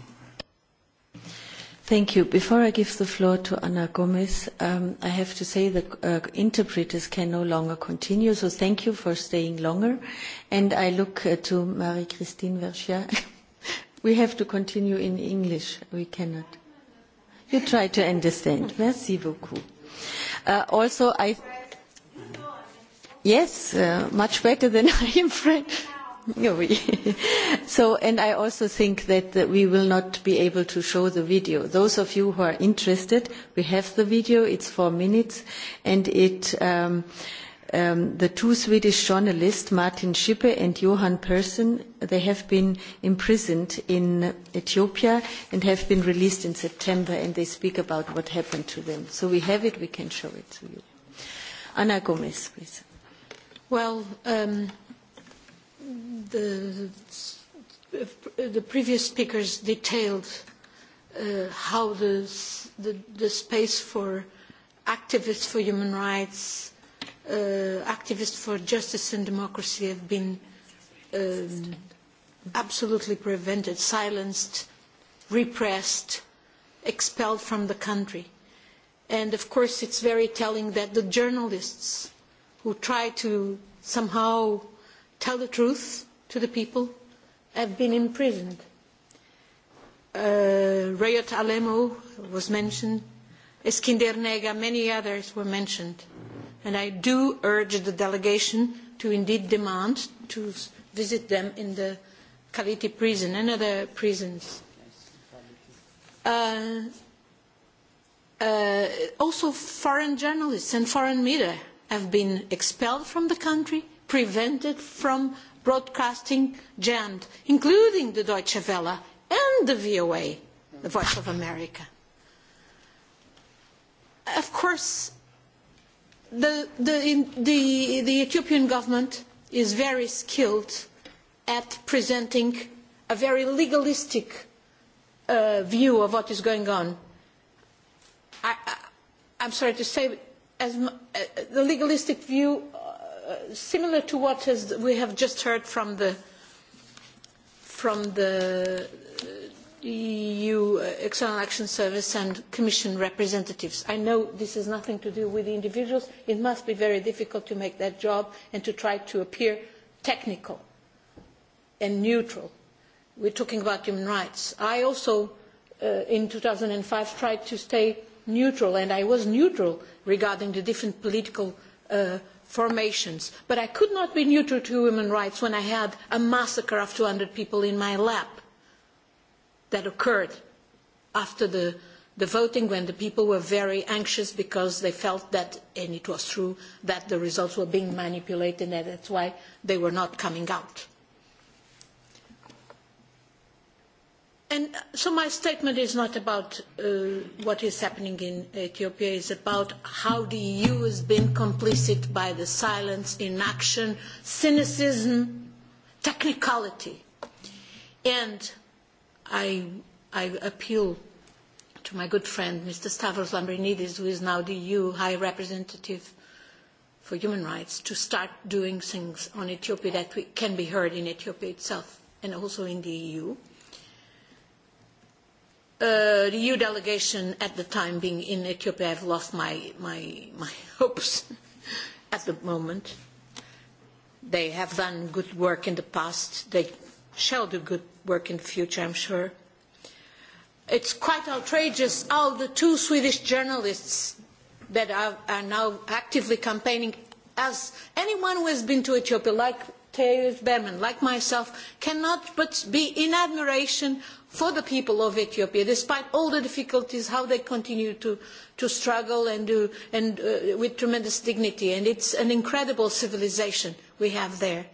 Thank you. Before I give the floor to Ana Gomez, um, I have to say that uh, interpreters can no longer continue, so thank you for staying longer. And I look uh, to Marie-Christine Vergia. we have to continue in English. We cannot. You try to understand. Merci beaucoup. Uh, also, I... Yes, uh, much better than I am French. oui. so, and I also think that, that uh, we will not be able to show the video. Those of you who are interested, we have the video. It's four minutes, and it. Um, um, the two Swedish journalists, Martin Schippe and Johan Persson, they have been imprisoned in Ethiopia and have been released in September, and they speak about what happened to them. So we have it, we can show it to you. Ana Gomez, please. Well, um, the, the previous speakers detailed uh, how the, the, the space for activists for human rights, uh, activists for justice and democracy have been um, absolutely prevented, silenced, repressed, expelled from the country. And of course it's very telling that the journalists who try to somehow tell the truth to the people, have been imprisoned. Uh, Rayot Alemo was mentioned, Eskinder Nega, many others were mentioned. And I do urge the delegation to indeed demand to visit them in the Kaliti prison and other prisons. Uh, uh, also, foreign journalists and foreign media have been expelled from the country prevented from broadcasting jammed, including the Deutsche Welle and the VOA, the Voice of America. Of course, the, the, in, the, the Ethiopian government is very skilled at presenting a very legalistic uh, view of what is going on. I, I, I'm sorry to say, as, uh, the legalistic view similar to what has, we have just heard from the from the EU uh, External Action Service and Commission representatives. I know this has nothing to do with the individuals. It must be very difficult to make that job and to try to appear technical and neutral. We're talking about human rights. I also, uh, in 2005, tried to stay neutral, and I was neutral regarding the different political uh, formations. But I could not be neutral to human rights when I had a massacre of 200 people in my lap that occurred after the, the voting when the people were very anxious because they felt that, and it was true, that the results were being manipulated and that's why they were not coming out. And uh, so my statement is not about uh, what is happening in Ethiopia, it's about how the EU has been complicit by the silence, inaction, cynicism, technicality. And I, I appeal to my good friend, Mr. Stavros Lambrinidis, who is now the EU High Representative for Human Rights, to start doing things on Ethiopia that we, can be heard in Ethiopia itself and also in the EU. Uh, uh, the EU delegation at the time being in Ethiopia, I've lost my, my, my hopes at the moment. They have done good work in the past. They shall do good work in the future, I'm sure. It's quite outrageous how the two Swedish journalists that are, are now actively campaigning, as anyone who has been to Ethiopia, like Teres Berman, like myself, cannot but be in admiration for the people of Ethiopia, despite all the difficulties, how they continue to, to struggle and, do, and uh, with tremendous dignity. And it's an incredible civilization we have there.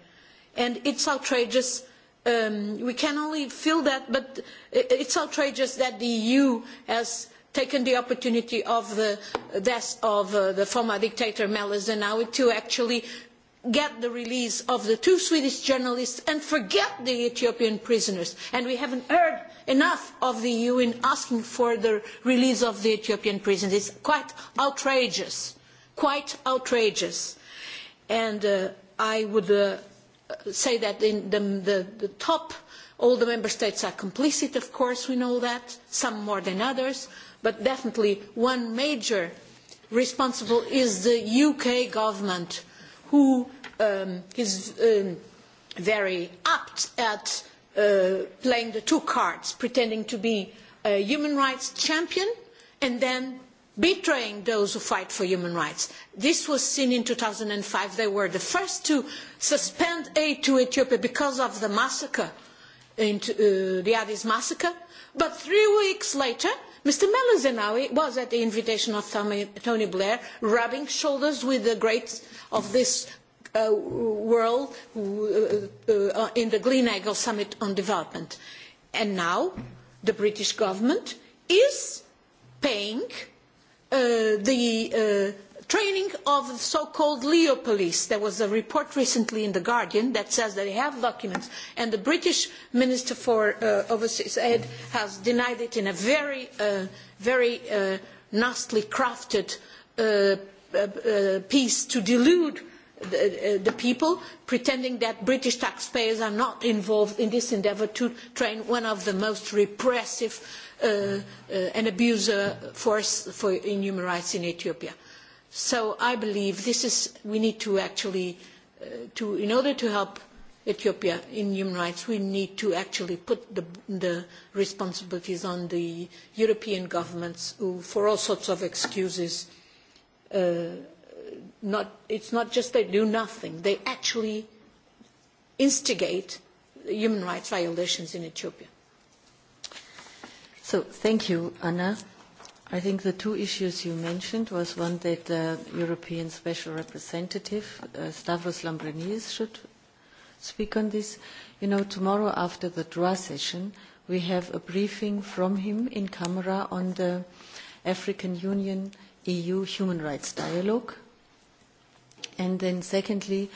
And it's outrageous. Um, we can only feel that, but it's outrageous that the EU has taken the opportunity of the death of uh, the former dictator Meles Zenawi to actually get the release of the two Swedish journalists and forget the Ethiopian prisoners. And we haven't heard enough of the EU in asking for the release of the Ethiopian prisoners. It's quite outrageous, quite outrageous. And uh, I would uh, say that in the, the, the top, all the member states are complicit, of course, we know that, some more than others, but definitely one major responsible is the UK government who um, is um, very apt at uh, playing the two cards, pretending to be a human rights champion and then betraying those who fight for human rights. This was seen in 2005. They were the first to suspend aid to Ethiopia because of the massacre, into, uh, the Addis massacre. But three weeks later, Mr. Melanzenawi was at the invitation of Tony Blair rubbing shoulders with the greats of this uh, world uh, uh, in the Glenagle Summit on Development. And now the British government is paying uh, the uh, training of the so-called Leo police. There was a report recently in The Guardian that says that they have documents, and the British Minister for uh, Overseas Aid has denied it in a very, uh, very uh, nastily crafted uh, uh, uh, piece to delude the, uh, the people, pretending that British taxpayers are not involved in this endeavour to train one of the most repressive uh, uh, and abuser force for, in human rights in Ethiopia. Uh, So I believe this is, we need to actually, uh, to, in order to help Ethiopia in human rights, we need to actually put the, the responsibilities on the European governments who, for all sorts of excuses, uh, not, it's not just they do nothing, they actually instigate human rights violations in Ethiopia. So thank you, Anna. I think the two issues you mentioned was one that the uh, European Special Representative, uh, Stavros Lambrinidis, should speak on this. You know, tomorrow after the DRA session, we have a briefing from him in camera on the African Union EU Human Rights Dialogue. And then secondly, uh,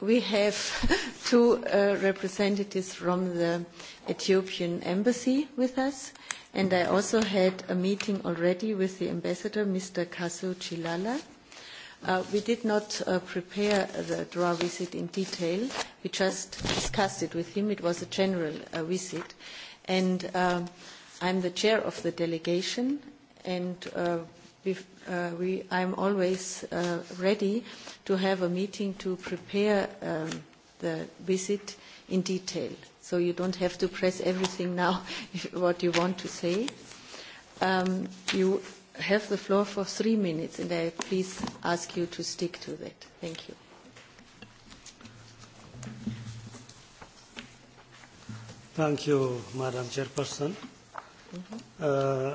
we have two uh, representatives from the Ethiopian embassy with us, and I also had a meeting already with the ambassador, Mr. Kasu Chilala. Uh, we did not uh, prepare the Dra visit in detail. We just discussed it with him. It was a general uh, visit. And um, I'm the chair of the delegation, and uh, uh, we, I'm always uh, ready to have a meeting to prepare um, the visit in detail. So you don't have to press everything now, what you want to say. Um, you have the floor for three minutes, and I please ask you to stick to that. Thank you. Thank you, Madam Chairperson. Mm-hmm. Uh,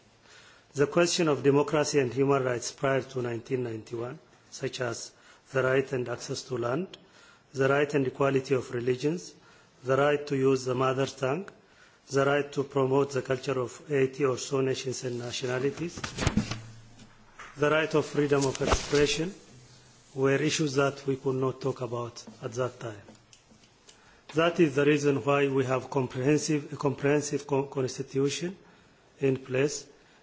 the question of democracy and human rights prior to 1991, such as the right and access to land, the right and equality of religions, the right to use the mother tongue, the right to promote the culture of 80 or so nations and nationalities, the right of freedom of expression, were issues that we could not talk about at that time. That is the reason why we have comprehensive, a comprehensive co constitution in place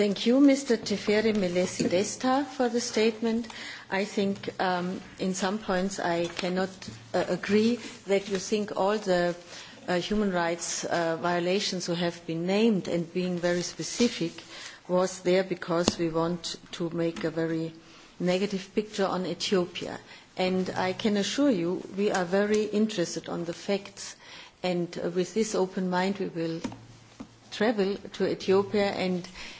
Thank you, Mr. Teferi Melesi Desta, for the statement. I think um, in some points I cannot uh, agree that you think all the uh, human rights uh, violations who have been named and being very specific was there because we want to make a very negative picture on Ethiopia. And I can assure you we are very interested on the facts and uh, with this open mind we will travel to Ethiopia and uh,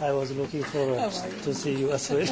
I was looking forward to see you as well.